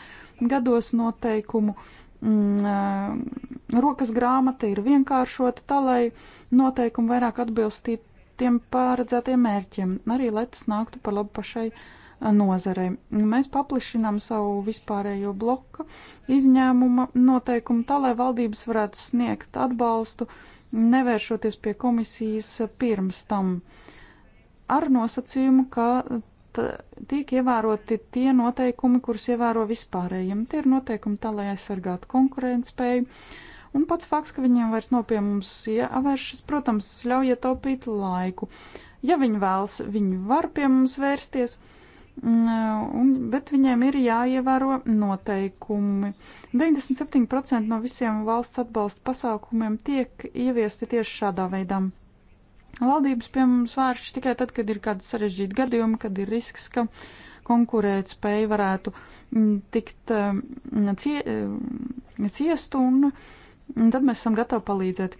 gados noteikumu mm, eh, rokas grāmata ir vienkāršota tā, lai noteikumi vairāk atbilstītu tiem pārredzētiem mērķiem, arī lai tas nāktu par labu pašai eh, nozarei. Mēs paplišinām savu vispārējo bloka izņēmuma noteikumu tā, lai valdības varētu sniegt atbalstu, nevēršoties pie komisijas eh, pirms tam. Uh, ar nosacījumu, ka eh, tiek ievēroti tie noteikumi, kurus ievēro vispārējiem. Tie ir noteikumi tā, lai aizsargātu konkurētspēju. Un pats fakts, ka viņiem vairs nav pie mums jāvēršas, protams, ļauj ietaupīt laiku. Ja viņi vēlas, viņi var pie mums vērsties, mm, un, bet viņiem ir jāievēro noteikumi. 97% no visiem valsts atbalsta pasākumiem tiek ieviesti tieši šādā veidā. Valdības pie mums vēršas tikai tad, kad ir kādi sarežģīti gadījumi, kad ir risks, ka konkurēt spēja varētu mm, tikt mm, cie, mm, ciest, un tad mēs esam gatavi palīdzēt.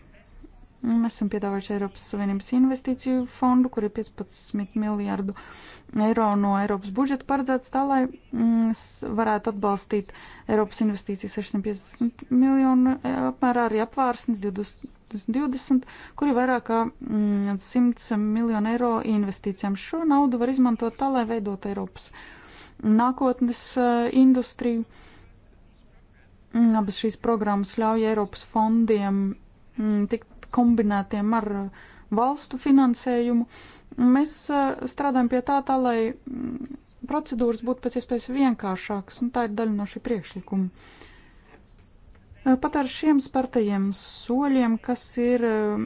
Mēs esam piedāvājuši Eiropas Savienības investīciju fondu, kur ir 15 miljārdu eiro no Eiropas budžeta paredzēts tā, lai varētu atbalstīt Eiropas investīcijas 650 miljonu e, apmērā arī apvārsnes 20, 2020, kur ir vairāk kā mm, 100 miljonu eiro investīcijām. Šo naudu var izmantot tā, lai veidot Eiropas nākotnes uh, industriju. Mm, abas šīs programmas ļauj Eiropas fondiem mm, tikt kombinētiem ar valstu finansējumu. Mēs uh, strādājam pie tā, tā lai mm, procedūras būtu pēc iespējas vienkāršākas, un tā ir daļa no šī priekšlikuma. Eh, pat ar šiem spartajiem soļiem, kas ir eh,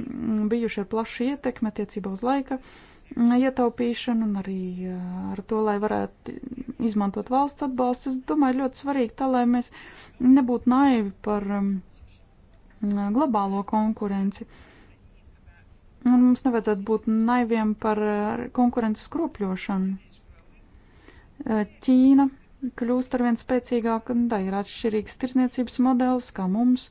bijuši ar plašu ietekmi attiecībā uz laika mm, ietaupīšanu un arī eh, ar to, lai varētu izmantot valsts atbalstu, es domāju, ļoti svarīgi tā, lai mēs nebūtu naivi par mm, globālo konkurenci. Un mums nevajadzētu būt naiviem par konkurences kropļošanu. Ķīna kļūst arvien spēcīgāk, un tā ir atšķirīgs tirsniecības modelis, kā mums.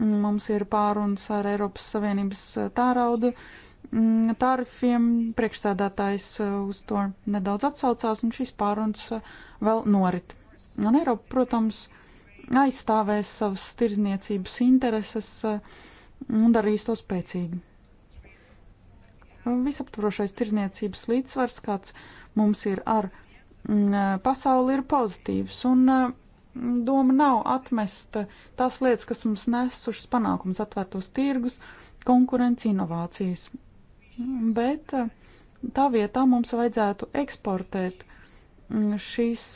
Mums ir pārunas ar Eiropas Savienības tāraudu mm, tarifiem. Priekšsēdētājs uh, uz to nedaudz atsaucās, un šis pārunas uh, vēl norit. Un Eiropa, protams, aizstāvēs savas tirzniecības intereses uh, un darīs to spēcīgi. Visaptvarošais tirzniecības līdzsvars, kāds mums ir ar uh, Mm, pasauli ir pozitīvs un doma nav atmest tās lietas, kas mums nesušas panākums, atvērtos tirgus, konkurenci, inovācijas. Bet tā vietā mums vajadzētu eksportēt mm, šīs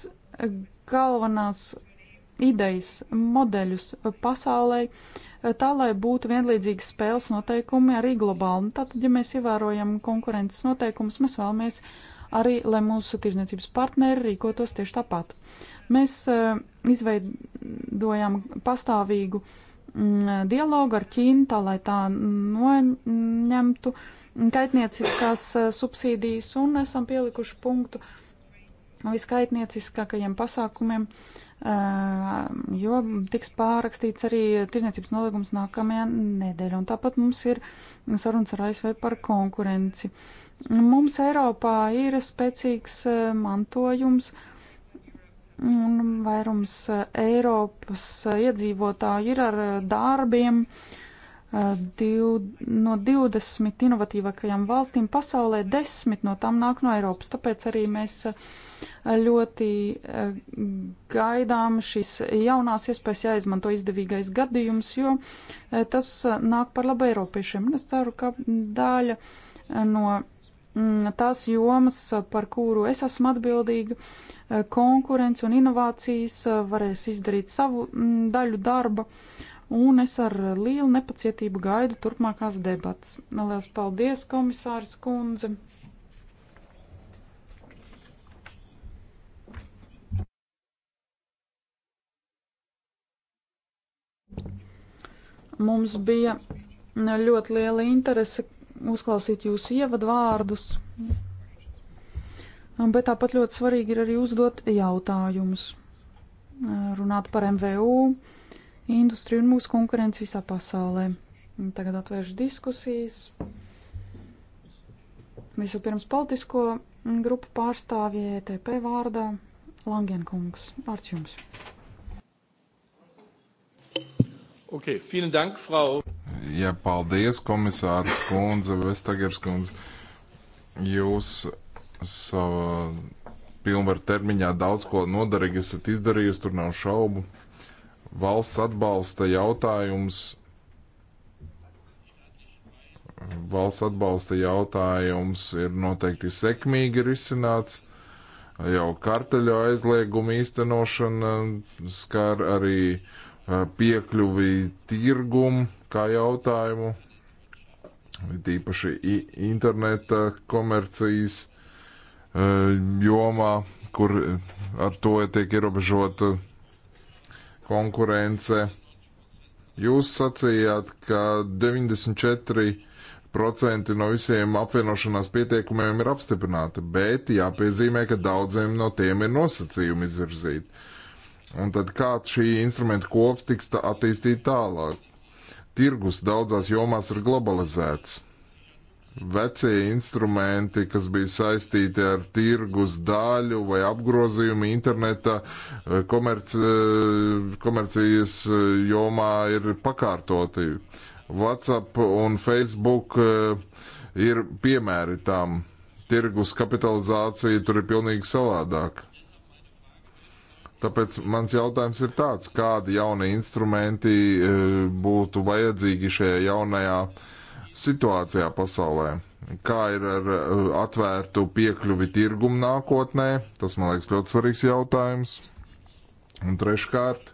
galvenās idejas modeļus pasaulē, tā lai būtu vienlīdzīgi spēles noteikumi arī globāli. Tātad, ja mēs ievērojam konkurences noteikumus, mēs vēlamies uh, arī, lai mūsu tirzniecības partneri rīkotos tieši tāpat. Mēs e, izveidojām pastāvīgu mm, dialogu ar Ķīnu, tā lai tā noņemtu kaitnieciskās e, subsīdijas un esam pielikuši punktu viskaitnieciskākajiem pasākumiem, e, jo tiks pārakstīts arī tirzniecības nolīgums nākamajā nedēļā. Un tāpat mums ir sarunas ar ASV par konkurenci. Uh, Mums Eiropā ir spēcīgs eh, mantojums, un vairums eh, Eiropas eh, iedzīvotāji ir ar darbiem div, no 20 inovatīvākajām valstīm pasaulē, 10 no tām nāk no Eiropas. Tāpēc arī mēs ļoti gaidām šīs jaunās iespējas jāizmanto izdevīgais gadījums, jo tas nāk par labu Eiropiešiem. Un es ceru, ka daļa no Mm, tās jomas, par kuru es esmu atbildīga, eh, konkurence un inovācijas eh, varēs izdarīt savu mm, daļu darba, un es ar lielu nepacietību gaidu turpmākās debats. Lielas paldies, komisārs kundze! Mums bija ļoti liela interese uzklausīt jūsu ievadvārdus, um, bet tāpat ļoti svarīgi ir arī uzdot jautājumus, uh, runāt par MVU, industriju un mūsu konkurenci visā pasaulē. Tagad atvēršu diskusijas. Vispirms politisko grupu pārstāvja ETP vārdā Langenkungs. Vārds jums. Okay, vielen Dank, Frau. Jā, paldies, komisārs kundze, Vestagers kundze. Jūs savā pilnvaru termiņā daudz ko noderīgi esat izdarījusi, tur nav šaubu. Valsts atbalsta jautājums valsts atbalsta jautājums ir noteikti sekmīgi risināts. Jau karteļu aizliegumu īstenošana skar arī eh, piekļuvi tirgumu kā jautājumu, tīpaši interneta komercijas e, jomā, kur ar to tiek ierobežota konkurence. Jūs sacījāt, ka 94 procenti no visiem apvienošanās pieteikumiem ir apstiprināti, bet jāpiezīmē, ka daudziem no tiem ir nosacījumi izvirzīti. Un tad kā šī instrumenta kops tiks attīstīt tālāk? Tirgus daudzās jomās ir globalizēts. Vecie instrumenti, kas bija saistīti ar tirgus daļu vai apgrozījumu interneta eh, komerc, eh, komercijas eh, jomā, ir pakārtoti. WhatsApp un Facebook ir piemēri tam. Tirgus kapitalizācija tur ir pilnīgi savādāka. Tāpēc mans jautājums ir tāds, kādi jauni instrumenti e, būtu vajadzīgi šajā jaunajā situācijā pasaulē? Kā ir ar e, atvērtu piekļuvi tirgumu nākotnē? Tas, man liekas, ļoti svarīgs jautājums. Un treškārt,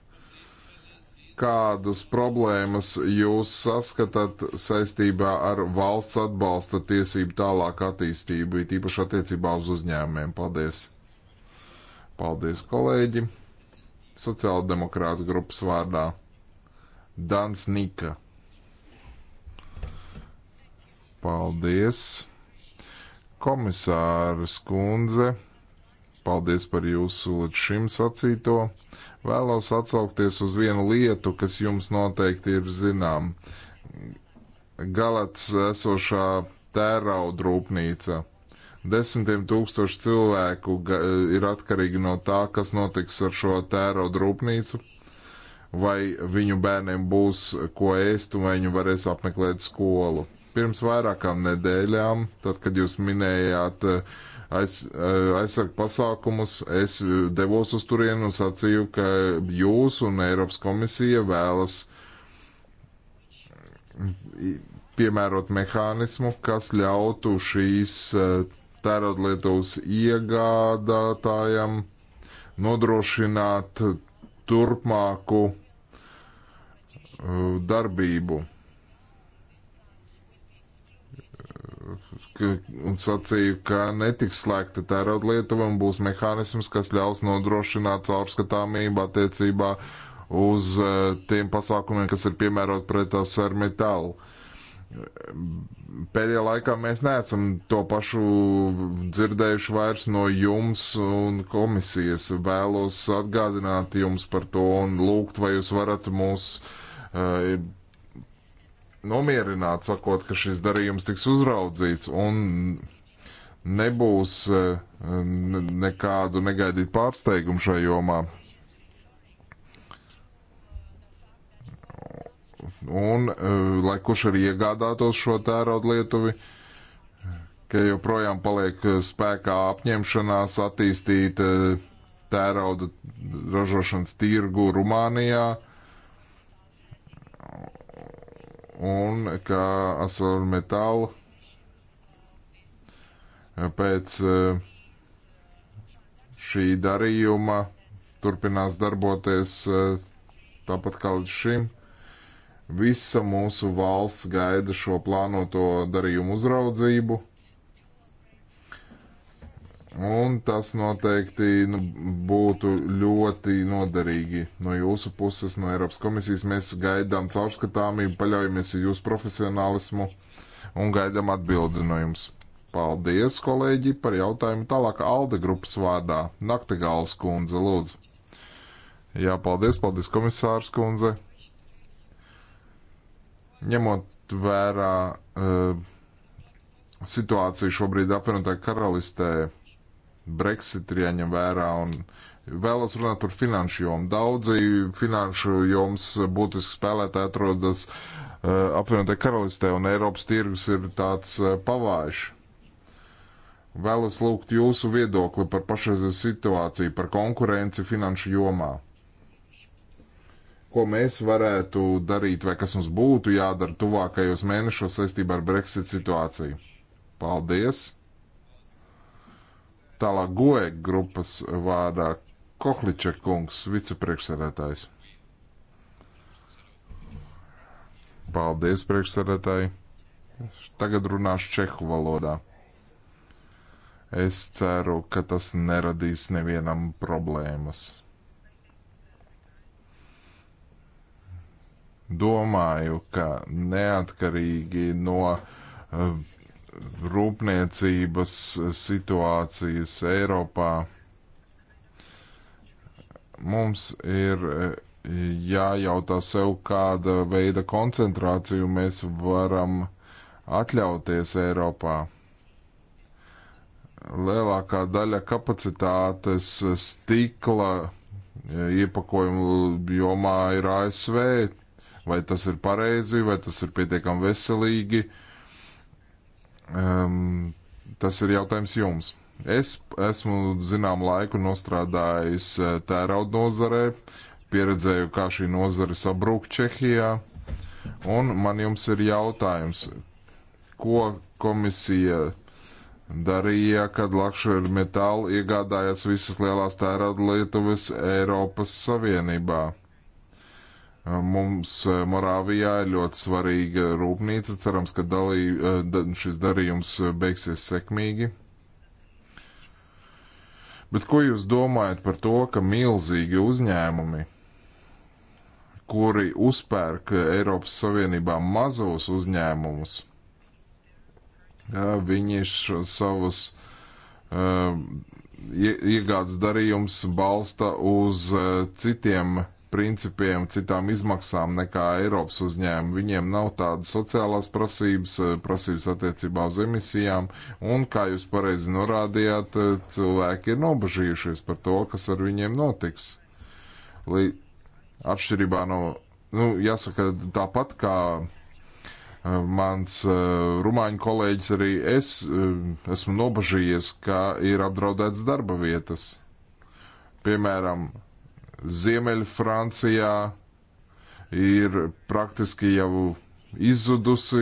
kādas problēmas jūs saskatāt saistībā ar valsts atbalsta tiesību tālāk attīstību, it īpaši attiecībā uz uzņēmumiem? Paldies! Paldies, kolēģi! Sociāldemokrāta grupas vārdā Dans Nika. Paldies! Komisārs Kundze, paldies par jūsu līdz šim sacīto. Vēlos atsaukties uz vienu lietu, kas jums noteikti ir zinām. Galats esošā tērauda rūpnīca Desmitiem tūkstoši cilvēku ir atkarīgi no tā, kas notiks ar šo tērauda rūpnīcu, vai viņu bērniem būs ko ēst un vai viņi varēs apmeklēt skolu. Pirms vairākām nedēļām, tad, kad jūs minējāt uh, aiz, eh, aizsargu pasākumus. Es devos uz turieni un sacīju, ka jūs un Eiropas komisija vēlas piemērot mehānismu, kas ļautu šīs eh, tērautlietos iegādātājam nodrošināt turpmāku uh, darbību. Un sacīju, ka netiks slēgta tērautlietuva un būs mehānisms, kas ļaus nodrošināt caurskatāmību attiecībā uz uh, tiem pasākumiem, kas ir piemērot pret tās ar metālu. Uh, Pēdējā laikā mēs neesam to pašu dzirdējuši vairs no jums un komisijas. Vēlos atgādināt jums par to un lūgt, vai jūs varat mūs uh, nomierināt, sakot, ka šis darījums tiks uzraudzīts un nebūs uh, nekādu negaidītu pārsteigumu šajā jomā. un e, lai kurš arī iegādātos šo tērauda lietuvi, ka joprojām paliek e, spēkā apņemšanās attīstīt e, tērauda ražošanas tirgu Rumānijā un ka Asar Metal pēc šī darījuma turpinās darboties tāpat kā līdz šim. Visa mūsu valsts gaida šo plānoto darījumu uzraudzību. Un tas noteikti nu, būtu ļoti noderīgi no jūsu puses, no Eiropas komisijas. Mēs gaidām caurskatāmību, paļaujamies uz jūsu profesionālismu un gaidām atbildi no jums. Paldies, kolēģi, par jautājumu. Tālāk Alde grupas vārdā Naktigāls kundze, lūdzu. Jā, paldies, paldies, komisārs kundze ņemot vērā uh, situāciju šobrīd apvienotā karalistē, Brexit ir jāņem vērā un vēlos runāt par finanšu jomu. Daudzi finanšu joms būtiski spēlētāji atrodas uh, apvienotā karalistē un Eiropas tirgus ir tāds uh, eh, pavājuši. Vēlos lūgt jūsu viedokli par pašreizēju situāciju, par konkurenci finanšu jomā ko mēs varētu darīt vai kas mums būtu jādara tuvākajos mēnešos saistībā ar Brexit situāciju. Paldies! Tālāk goe grupas vārdā Kohliča kungs, vicepriekšsēdētājs. Paldies, priekšsēdētāji! Tagad runāšu čehu valodā. Es ceru, ka tas neradīs nevienam problēmas. domāju, ka neatkarīgi no eh, rūpniecības situācijas Eiropā mums ir eh, jājautā sev, kāda veida koncentrāciju mēs varam atļauties Eiropā. Lielākā daļa kapacitātes stikla eh, iepakojumu jomā ir ASV, vai tas ir pareizi, vai tas ir pietiekami veselīgi. Um, tas ir jautājums jums. Es esmu zinām laiku nostrādājis eh, tērauda nozarē, pieredzēju, kā šī nozare sabrūk Čehijā, un man jums ir jautājums, ko komisija darīja, kad Lakšer metāli iegādājās visas lielās tērauda lietuvas Eiropas Savienībā? Mums eh, Morāvijā ir ļoti svarīga rūpnīca. Cerams, ka dalī, eh, šis darījums eh, beigsies sekmīgi. Bet ko jūs domājat par to, ka milzīgi uzņēmumi, kuri uzpērk Eiropas Savienībā mazos uzņēmumus, viņi savas uh, iegādes darījums balsta uz uh, citiem principiem, citām izmaksām nekā Eiropas uzņēmumi. Viņiem nav tādas sociālās prasības, eh, prasības attiecībā uz emisijām, un, kā jūs pareizi norādījāt, eh, cilvēki ir nobažījušies par to, kas ar viņiem notiks. Lai atšķirībā no, nu, jāsaka, tāpat kā eh, mans uh, rumāņu kolēģis arī es uh, esmu nobažījies, ka ir apdraudēts darba vietas. Piemēram, Ziemeļfrancijā ir praktiski jau izzudusi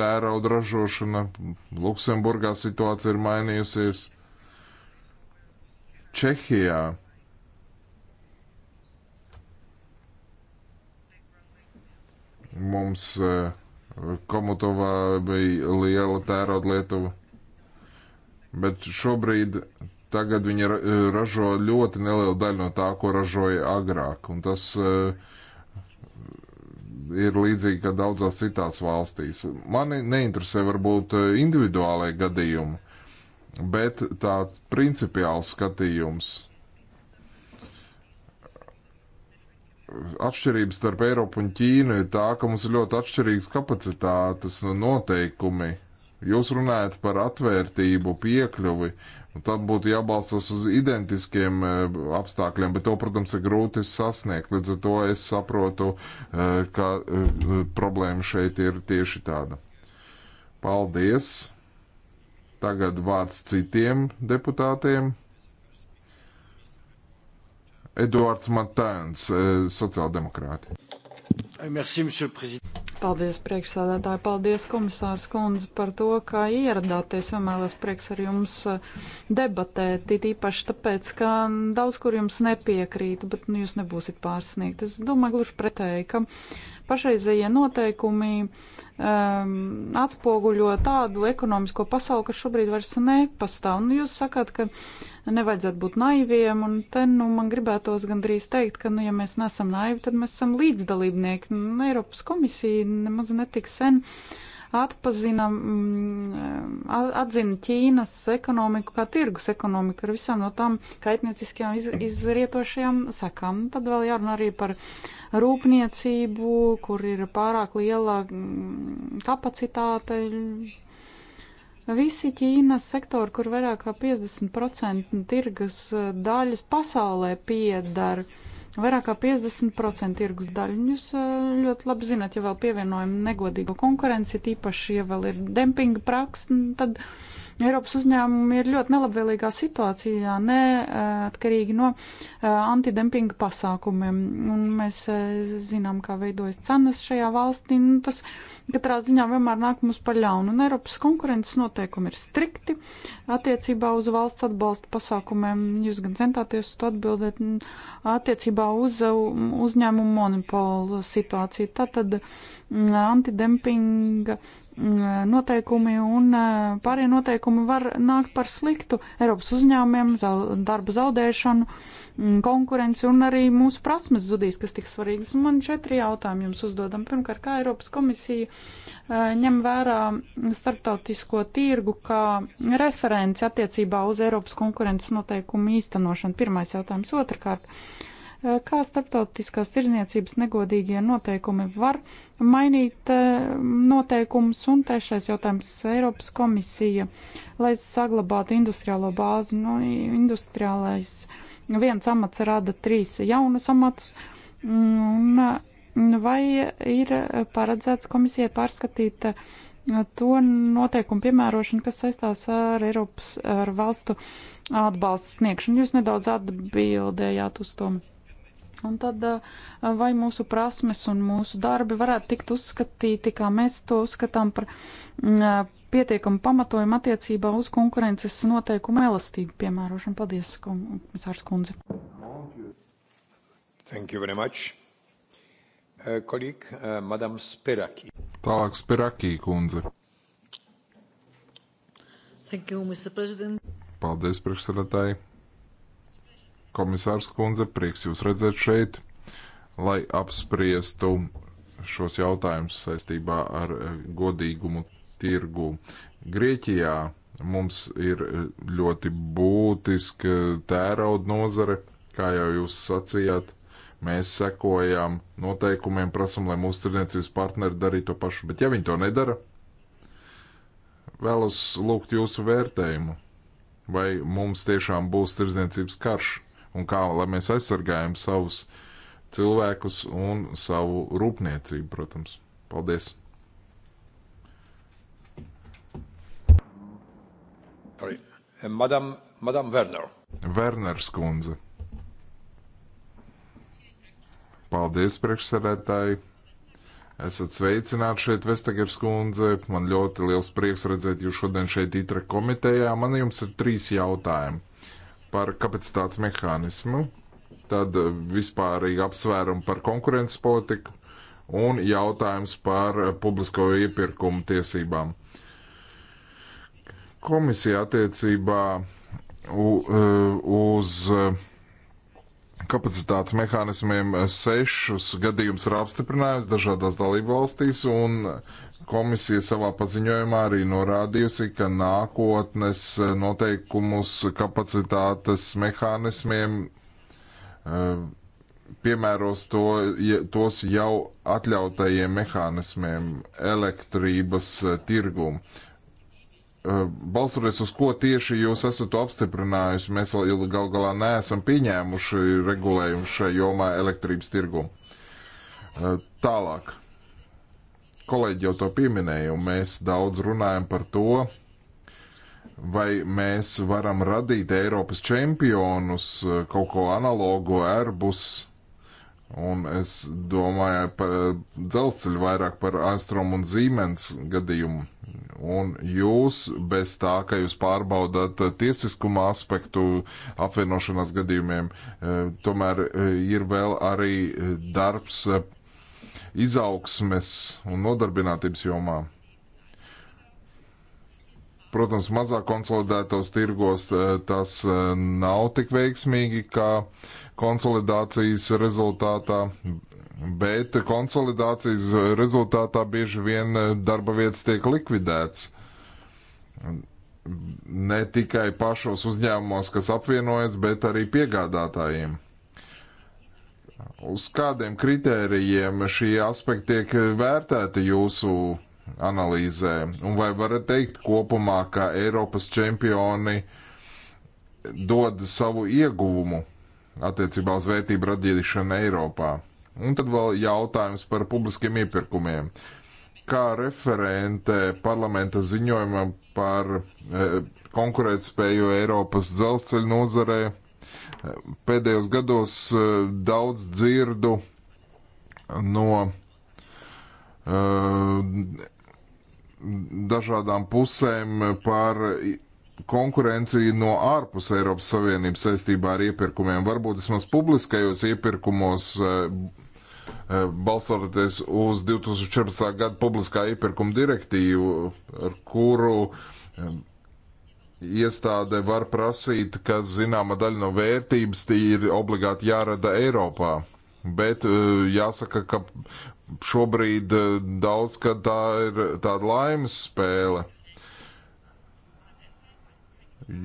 tērauda ražošana, Luksemburgā situācija ir mainījusies. Čehijā mums e, Komutovā bija liela tērauda Lietuva, bet šobrīd tagad viņi e, ražo ļoti nelielu daļu no tā, ko ražoja agrāk. Un tas e, ir līdzīgi kā daudzās citās valstīs. Mani neinteresē varbūt e, individuālai gadījumi, bet tāds principiāls skatījums. Atšķirības starp Eiropu un Ķīnu ir tā, ka mums ir ļoti atšķirīgas kapacitātes un noteikumi. Jūs runājat par atvērtību, piekļuvi, Tam būtu jābalstās uz identiskiem e, apstākļiem, bet to, protams, ir grūti sasniegt. Līdz ar to es saprotu, e, ka e, problēma šeit ir tieši tāda. Paldies! Tagad vārds citiem deputātiem. Eduards Matēns, sociāldemokrāti. Merci, monsieur le président. Paldies, priekšsādātāji, paldies, komisārs Kundze, par to, ka ieradāties. Vienmēr liels prieks ar jums eh, debatēt, it īpaši tāpēc, ka daudz kur jums nepiekrītu, bet nu, jūs nebūsiet pārsniegt. Es domāju, gluži pretēji, ka pašreizējie noteikumi um, atspoguļo tādu ekonomisko pasauli, kas šobrīd vairs nepastāv. Nu, jūs sakāt, ka nevajadzētu būt naiviem, un te, nu, man gribētos gandrīz teikt, ka, nu, ja mēs nesam naivi, tad mēs esam līdzdalībnieki. Nu, Eiropas komisija nemaz netik sen. Uh, atpazina, mm, atzina Ķīnas ekonomiku kā tirgus ekonomiku ar visām no tām kaitnieciskajām iz, izrietošajām sekām. Tad vēl jārunā arī par rūpniecību, kur ir pārāk liela mm, kapacitāte. Visi Ķīnas sektori, kur vairāk kā 50% tirgus eh, daļas pasaulē piedara Vairāk kā 50% tirgus daļu jūs eh, ļoti labi zināt, ja vēl pievienojam negodīgu konkurenci, tīpaši, ja vēl ir dempinga praksa, nu, tad. Uh, Eiropas uzņēmumi ir ļoti nelabvēlīgā situācijā, neatkarīgi no eh, antidempinga pasākumiem. Un mēs eh, zinām, kā veidojas cenas šajā valstī. Nu, tas katrā ziņā vienmēr nāk mums par ļaunu. Un Eiropas konkurences noteikumi ir strikti attiecībā uz valsts atbalsta pasākumiem. Jūs gan centāties to atbildēt attiecībā uz eh, uzņēmumu monopolu situāciju. Tātad antidempinga Mm, noteikumi un eh, pārējie noteikumi var nākt par sliktu Eiropas uzņēmumiem, darba zaudēšanu, mm, konkurenci un arī mūsu prasmes zudīs, kas tik svarīgas. Man četri jautājumi jums uzdodam. Pirmkārt, kā Eiropas komisija eh, ņem vērā starptautisko tirgu kā referenci attiecībā uz Eiropas konkurences noteikumu īstenošanu? Pirmais jautājums. Otrakārt kā starptautiskās tirzniecības negodīgie noteikumi var mainīt eh, noteikumus. Un trešais jautājums - Eiropas komisija, lai saglabātu industriālo bāzi. Nu, industriālais viens amats rada trīs jaunus amatus. Un, mm, vai ir paredzēts komisijai pārskatīt eh, to noteikumu piemērošanu, kas saistās ar Eiropas ar valstu atbalstu sniegšanu? Jūs nedaudz atbildējāt uz to. Un tad eh, vai mūsu prasmes un mūsu darbi varētu tikt uzskatīti, kā mēs to uzskatām par mm, eh, pietiekamu pamatojumu attiecībā uz konkurences noteikumu elastību piemērošanu. Paldies, komisārs kundze. Thank you very much. Uh, colleague, uh, Madam Spiraki. Tālāk Spiraki kundze. Thank you, Mr. President. Paldies, priekšsēdētāji komisārs Kundze, prieks jūs redzēt šeit, lai apspriestu šos jautājumus saistībā ar eh, godīgumu tirgu. Grieķijā mums ir eh, ļoti būtiska tērauda nozare, kā jau jūs sacījāt. Mēs sekojam noteikumiem, prasam, lai mūsu tirdzniecības partneri darītu to pašu, bet ja viņi to nedara, vēlos lūgt jūsu vērtējumu, vai mums tiešām būs tirdzniecības karš un kā lai mēs aizsargājam savus cilvēkus un savu rūpniecību, protams. Paldies! Eh, madam, Madam Werner. Werners kundze. Paldies, priekšsēdētāji! Esat sveicināti šeit, Vestagers kundze. Man ļoti liels prieks redzēt jūs šodien šeit, Itra komitejā. Man jums ir trīs jautājumi par kapacitātes mehānismu, tad vispārīgi apsvērumi par konkurences politiku un jautājums par publisko iepirkumu tiesībām. Komisija attiecībā e, uz, uz kapacitātes mehānismiem eh, sešus gadījumus ir apstiprinājusi dažādās dalību valstīs, un komisija savā paziņojumā arī norādījusi, ka nākotnes eh, noteikumus kapacitātes mehānismiem eh, piemēros to, tos jau atļautajiem mehānismiem elektrības tirgumu. Eh, balstoties uz ko tieši jūs esat to apstiprinājusi, mēs vēl gal galā neesam pieņēmuši regulējumu šai jomā elektrības tirgu. Eh, tālāk. Kolēģi jau to pieminēja, un mēs daudz runājam par to, vai mēs varam radīt Eiropas čempionus, eh, kaut ko analogu Airbus Un es domāju par eh, dzelzceļu vairāk par Astrom un Zīmens gadījumu. Un jūs bez tā, ka jūs pārbaudat eh, tiesiskuma aspektu apvienošanās gadījumiem, eh, tomēr ir vēl arī darbs izaugsmes un nodarbinātības jomā. Protams, mazāk konsolidētos tirgos eh, tas eh, nav tik veiksmīgi kā konsolidācijas rezultātā, bet konsolidācijas rezultātā bieži vien eh, darba vietas tiek likvidēts. Ne tikai pašos uzņēmumos, kas apvienojas, bet arī piegādātājiem. Uz kādiem kritērijiem šie aspekti tiek vērtēti jūsu analīzē? Un vai varat teikt kopumā, ka Eiropas čempioni dod savu ieguvumu attiecībā uz vērtību radīšanu Eiropā? Un tad vēl jautājums par publiskiem iepirkumiem. Kā referente parlamenta ziņojumam par e, konkurētspēju Eiropas dzelzceļa nozarē. E, pēdējos gados e, daudz dzirdu no e, dažādām pusēm par konkurenci no ārpus Eiropas Savienības saistībā ar iepirkumiem. Varbūt vismaz publiskajos iepirkumos, eh, eh, balstoties uz 2014. gada publiskā iepirkuma direktīvu, ar kuru eh, iestāde var prasīt, ka zināma daļa no vērtības ir obligāti jārada Eiropā. Bet eh, jāsaka, ka šobrīd eh, daudz, ka tā ir tāda laimes spēle.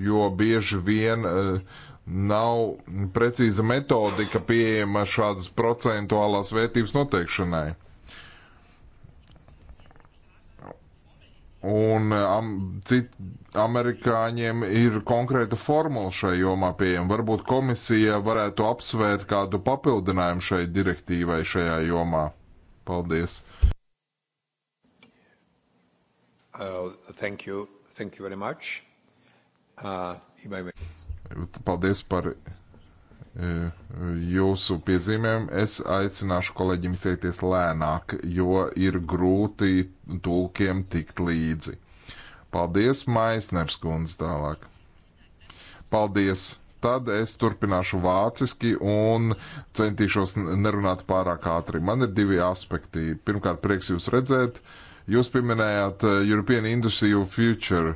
Jo bieži vien eh, nav precīza metodika pieejama šādas procentuālās vērtības noteikšanai. Un eh, am, cit, amerikāņiem ir konkrēta formula šai jomā pieejama. Varbūt komisija varētu apsvērt kādu papildinājumu šai direktīvai šajā jomā. Paldies! Uh, thank you. Thank you very much. Uh, Paldies par jūsu piezīmēm. Es aicināšu kolēģim izteikties lēnāk, jo ir grūti tulkiem tikt līdzi. Paldies, Maisners kundze tālāk. Paldies! Tad es turpināšu vāciski un centīšos nerunāt pārāk ātri. Man ir divi aspekti. Pirmkārt, prieks jūs redzēt. Jūs pieminējāt eh, European Industry Future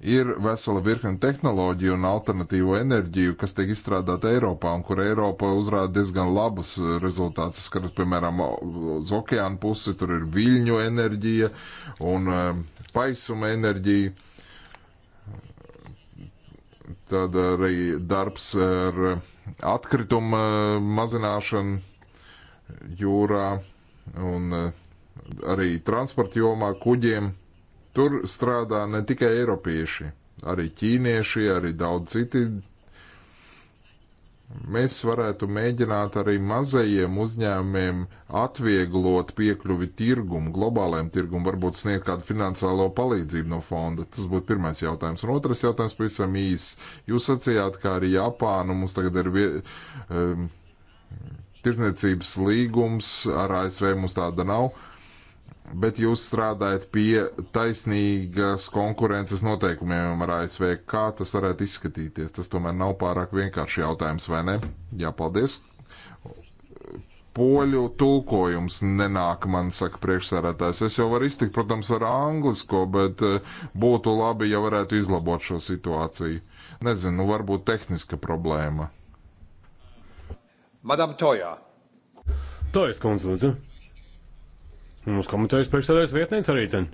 ir vesela virkne tehnoloģiju un alternatīvo enerģiju, kas tiek izstrādāta Eiropā un kur Eiropa uzrāda diezgan labus eh, rezultātus. Skatās, piemēram, uz okeāna pusi tur ir viļņu enerģija un eh, paisuma enerģija. Tad arī darbs ar eh, atkritumu mazināšanu jūrā un arī transporta jomā kuģiem. Tur strādā ne tikai eiropieši, arī ķīnieši, arī daudz citi. Mēs varētu mēģināt arī mazajiem uzņēmumiem atvieglot piekļuvi tirgumu, globālajiem tirgumu, varbūt sniegt kādu finansiālo palīdzību no fonda. Tas būtu pirmais jautājums. Un otrs jautājums pavisam īss. Jūs sacījāt, ka arī Japāna mums tagad ir. Vie, um, Tirzniecības līgums ar ASV mums tāda nav. Uh, bet jūs strādājat pie taisnīgas konkurences noteikumiem ar ASV. Kā tas varētu izskatīties? Tas tomēr nav pārāk vienkārši jautājums, vai ne? Jā, paldies. Poļu tulkojums nenāk man, saka priekšsēdētājs. Es jau varu iztikt, protams, ar anglisko, bet eh, būtu labi, ja varētu izlabot šo situāciju. Nezinu, nu, varbūt tehniska problēma. Madam Tojā. Tojas konsultants. Mums komitejas priekšsēdājas vietnieks arī cen.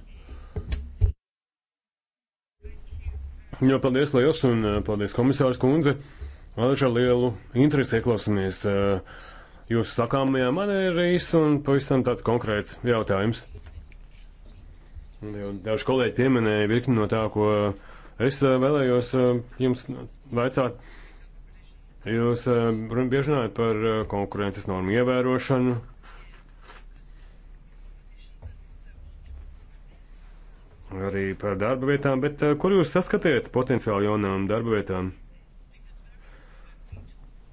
Jo, paldies liels un eh, paldies komisārs kundze. Ar lielu interesi ieklausāmies eh, jūsu sakāmajā manērīs un pavisam tāds konkrēts jautājums. Jau daži kolēģi pieminēja virkni no tā, ko es eh, vēlējos jums vaicāt. Jūs bieži runājat par konkurences normu ievērošanu, arī par darba vietām, bet eh, kur jūs saskatiet potenciāli jaunām darba vietām?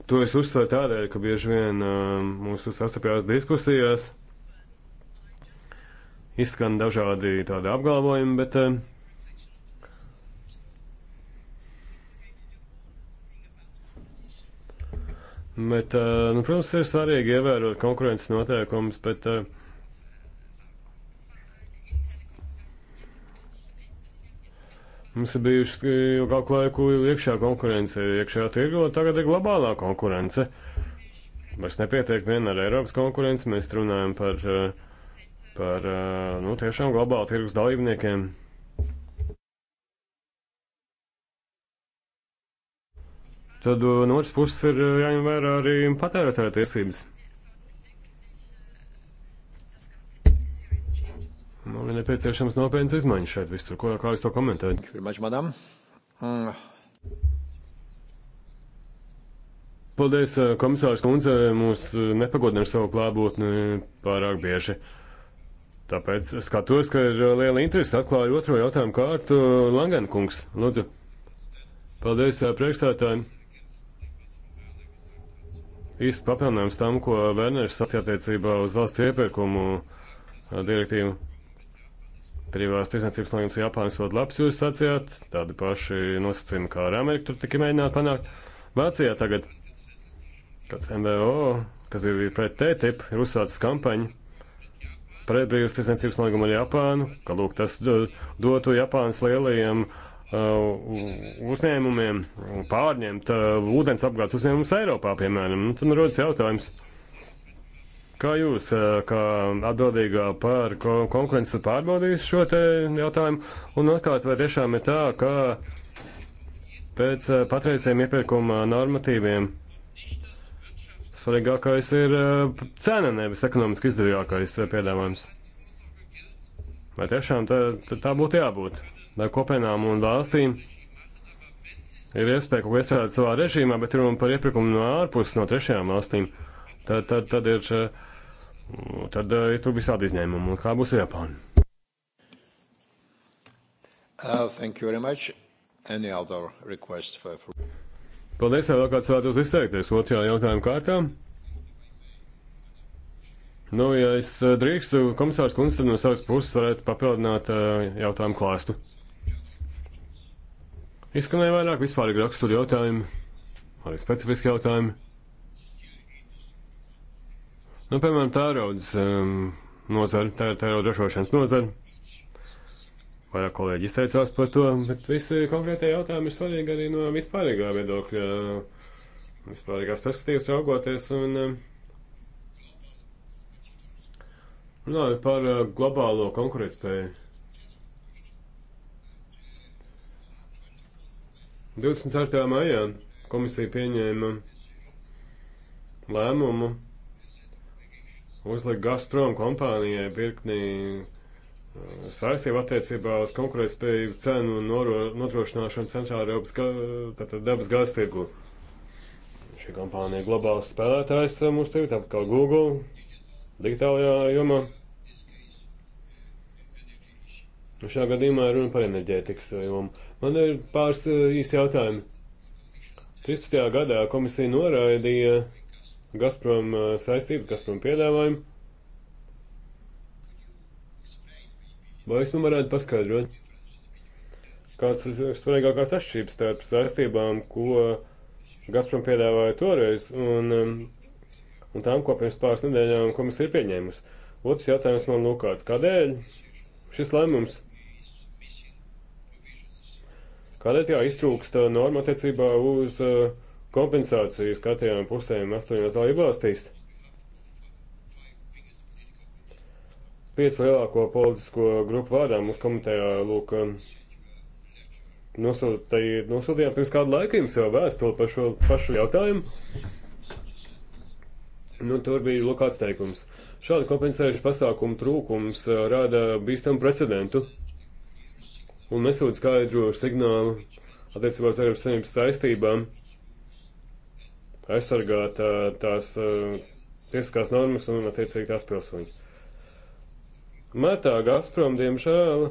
To es uzsveru tādēļ, ka bieži vien eh, mūsu sastapjās diskusijās izskan dažādi tādi apgalvojumi, bet eh, Bet, nu, protams, ir svarīgi ievērot konkurences noteikumus, bet uh, Mums ir bijuši ilgāku laiku iekšā konkurence, iekšā tirgo, tagad ir globālā konkurence. Vairs nepietiek vien ar Eiropas konkurenci, mēs runājam par, eh, par eh, nu, tiešām globālu tirgus dalībniekiem. Tad eh, no otras puses ir jāņem vērā arī patērētāja tiesības. Nu, ir nepieciešams nopietnas izmaiņas šeit visur. Ko, kā jūs to komentējat? Mm. Paldies, eh, komisārs Kunze, mūs eh, nepagodina ar savu klābūtni pārāk bieži. Tāpēc skatos, ka ir eh, liela interese. Atklāju otro jautājumu kārtu. Langan kungs, lūdzu. Paldies, priekšstādātāji. Īsts papildinājums tam, ko Vērners sacīja attiecībā uz valsts iepirkumu direktīvu. Privās tirsniecības nolīgums ar Japānu sod labs, jūs sacījāt, tādi paši nosacījumi kā ar Ameriku tur tika mēģināt panākt. Vācijā tagad kāds MVO, kas bija pret TTIP, ir uzsācis kampaņu pret brīvas tirsniecības nolīgumu ar Japānu, ka lūk, tas dotu Japānas lielajiem uh, uzņēmumiem pārņemt uh, ūdens apgādes uzņēmumus Eiropā, piemēram. Un nu, tad rodas jautājums. Kā jūs, kā atbildīgā par konkurences pārbaudījus šo te jautājumu, un atkārt vai tiešām ir tā, ka pēc patreizējiem iepirkuma normatīviem svarīgākais ir cena, nevis ekonomiski izdevīgākais piedāvājums? Vai tiešām tā, tā būtu jābūt? Lai kopienām un valstīm ir iespēja kaut ko iestrādāt savā režīmā, bet runa par iepirkumu no ārpuses, no trešajām valstīm, tad, tad, tad ir. Uh, Tad uh, ir tur visādi izņēmumi. Un kā būs ar Japānu? Uh, thank you very much. Any other request for... for... Paldies, vai vēl kāds vēlētos izteikties otrajā jautājuma kārtā? Nu, ja es eh, drīkstu, komisārs Kunst, no savas puses varētu papildināt uh, jautājumu klāstu. Izskanēja vairāk vispārīgi raksturu jautājumu, arī specifiski jautājumi. Nu, piemēram, tēraudas um, nozara, tērauda ražošanas nozara. Vairāk kolēģi izteicās par to, bet visi konkrētie jautājumi ir svarīgi arī no vispārīgā viedokļa, vispārīgās perspektīvas raugoties. Un, um, runājot par uh, globālo konkurētspēju. 24. maijā komisija pieņēma lēmumu uzliek Gazprom kompānijai virkni uh, saistību attiecībā uz konkurētspēju cenu un nodrošināšanu centrāla Eiropas dabas gāzes tirgu. Šī kompānija ir globāls spēlētājs uh, mūsu tirgu, tāpat kā Google digitālajā jomā. Un šajā gadījumā ir runa par enerģētikas uh, jomu. Man ir pāris īsi jautājumi. 13. gadā komisija noraidīja Gazprom eh, saistības, Gazprom piedāvājumu. Vai jūs man nu varētu paskaidrot, kāds ir svarīgākās atšķirības starp saistībām, ko Gazprom piedāvāja toreiz, un, eh, un tām, ko pirms pāris nedēļām komisija ir pieņēmusi? Otrs jautājums man lūkāts, kādēļ šis lēmums? Kādēļ tajā iztrūksta norma attiecībā uz uh, kompensāciju skatījām pusēm astoņās dalībvalstīs. Piecu lielāko politisko grupu vārdā mūsu komitejā lūk, nosūtīja, nosūtījām pirms kādu laiku jums jau vēstuli par šo pašu jautājumu. Nu, tur bija lūk kāds teikums. Šāda kompensējuša pasākuma trūkums rada bīstamu precedentu un nesūta skaidru signālu attiecībā uz Eiropas Savienības saistībām aizsargāt tās tiesiskās normas un, attiecīgi, tās pilsoņus. Martā Gazprom, diemžēl,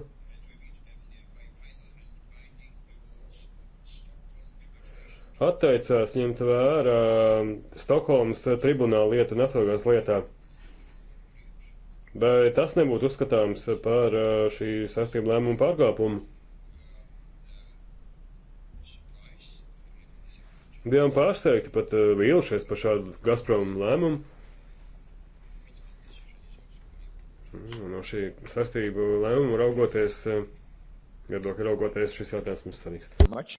atteicās ņemt vērā Stokholmas tribunāla lietu un Afgānas lietā. Vai tas nebūtu uzskatāms par šī saistību lēmumu pārkāpumu? Bijām pārsteigti pat eh, vīlušies par šādu Gazprom lēmumu. Nu, no šī sastību lēmuma raugoties, gadokļa eh, raugoties, šis jautājums mums sanīgs. Much.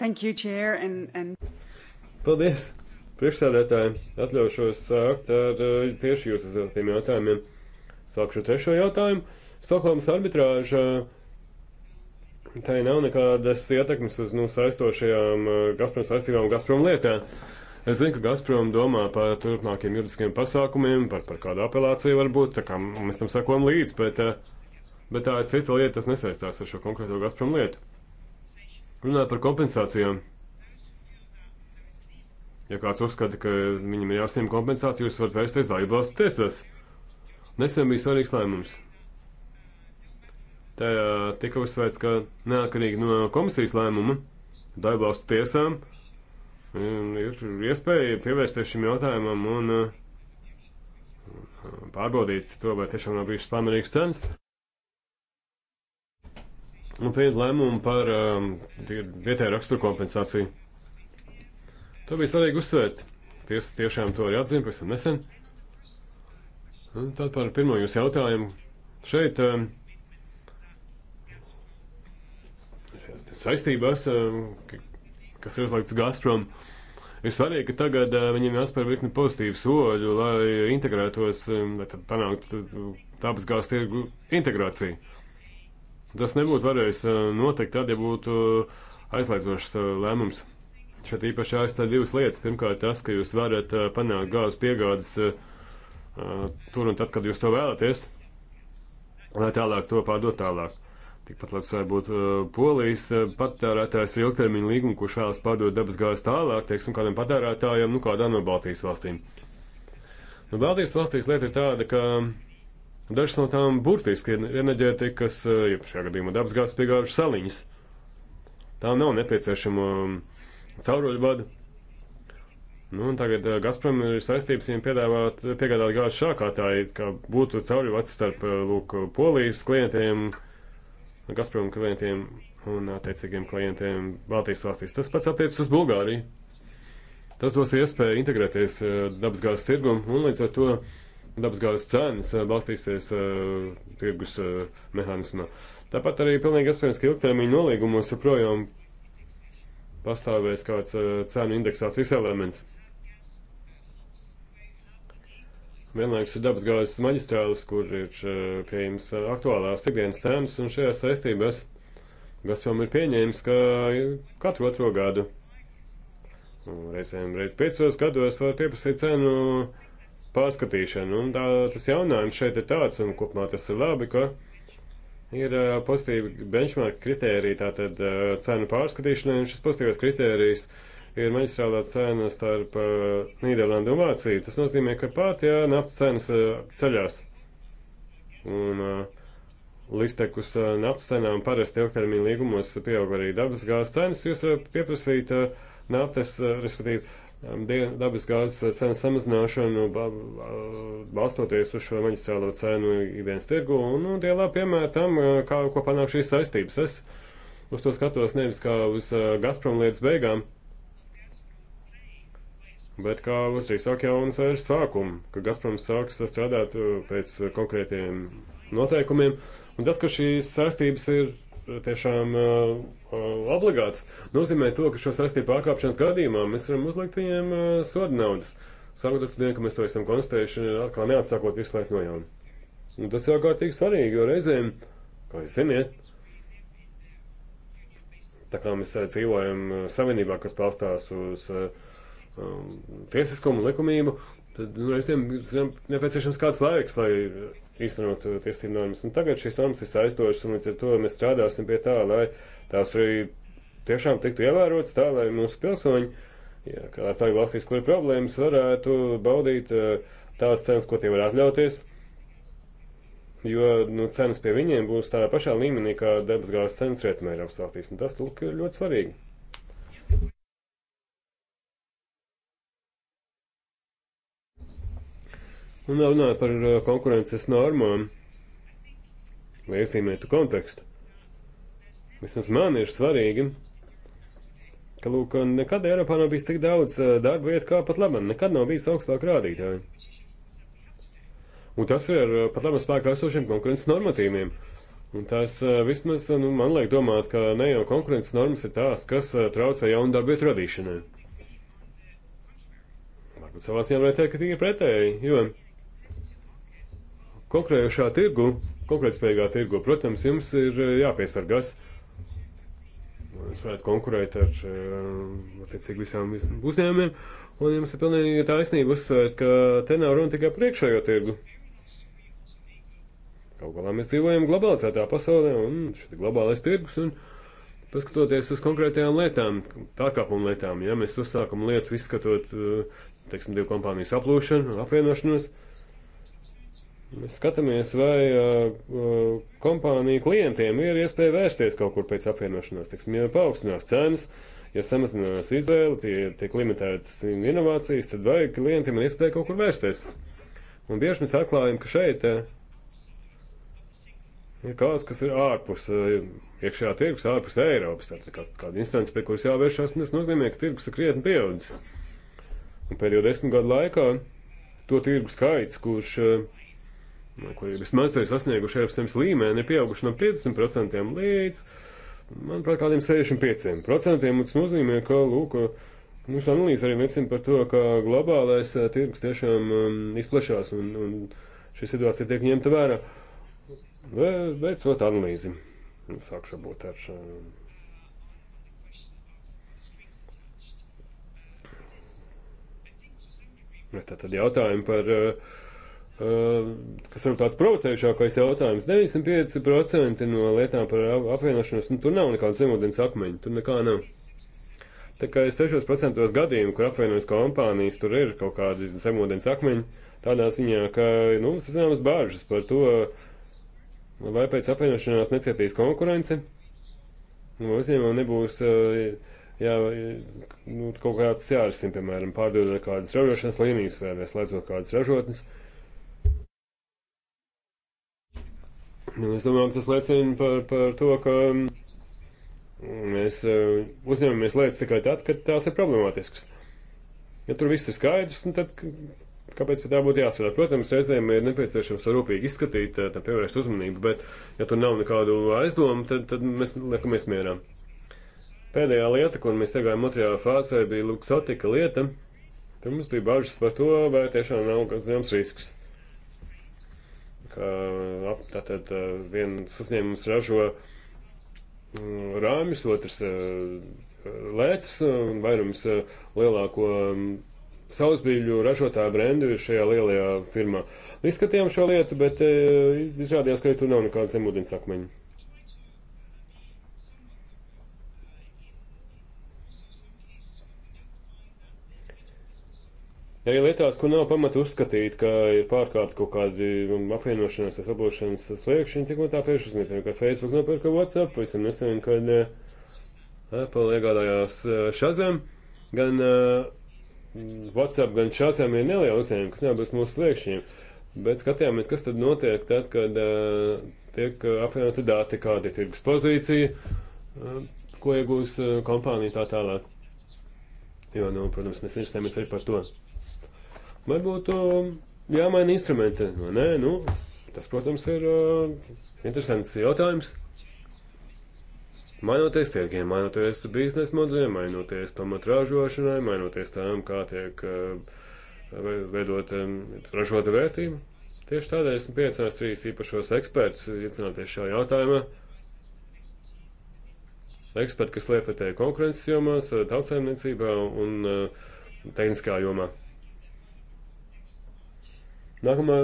Thank you, Chair, and, and... Paldies! Priekšsēdētāji, atļaušos sākt ar eh, tieši jūsu uzdotiem jautājumiem. Sākšu trešo jautājumu. Stokholmas arbitrāža uh, tai nav nekādas ietekmes uz nu, saistošajām eh, Gazprom saistībām Gazprom lietā. Es zinu, ka Gazprom domā par turpmākiem juridiskiem pasākumiem, par, par kādu apelāciju varbūt, tā kā mēs tam sakojam līdzi, bet, eh, bet tā ir cita lieta, tas nesaistās ar šo konkrēto Gazprom lietu. Runājot par kompensācijām. Ja kāds uzskata, ka viņam ir jāsiem kompensācija, jūs varat vērsties dalībvalstu tiesās. Nesen bija svarīgs lēmums. Tajā tika uzsvērts, ka neatkarīgi no komisijas lēmuma daļbalstu tiesām ir iespēja pievērsties šim jautājumam un uh, pārbaudīt to, vai tiešām nav bijušas pamanīgas cenas. Un pieņemt lēmumu par um, vietēju raksturu kompensāciju. To bija svarīgi uzsvērt. Tiesa tiešām to arī atzina pavisam nesen. Un tad par pirmo jūsu jautājumu. Šeit um, saistībās, um, kas ir uzlikts Gazprom. Ir svarīgi, ka tagad uh, viņiem jāspēr virkni pozitīvu soļu, lai integrētos, um, lai panāktu tāpēc nu, gāzes tirgu integrāciju. Tas nebūtu varējis uh, notikt tad, ja būtu aizlaidzošs uh, lēmums. Šeit īpaši aizstāv divas lietas. Pirmkārt, tas, ka jūs varat panākt gāzes piegādes tur un tad, kad jūs to vēlaties, lai tālāk to pārdot tālāk. Tikpat labs var būt uh, polijas uh, patērētājs ar ilgtermiņa līgumu, kurš vēlas pārdot dabasgāzes tālāk, teiksim, kādam patērētājam, nu kādā no Baltijas valstīm. Nu, Baltijas valstīs lieta ir tāda, ka dažas no tām burtiski ir enerģētikas, uh, ja šajā gadījumā dabasgāzes piegājušas saliņas. Tām nav nepieciešama um, cauruļvada. Nu, tagad uh, Gazprom ir saistības viņiem piedāvāt, piegādāt gāzi šākā, tā kā būtu cauruļvads starp uh, lūk, polijas klientiem, uh, Gazprom klientiem un attiecīgiem klientiem Baltijas valstīs. Tas pats attiecas uz Bulgāriju. Tas dos iespēju integrēties eh, dabasgāzes tirgumu un līdz ar to dabasgāzes cenas eh, balstīsies eh, tirgus mehānismā. Tāpat arī pilnīgi iespējams, ka ilgtermiņa nolīgumos joprojām pastāvēs kāds cenu indeksācijas elements. Vienlaikus ir dabasgāzes maģistrālis, kur ir eh, pieejams eh, aktuālās ikdienas cenas, un šajā saistībās Gazprom ir pieņēmis, ka eh, katru otro gadu, reizēm reiz piecos gados, var pieprasīt cenu pārskatīšanu. Un tā, tas jaunājums šeit ir tāds, un kopumā tas ir labi, ka ir pozitīvi benchmark kritēriji, tātad cenu pārskatīšanai, un šis pozitīvais kritērijs ir ir maģistrālā cena starp eh, Nīderlandi un Vāciju. Tas nozīmē, ka pat, ja naftas cenas eh, ceļās un eh, listekus naftas cenām parasti ilgtermiņa līgumos pieaug arī dabas gāzes cenas, jūs varat pieprasīt naftas, respektīvi, dabas gāzes cenu samazināšanu, balstoties uz šo maģistrālo cenu ikdienas tirgu. Un, un nu, dielā piemēra tam, kā, ko panāk šīs saistības. Es uz to skatos nevis kā uz Gazprom lietas beigām, bet kā Austrija saka, jaunas eras sākumu, ka Gazproms sāks strādāt uh, pēc uh, konkrētiem noteikumiem, un tas, ka šīs saistības ir uh, tiešām uh, obligāts, nozīmē to, ka šo saistību pārkāpšanas gadījumā mēs varam uzlikt viņiem uh, sodu naudas. Sākot ar to dienu, ka mēs to esam konstatējuši, kā neatsākot visu laiku no jauna. Un tas jau kārtīgi svarīgi, jo reizēm, kā jūs ziniet, tā kā mēs dzīvojam savienībā, kas palstās uz uh, um, tiesiskumu un likumību, tad nu, reizēm ir nepieciešams kāds laiks, lai uh, īstenot uh, tiesību normas. Un tagad šīs normas ir saistošas, un līdz ar to mēs strādāsim pie tā, lai tās arī tiešām tiktu ievērotas, tā lai mūsu pilsoņi, ja kādās tā valstīs, kur ir problēmas, varētu baudīt uh, tās cenas, ko tie var atļauties. Jo nu, cenas pie viņiem būs tādā pašā līmenī, kā debesgāzes cenas rietumē Eiropas valstīs, un tas lūk ir ļoti svarīgi. Un nu, runāju par uh, konkurences normām, lai iezīmētu kontekstu. Vismaz man ir svarīgi, ka lūk, nekad Eiropā nav bijis tik daudz uh, darba vietu kā pat labam, nekad nav bijis augstāk rādītāji. Un tas ir ar uh, pat labam spēkā esošiem konkurences normatīviem. Un tās vismaz, nu, man liek domāt, ka ne jau konkurences normas ir tās, kas traucē jaunu darbu vietu radīšanai. Varbūt savās jāmērē teikt, ka tie ir pretēji, jo konkurējošā tirgu, konkurētspējīgā tirgu, protams, jums ir eh, jāpiesargās. Jūs varētu konkurēt ar, eh, attiecīgi, visām uzņēmumiem, un jums ir pilnīgi taisnība uzsvērt, ka te nav runa tikai par iekšējo tirgu. Kaut galā mēs dzīvojam globalizētā pasaulē, un šis globālais tirgus, un paskatoties uz konkrētajām lietām, pārkāpumu lietām, ja mēs uzsākam lietu, izskatot, eh, teiksim, divu kompāniju saplūšanu, apvienošanos, uh, Mēs skatāmies, vai uh, kompānija klientiem ir iespēja vērsties kaut kur pēc apvienošanās. Teiksim, ja paaugstinās cenas, ja samazinās izvēle, tie tiek limitētas inovācijas, tad vai klientiem ir iespēja kaut kur vērsties? Un bieži mēs atklājam, ka šeit uh, ir kāds, kas ir ārpus uh, iekšējā tirgus, ārpus Eiropas. Tā ir kāda instance, pie kuras jāvēršās, un tas nozīmē, ka tirgus ir krietni pieaudzis. Un pēdējo desmit gadu laikā to tirgu skaits, kurš uh, Nu, kuri vismaz ir sasnieguši Eiropas Savienības līmeni, ir pieauguši no 50% līdz, manuprāt, kādiem 65%. Tas nozīmē, ka, lūk, mūsu nu, analīze arī liecina par to, ka globālais eh, tirgus tiešām um, izplešās un, un šī situācija tiek ņemta vērā. Veicot analīzi, nu, sākšu būt ar. Um, Tātad jautājumi par uh, Ehm, kas varbūt tāds provocējušākais jautājums. 95% no lietām par apvienošanos, nu, tur nav nekāda zemūdens akmeņa, tur nekā nav. Tā kā es 6% gadījumu, kur apvienojas kompānijas, tur ir kaut kādi zemūdens akmeņi, tādā ziņā, ka, nu, zināmas bāžas par to, vai pēc apvienošanās necietīs konkurence, nu, uzņēmumam nebūs, eh, jā, nu, kaut kāds jārisina, piemēram, pārdodot kādas ražošanas līnijas vai, vai slēdzot kādas ražotnes. Uh, Nu, es domāju, ka tas liecina par, par to, ka mm, mēs e, uzņemamies lietas tikai tad, kad tās ir problemātiskas. Ja tur viss ir skaidrs, nu, tad kāpēc pie tā būtu jāsver? Protams, reizēm ir nepieciešams rūpīgi izskatīt, tam pievērst uzmanību, bet ja tur nav nekādu aizdomu, tad, tad mēs liekamies mierā. Pēdējā lieta, kur mēs iegājām otrajā fāzē, bija lūk satika lieta. Tur mums bija bažas par to, vai tiešām nav kāds zināms risks ka tātad viens uzņēmums ražo rāmjus, otrs lēcas, un vairums lielāko sausbīļu ražotāju brendu ir šajā lielajā firmā. Izskatījām šo lietu, bet izrādījās, ka tur nav nekāda zemūdens akmeņa. arī lietās, kur nav pamata uzskatīt, ka ir pārkāpta kaut kādi um, apvienošanās vai sabošanas sliekšņi, tik un tā priekšuzmītiem, ka Facebook nopirka WhatsApp, visam nesen, kad uh, Apple iegādājās uh, Shazam, gan uh, WhatsApp, gan Shazam ir neliela uzņēmuma, kas nebūs mūsu sliekšņiem, bet skatījāmies, kas tad notiek tad, kad tiek apvienoti dati, kāda ir tirgus pozīcija, ko iegūs kompānija tā tālāk. Jo, nu, protams, mēs interesējamies arī par to. Varbūt um, jāmaina instrumenti. Nu, nē, nu, tas, protams, ir uh, interesants jautājums. Mainoties tirgiem, mainoties biznesa modeļiem, mainoties pamatražošanai, mainoties tām, kā tiek uh, veidot um, ražota vērtība. Tieši tādēļ esmu piecinājis trīs īpašos ekspertus iecināties šajā jautājumā. Eksperti, kas liepatēja konkurences jomās, uh, tautsēmniecībā un uh, tehniskā jomā. Nākamā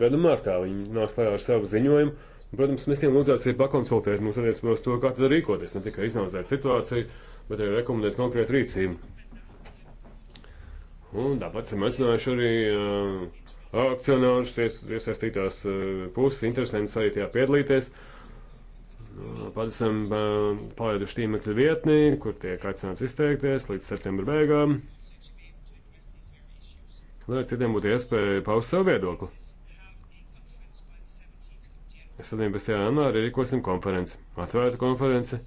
gada martā viņi nāks klajā ar savu ziņojumu. Un, protams, mēs viņiem lūdzētu arī pakonsultēt mūsu attiecībā uz to, kā tad rīkoties, ne tikai izanalizēt situāciju, bet arī rekomendēt konkrētu rīcību. Un tāpat esam aicinājuši arī uh, akcionārus, ies, iesaistītās uh, puses, interesantus arī tajā piedalīties. Uh, pat esam uh, pājuduši tīmekļa vietni, kur tiek aicināts izteikties līdz septembra beigām lai citiem būtu iespēja paust savu viedokli. 17. janvārī rīkosim konferenci, atvērtu konferenci,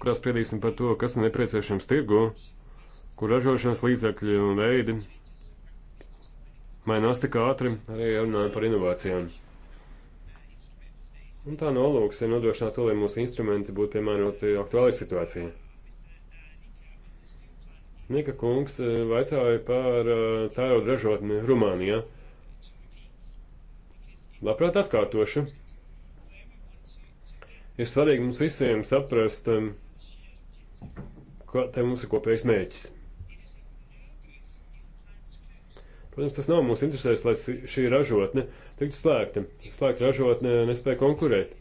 kurā spriedīsim par to, kas ir nepieciešams tirgu, kur ražošanas līdzekļi un veidi mainās tik ātri, arī runājam par inovācijām. Un tā nolūks ir nodrošināt to, lai mūsu instrumenti būtu piemēroti aktuālajai situācijai. Nika kungs eh, vaicāja par eh, tērauda ražotni Rumānijā. Labprāt atkārtošu. Ir svarīgi mums visiem saprast, ka te mums ir kopējs mērķis. Protams, tas nav mūsu interesēs, lai šī ražotne tiktu slēgta. Slēgta ražotne nespēja konkurēt.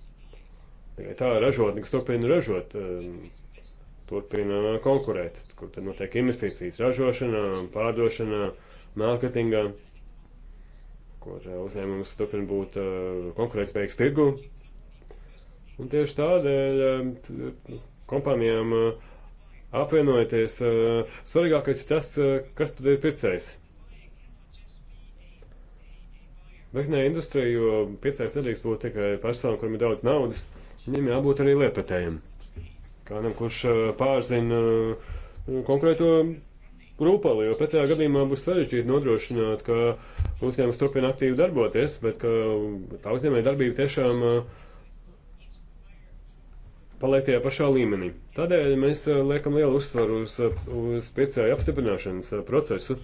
Tikai tā ražotne, kas turpina ražot. Um, turpina konkurēt, kur tad notiek investīcijas ražošanā, pārdošanā, mārketingā, kur eh, uzņēmums turpina būt eh, konkurētspējīgs tirgu. Un tieši tādēļ eh, kompānijām apvienojoties, svarīgākais ir tas, kas tad ir pircējs. Veknē industrija, jo pircējs nedrīkst būt tikai persona, kuram ir daudz naudas, viņam jābūt arī lietpratējiem kādam, kurš pārzina konkrēto rūpali, jo pretējā gadījumā būs sarežģīti nodrošināt, ka uzņēmums turpina aktīvi darboties, bet ka tā uzņēmēja darbība tiešām paliek tajā pašā līmenī. Tādēļ mēs liekam lielu uzsvaru uz, uz piecēju apstiprināšanas procesu,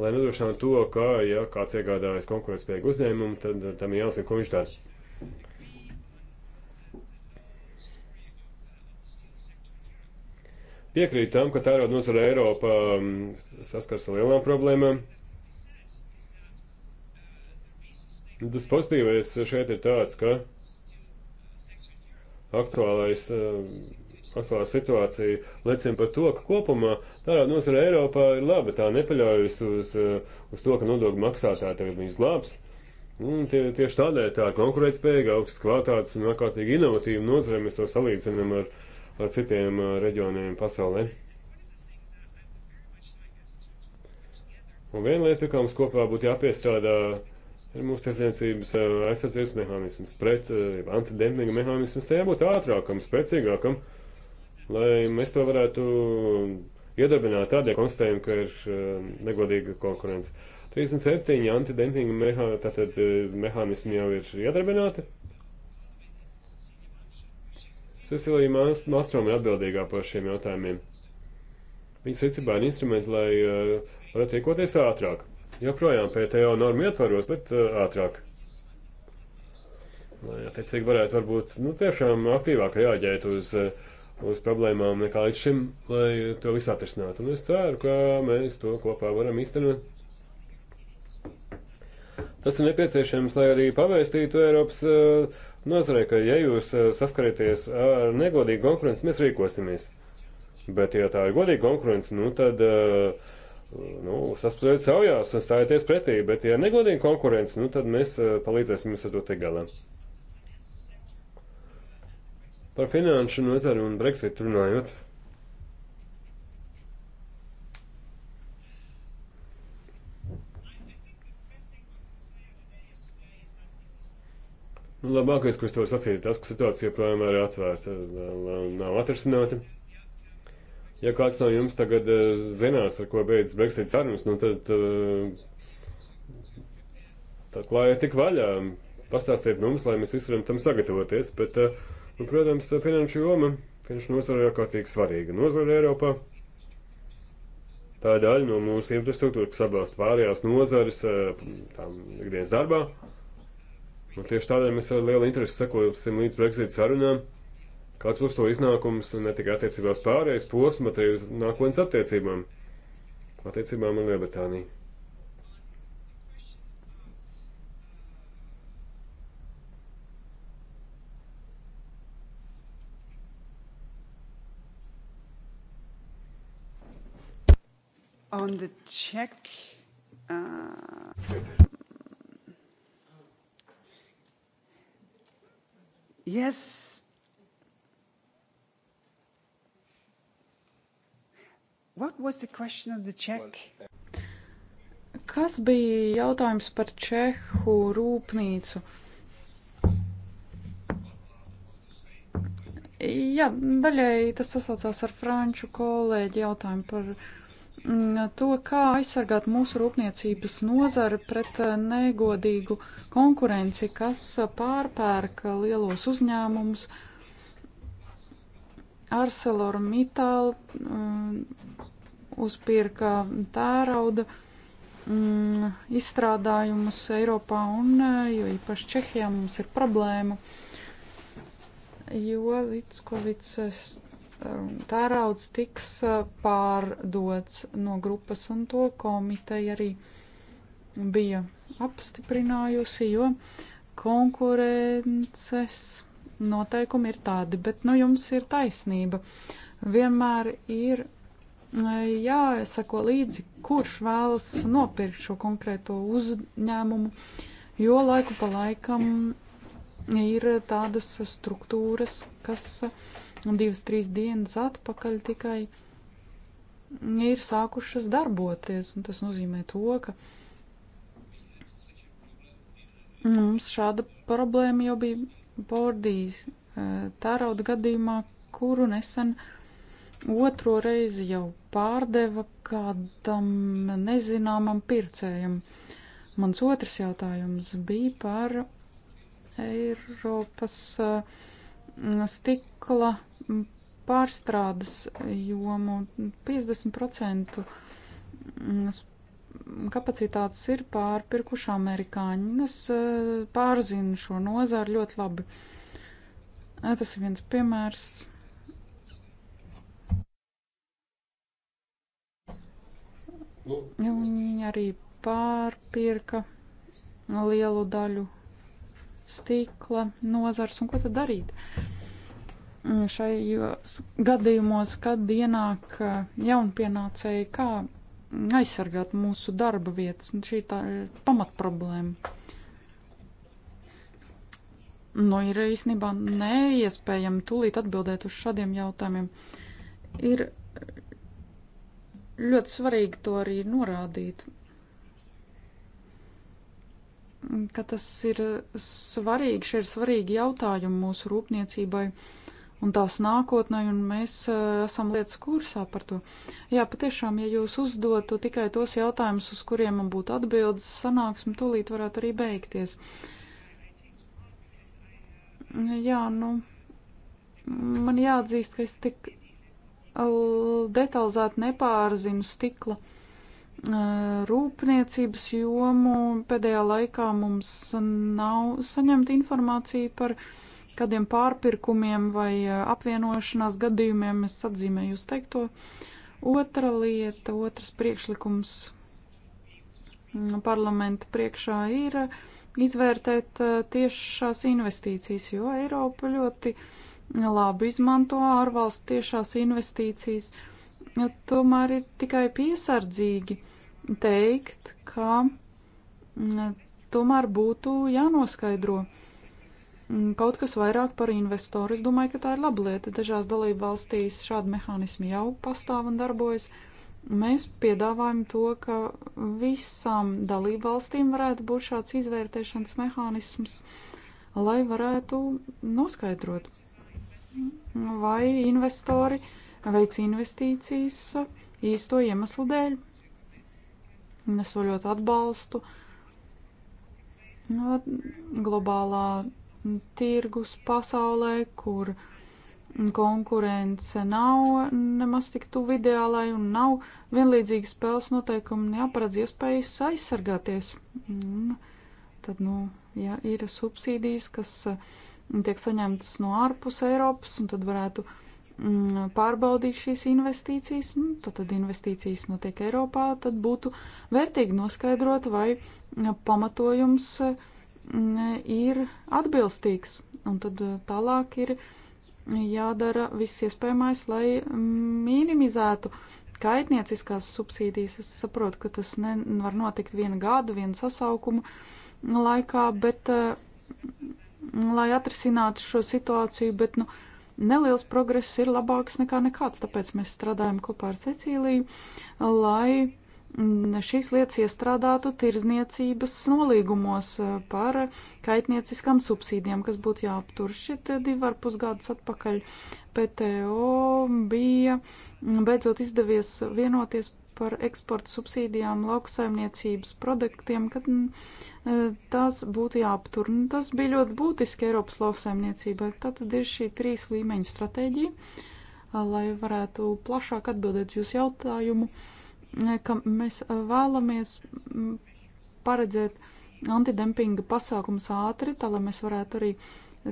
lai nodrošinātu to, ka, ja kāds iegādājas konkurētspējīgu uzņēmumu, tad tam ir jāzina, ko viņš dara. Piekrīt tam, ka tērauda nozara Eiropā um, saskars ar lielām problēmām. Tas pozitīvais šeit ir tāds, ka aktuālais, um, aktuālā situācija liecina par to, ka kopumā tērauda nozara Eiropā ir laba. Tā nepaļaujas uz, uh, uz to, ka nodokļu maksātāji tagad viņus glābs. Un tie, tieši tādēļ tā ir konkurētspējīga, augstas kvalitātes un ārkārtīgi inovatīva nozare. Mēs to salīdzinām ar ar citiem reģioniem pasaulē. Un viena lieta, pie kā mums kopā būtu jāpiestrādā, ir mūsu tiesniecības aizsardzības mehānisms, pret antidempinga mehānisms. Tajā būtu ātrākam, spēcīgākam, lai mēs to varētu iedarbināt tādiem konstatējumiem, ka ir negodīga konkurence. 37 antidempinga mehā, mehānismi jau ir iedarbināti. Cecilija Mastroma ir atbildīgā par šiem jautājumiem. Viņas rīcībā ir instrumenti, lai uh, varētu rīkoties ātrāk. Joprojām PTO normu ietvaros, bet uh, ātrāk. Lai attiecīgi varētu varbūt nu, tiešām aktīvāk reaģēt uz, eh, uz problēmām nekā līdz šim, lai to visu atrisinātu. Un es ceru, ka mēs to kopā varam īstenot. Tas ir nepieciešams, lai arī pavēstītu Eiropas uh, nozarē, ka ja jūs eh, saskarieties ar negodīgu konkurenci, mēs rīkosimies. Bet, ja tā ir godīga konkurence, nu tad eh, nu, saspringti savās un stājieties pretī. Bet, ja negodīga konkurence, nu tad mēs eh, palīdzēsim jums ar to tikt galā. Par finanšu nozaru un Brexit runājot. Nu, labākais, ko es tev sacīju, ir tas, ka situācija joprojām ir atvērta, vēl nav atrisināta. Ja kāds no jums tagad eh, zinās, ar ko beidzas Brexit sarunas, nu tad, eh, tad klājiet tik vaļā, pastāstiet mums, lai mēs visi varam tam sagatavoties. Bet, eh, nu, protams, finanšu joma, finanšu nozara ir ārkārtīgi svarīga nozara Eiropā. Tā ir daļa no mūsu infrastruktūras, kas atbalsta pārējās nozares, tām ikdienas darbā. Un nu, tieši tādēļ mēs ar lielu interesi sekosim līdz Brexit sarunām, kāds būs to iznākums ne tikai attiecībā uz pārējais posmu, bet arī uz nākotnes attiecībām, attiecībām ar Lielbritāniju. On the check. Uh... Yes. What was the question of the Czech? Kas bija jautājums par Čehu rūpnīcu? Jā, daļai tas sasaucās ar franču kolēģi jautājumu par Mm, to, kā aizsargāt mūsu rūpniecības nozari pret eh, negodīgu konkurenci, kas eh, pārpērk lielos uzņēmumus. ArcelorMittal mm, uzpirka tērauda mm, izstrādājumus Eiropā un, eh, jo īpaši Čehijā mums ir problēma, jo Lickovicas tērauds tiks pārdots no grupas, un to komiteja arī bija apstiprinājusi, jo konkurences noteikumi ir tādi, bet nu jums ir taisnība. Vienmēr ir jāsako līdzi, kurš vēlas nopirkt šo konkrēto uzņēmumu, jo laiku pa laikam ir tādas struktūras, kas uh, divas, trīs dienas atpakaļ tikai ir sākušas darboties, un tas nozīmē to, ka mums šāda problēma jau bija Bordijas eh, tārauda gadījumā, kuru nesen otro reizi jau pārdeva kādam nezināmam pircējam. Mans otrs jautājums bija par Eiropas uh, Mm, stikla mm, pārstrādes jomu 50% mm, kapacitātes ir pārpirkuši amerikāņi. Es eh, pārzinu šo nozaru ļoti labi. Eh, tas ir viens piemērs. Nu. Viņi arī pārpirka lielu daļu stikla nozars un ko tad darīt? Mm, šajos gadījumos, kad dienāk eh, jaunpienācēji, kā aizsargāt mūsu darba vietas, un šī tā ir pamatproblēma. Nu, ir īstenībā neiespējami tūlīt atbildēt uz šādiem jautājumiem. Ir ļoti svarīgi to arī norādīt ka tas ir svarīgi, šie ir svarīgi jautājumi mūsu rūpniecībai un tās nākotnē, un mēs e, esam lietas kursā par to. Jā, patiešām, ja jūs uzdotu tikai tos jautājumus, uz kuriem man būtu atbildes, sanāksim tūlīt varētu arī beigties. Jā, nu, man jāatzīst, ka es tik detalizēti nepārzinu stikla Uh, rūpniecības jomu pēdējā laikā mums nav saņemta informācija par kādiem pārpirkumiem vai uh, apvienošanās gadījumiem. Es atzīmēju jūs teikto. Otra lieta, otrs priekšlikums mm, parlamenta priekšā ir izvērtēt uh, tiešās investīcijas, jo Eiropa ļoti labi izmanto ārvalstu tiešās investīcijas. Uh, ja tomēr ir tikai piesardzīgi teikt, ka mm, tomēr būtu jānoskaidro mm, kaut kas vairāk par investoru. Es domāju, ka tā ir laba lieta. Dažās dalību valstīs šādi mehānismi jau pastāv un darbojas. Mēs piedāvājam to, ka visām dalību valstīm varētu būt šāds izvērtēšanas mehānisms, lai varētu noskaidrot, vai investori uh, veic investīcijas īsto iemeslu dēļ. Un es to ļoti atbalstu. No nu, globālā tirgus pasaulē, kur konkurence nav nemaz tik tuvu ideālai un nav vienlīdzīgi spēles noteikumi, jāparedz iespējas aizsargāties. Un tad, nu, ja ir subsīdijas, kas tiek saņemtas no ārpus Eiropas, un tad varētu uh, Mm, pārbaudīt šīs investīcijas, nu, tad investīcijas notiek Eiropā, tad būtu vērtīgi noskaidrot, vai mm, pamatojums mm, ir atbilstīgs. Un tad eh, tālāk ir jādara viss iespējamais, lai minimizētu kaitnieciskās subsīdijas. Es saprotu, ka tas nevar notikt viena gada, viena sasaukuma laikā, bet eh, lai atrisinātu šo situāciju, bet, nu, neliels progress ir labāks nekā nekāds, tāpēc mēs strādājam kopā ar Cecīliju, lai mm, šīs lietas iestrādātu tirzniecības nolīgumos e, par kaitnieciskām subsīdiem, kas būtu jāaptur. Šit e, divi ar pusgadus atpakaļ PTO bija beidzot izdevies vienoties par eksporta subsīdijām lauksaimniecības produktiem, kad mm, e, tās būtu jāaptur. Nu, tas bija ļoti būtiski Eiropas lauksaimniecībai. Tā tad ir šī trīs līmeņu stratēģija, lai varētu plašāk atbildēt jūs jautājumu, e, ka mēs vēlamies paredzēt antidempinga pasākums ātri, tā lai mēs varētu arī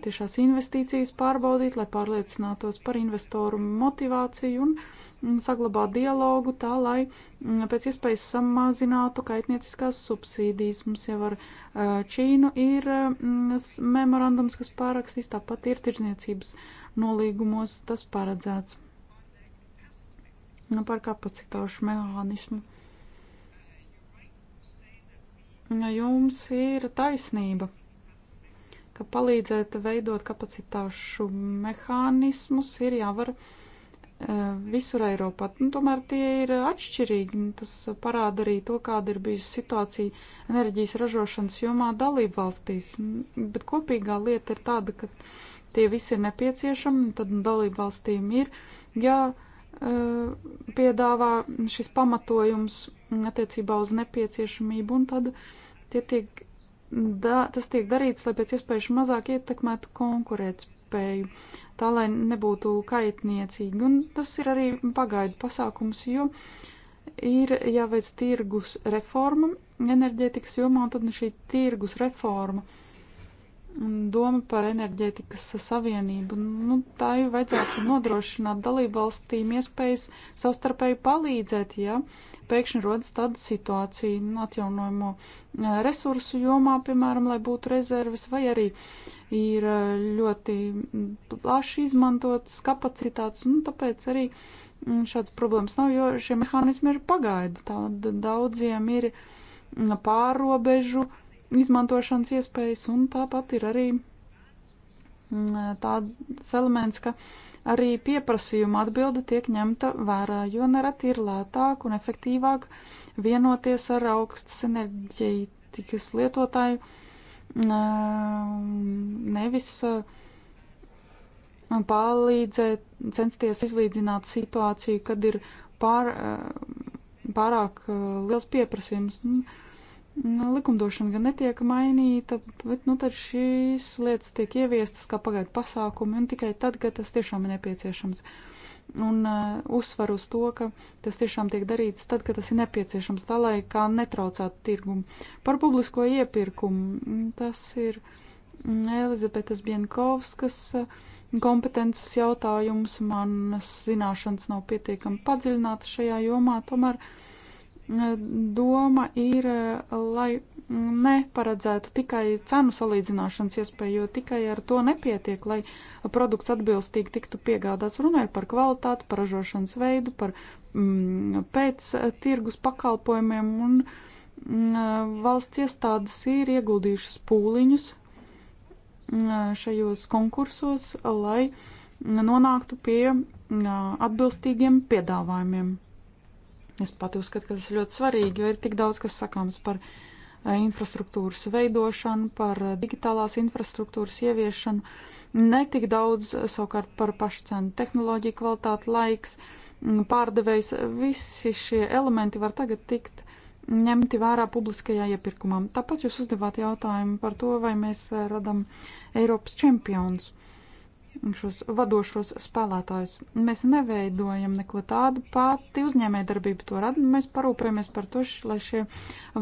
tiešās investīcijas pārbaudīt, lai pārliecinātos par investoru motivāciju un uh, saglabāt dialogu tā, lai mm, pēc iespējas samazinātu kaitnieciskās subsīdijas. Mums jau ar Čīnu ir mm, memorandums, kas pārakstīs, tāpat ir tirzniecības nolīgumos tas paredzēts nu, par kapacitāšu mehānismu. Jums ir taisnība ka palīdzēt veidot kapacitāšu mehānismus ir jāvar visur Eiropā. Nu, tomēr tie ir atšķirīgi. Tas parāda arī to, kāda ir bijusi situācija enerģijas ražošanas jomā dalību valstīs. Bet kopīgā lieta ir tāda, ka tie visi ir nepieciešami, tad dalību valstīm ir jāpiedāvā ja, šis pamatojums attiecībā uz nepieciešamību, un tad tie tiek, da, tas tiek darīts, lai pēc iespējas mazāk ietekmētu konkurētspēju iespēju, tā lai nebūtu kaitniecīgi. Un tas ir arī pagaidu pasākums, jo ir jāveic tirgus reforma enerģētikas jomā, un tad nu, šī tirgus reforma doma par enerģētikas savienību. Nu, tā jau vajadzētu nodrošināt dalībvalstīm iespējas savstarpēji palīdzēt, ja pēkšņi rodas tāda situācija nu, atjaunojamo eh, resursu jomā, piemēram, lai būtu rezerves, vai arī ir eh, ļoti plaši izmantotas kapacitātes, un nu, tāpēc arī mm, šāds problēmas nav, jo šie mehānismi ir pagaidu. Tāda daudziem ir mm, pārobežu. Uh, izmantošanas iespējas, un tāpat ir arī mm, tāds elements, ka arī pieprasījuma atbilde tiek ņemta vērā, jo nereti ir lētāk un efektīvāk vienoties ar augstas enerģētikas lietotāju, mm, mm, nevis palīdzēt, censties izlīdzināt situāciju, kad ir pār, pārāk liels pieprasījums. Nu, Nu, likumdošana gan netiek mainīta, bet nu, šīs lietas tiek ieviestas kā pagaidu pasākumi un tikai tad, kad tas tiešām ir nepieciešams. Un uh, uzsver uz to, ka tas tiešām tiek darīts tad, kad tas ir nepieciešams, tā lai kā netraucētu tirgumu. Par publisko iepirkumu mm, tas ir mm, Elizabetes Bienkovskas uh, kompetences jautājums. Manas zināšanas nav pietiekami padziļinātas šajā jomā, tomēr. Uh, doma ir, eh, lai neparedzētu tikai cenu salīdzināšanas iespēju, jo tikai ar to nepietiek, lai produkts atbilstīgi tiktu piegādāts. Runā ir par kvalitāti, par ražošanas veidu, par mm, pēc eh, tirgus pakalpojumiem, un mm, eh, valsts iestādes ir ieguldījušas pūliņus mm, šajos konkursos, lai nonāktu pie mm, atbilstīgiem piedāvājumiem. Es pati uzskatu, ka tas ir ļoti svarīgi, jo ir tik daudz, kas sakāms par eh, infrastruktūras veidošanu, par eh, digitālās infrastruktūras ieviešanu, netik daudz eh, savukārt par pašcenu tehnoloģiju kvalitāti, laiks, mm, pārdevējs. Visi šie elementi var tagad tikt ņemti vērā publiskajā iepirkumā. Tāpat jūs uzdevāt jautājumu par to, vai mēs radam Eiropas čempionus. Uh, šos vadošos spēlētājus. Mēs neveidojam neko tādu pati uzņēmējdarbību to rada, mēs parūpējamies par to, lai šie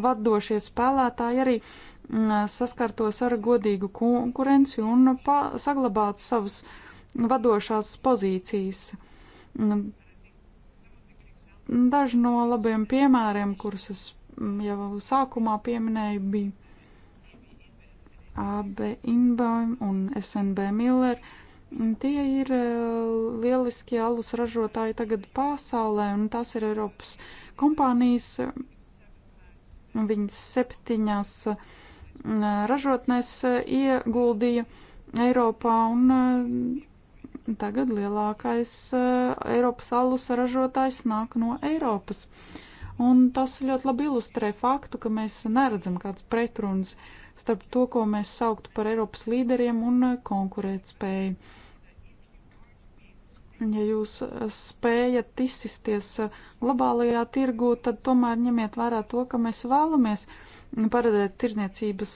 vadošie spēlētāji arī mm, saskartos ar godīgu konkurenci un saglabātu savas vadošās pozīcijas. Mm, daži no labiem piemēriem, kurus es mm, jau sākumā pieminēju, bija AB Inbaum un SNB Miller, uh, Tie ir e, lieliskie alus ražotāji tagad pasaulē, un tas ir Eiropas kompānijas. Viņas septiņās ražotnēs e, ieguldīja Eiropā, un e, tagad lielākais Eiropas alus ražotājs nāk no Eiropas. Un tas ļoti labi ilustrē faktu, ka mēs neredzam kādas pretrunas uh, starp to, ko mēs sauktu par Eiropas līderiem un konkurētspēju. Ja jūs spējat izsisties globālajā tirgu, tad tomēr ņemiet vērā to, ka mēs vēlamies paredzēt tirzniecības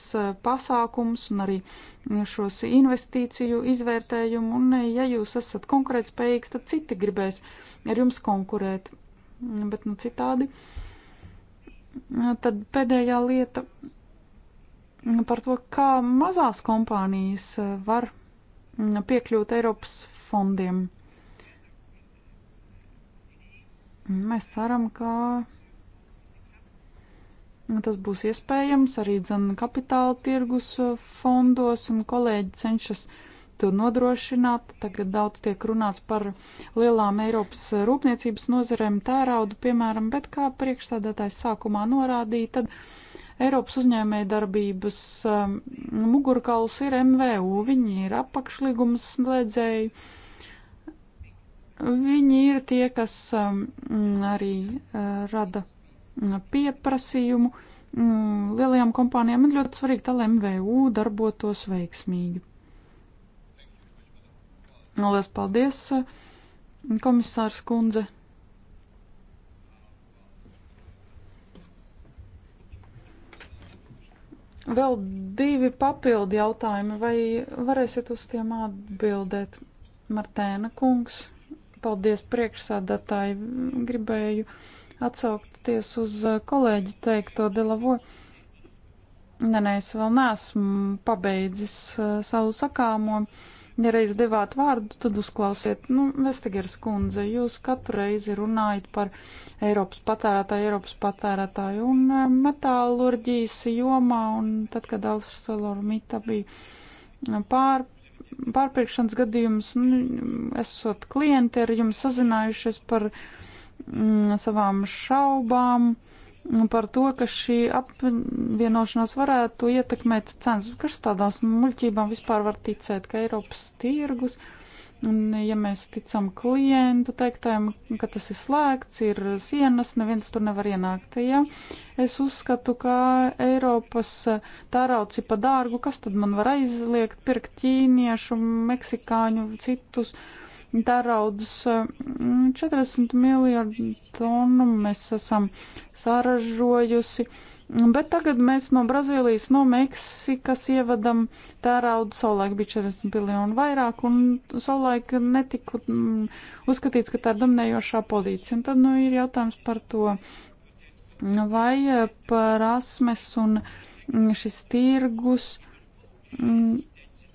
pasākums un arī šos investīciju izvērtējumu, un ja jūs esat konkurētspējīgs, tad citi gribēs ar jums konkurēt. Bet nu citādi. Tad pēdējā lieta par to, kā mazās kompānijas eh, var mm, piekļūt Eiropas fondiem. Mēs ceram, ka mm, tas būs iespējams arī dzen kapitāla tirgus eh, fondos, un kolēģi cenšas to nodrošināt. Tagad daudz tiek runāts par lielām Eiropas eh, rūpniecības nozerēm tēraudu, piemēram, bet kā priekšsādātājs sākumā norādīja, tad Eiropas uzņēmēja darbības um, mugurkauls ir MVU, viņi ir apakšlīgums slēdzēji, viņi ir tie, kas um, arī uh, rada mm, pieprasījumu um, lielajām kompānijām. Ir ļoti svarīgi, tā, lai MVU darbotos veiksmīgi. Lielas paldies, komisārs Kundze! Vēl divi papildi jautājumi, vai varēsiet uz tiem atbildēt, Martēna kungs? Paldies priekšsādātāji, gribēju atsaukties uz eh, kolēģi teikto Delavo. Nē, nē, es vēl neesmu pabeidzis eh, savu sakāmo. Uh, Ja reiz devāt vārdu, tad uzklausiet, nu, Vestigers kundze, jūs katru reizi runājat par Eiropas patērētāju, Eiropas patērētāju un eh, metālurģijas jomā, un tad, kad Alfresalora Mita bija eh, pār, pārpirkšanas gadījums, nu, esot klienti ar jums sazinājušies par mm, savām šaubām. Uh, par to, ka šī apvienošanās varētu ietekmēt cenas. Kas tādās muļķībām vispār var ticēt, ka Eiropas tirgus, un ja mēs ticam klientu teiktājiem, ka tas ir slēgts, ir sienas, neviens tur nevar ienākt. Ja es uzskatu, ka Eiropas tērauts ir pa dārgu, kas tad man var aizliegt pirkt ķīniešu, meksikāņu, citus. Uh, tēraudas mm, 40 miljardu tonu mēs esam saražojusi, bet tagad mēs no Brazīlijas, no Meksikas ievedam tēraudu, savulaik bija 40 miljonu vairāk, un savulaik netika mm, uzskatīts, ka tā ir dominējošā pozīcija. Un tad, nu, ir jautājums par to, vai e, par asmes un mm, šis tirgus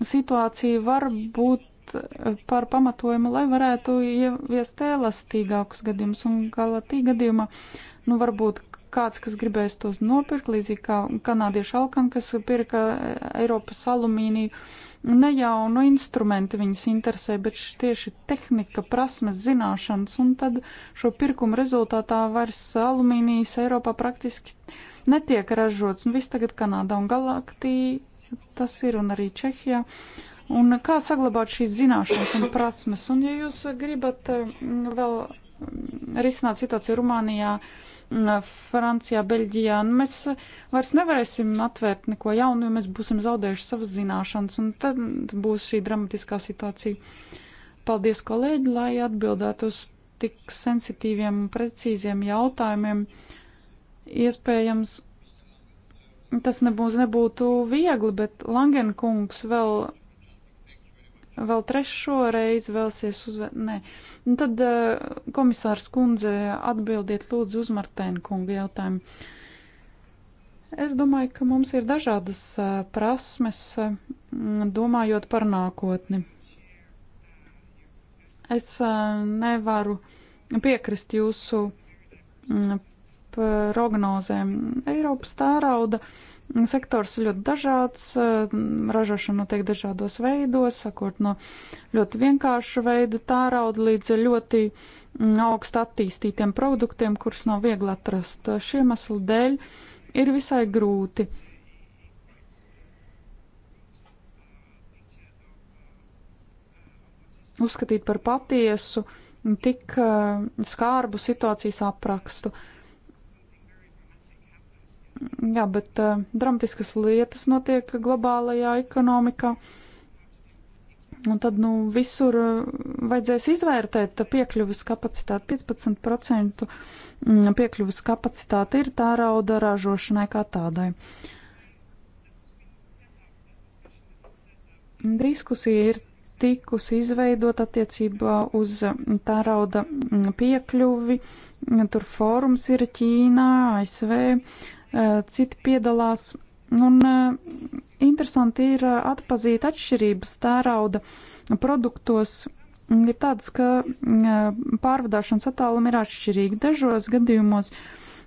situācija var būt Eh, par pamatojumu, lai varētu ieviest elastīgākus gadījumus. Un galatī gadījumā, nu, varbūt kāds, kas gribēs tos nopirkt, līdzīgi kā kanādiešu alkan, kas pirka eh, Eiropas alumīniju, ne jaunu instrumenti viņus interesē, bet tieši tehnika, prasmes, zināšanas, un tad šo pirkumu rezultātā vairs alumīnijas Eiropā praktiski netiek ražots, un viss tagad Kanādā un Galaktī tas ir, un arī Čehijā. Un kā saglabāt šīs zināšanas un prasmes? Un, ja jūs gribat mm, vēl mm, risināt situāciju Rumānijā, mm, Francijā, Beļģijā, nu mēs vairs nevarēsim atvērt neko jaunu, jo mēs būsim zaudējuši savas zināšanas, un tad būs šī dramatiskā situācija. Paldies, kolēģi, lai atbildētu uz tik sensitīviem un precīziem jautājumiem. Iespējams, tas nebūs, nebūtu viegli, bet Langenkungs vēl vēl trešo reizi vēlsies uzvērt. Nē. Un nu tad eh, komisārs kundze atbildiet lūdzu uz Martēna kunga jautājumu. Es domāju, ka mums ir dažādas eh, prasmes eh, domājot par nākotni. Es nevaru piekrist jūsu mm, prognozēm. Eiropas tērauda uh, Sektors ir ļoti dažāds, eh, ražošana notiek dažādos veidos, sakot no ļoti vienkārša veida tārauda līdz ļoti mm, augstu attīstītiem produktiem, kurus nav viegli atrast. Šie iemesli dēļ ir visai grūti. Uzskatīt par patiesu tik eh, skārbu situācijas aprakstu. Uh, Jā, bet uh, dramatiskas lietas notiek globālajā ekonomikā. Un tad nu, visur uh, vajadzēs izvērtēt piekļuvis kapacitāti. 15% mm, piekļuvis kapacitāte ir tā rauda ražošanai kā tādai. Diskusija ir tikusi izveidot attiecībā uz mm, tā rauda mm, piekļuvi. Tur fórums ir Ķīnā, ASV. Uh, Eh, citi piedalās. Un eh, interesanti ir eh, atpazīt atšķirības tērauda produktos. Ir tāds, ka pārvadāšanas attālumi ir atšķirīgi. Dažos gadījumos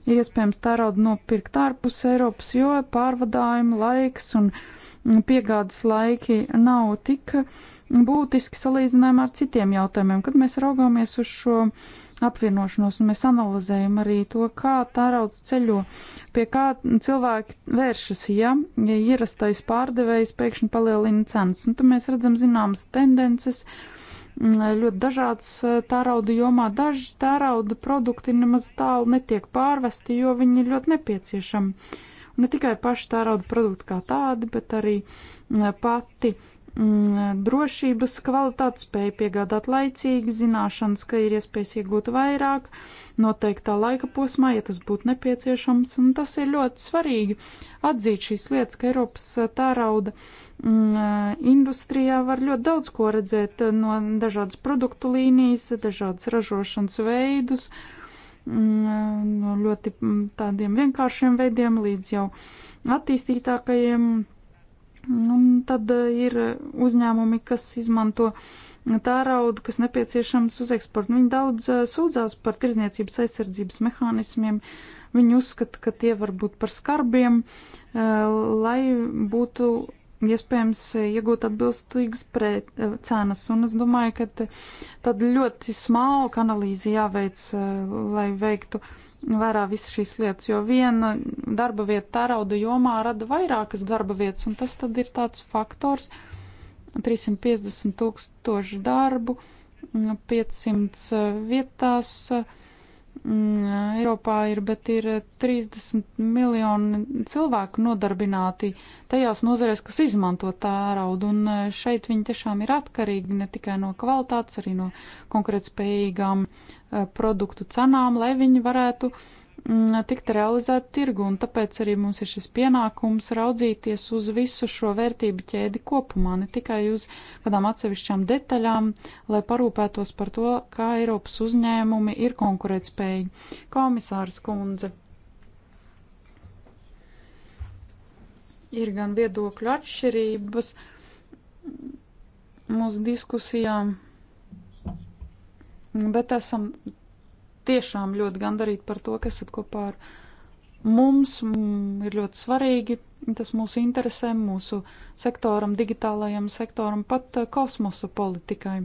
ir iespējams tērauda nopirkt ārpus Eiropas, jo pārvadājuma laiks un mm, piegādes laiki nav tik būtiski salīdzinājumā ar citiem jautājumiem. Kad mēs raugāmies uz šo uh, apvienošanos, un mēs analizējam arī to, kā tārauds ceļo, pie kā cilvēki vēršas, ja, ja ierastais pārdevējs pēkšņi palielina cenas. Un tad mēs redzam zināmas tendences, ļoti dažādas e, tārauda jomā. Daži tārauda produkti nemaz tālu netiek pārvesti, jo viņi ir ļoti nepieciešami. Un ne tikai paši tārauda produkti kā tādi, bet arī pati uh, Mm, drošības kvalitāti, spēja piegādāt laicīgi zināšanas, ka ir iespējas iegūt vairāk noteiktā laika posmā, ja tas būtu nepieciešams. Un tas ir ļoti svarīgi atzīt šīs lietas, ka Eiropas eh, tērauda mm, eh, industrijā var ļoti daudz ko redzēt eh, no dažādas produktu līnijas, dažādas ražošanas veidus, mm, no ļoti tādiem vienkāršiem veidiem līdz jau attīstītākajiem veidiem Un tad e, ir uzņēmumi, kas izmanto tēraudu, kas nepieciešams uz eksportu. Viņi daudz e, sūdzās par tirzniecības aizsardzības mehānismiem. Viņi uzskata, ka tie var būt par skarbiem, e, lai būtu iespējams iegūt atbilstīgas cenas. Un es domāju, ka tāda ļoti smalka analīze jāveic, lai veiktu uh, vērā visas šīs lietas, jo viena darba vieta tērauda jomā rada vairākas darba vietas, un tas tad ir tāds faktors - 350 tūkstoši darbu, 500 vietās, Mm, Eiropā ir, bet ir 30 miljoni cilvēku nodarbināti tajās nozarēs, kas izmanto tēraudu, un e, šeit viņi tiešām ir atkarīgi ne tikai no kvalitātes, arī no konkrētspējīgām e, produktu cenām, lai viņi varētu uh, Mm, tikt realizēta tirgu, un tāpēc arī mums ir šis pienākums raudzīties uz visu šo vērtību ķēdi kopumā, ne tikai uz kādām atsevišķām detaļām, lai parūpētos par to, kā Eiropas uzņēmumi ir konkurētspējīgi. Komisārs kundze. Ir gan viedokļu atšķirības mūsu diskusijām, bet esam tiešām ļoti gandarīti par to, ka esat kopā ar mums. Ir ļoti svarīgi, tas mūsu interesēm, mūsu sektoram, digitālajam sektoram, pat eh, kosmosa politikai.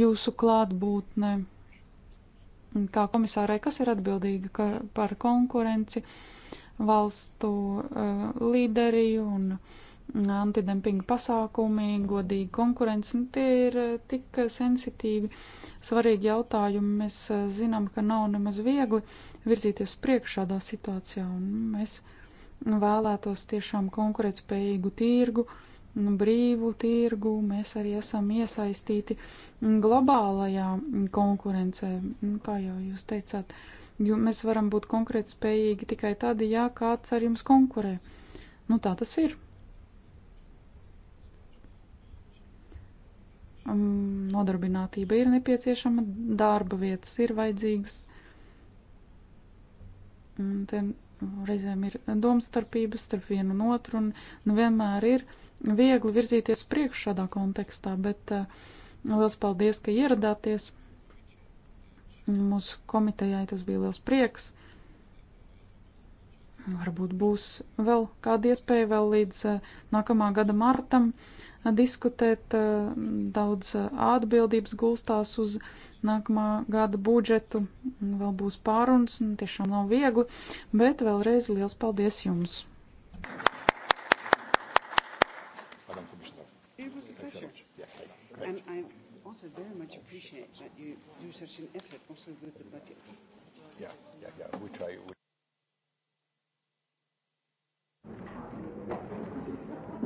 Jūsu klātbūtne, kā komisārai, kas ir atbildīga par konkurenci, valstu eh, līderi un uh, antidempinga pasākumi, godīga konkurence, un nu, tie ir eh, tik eh, sensitīvi, svarīgi jautājumi. Mēs eh, zinām, ka nav nemaz viegli virzīties priekš šādā situācijā, un mēs nu, vēlētos tiešām konkurētspējīgu tirgu, nu, brīvu tirgu. Mēs arī esam iesaistīti mm, globālajā mm, konkurencē, kā jau jūs teicāt. Jo mēs varam būt konkrēti spējīgi tikai tad, ja kāds ar jums konkurē. Nu, tā tas ir. Um, nodarbinātība ir nepieciešama, darba vietas ir vajadzīgas. Un te nu, reizēm ir domstarpības starp vienu un otru, un nu, vienmēr ir viegli virzīties priekš šādā kontekstā, bet uh, liels paldies, ka ieradāties. Mūsu komitejai tas bija liels prieks. Varbūt būs vēl kāda iespēja vēl līdz eh, nākamā gada martam eh, diskutēt. Eh, daudz atbildības gulstās uz nākamā gada budžetu. Vēl būs pārunas, un tiešām nav viegli, bet vēlreiz liels paldies jums! And I also very much appreciate that you do such an effort also with the budgets. Yeah, yeah, yeah. We try. We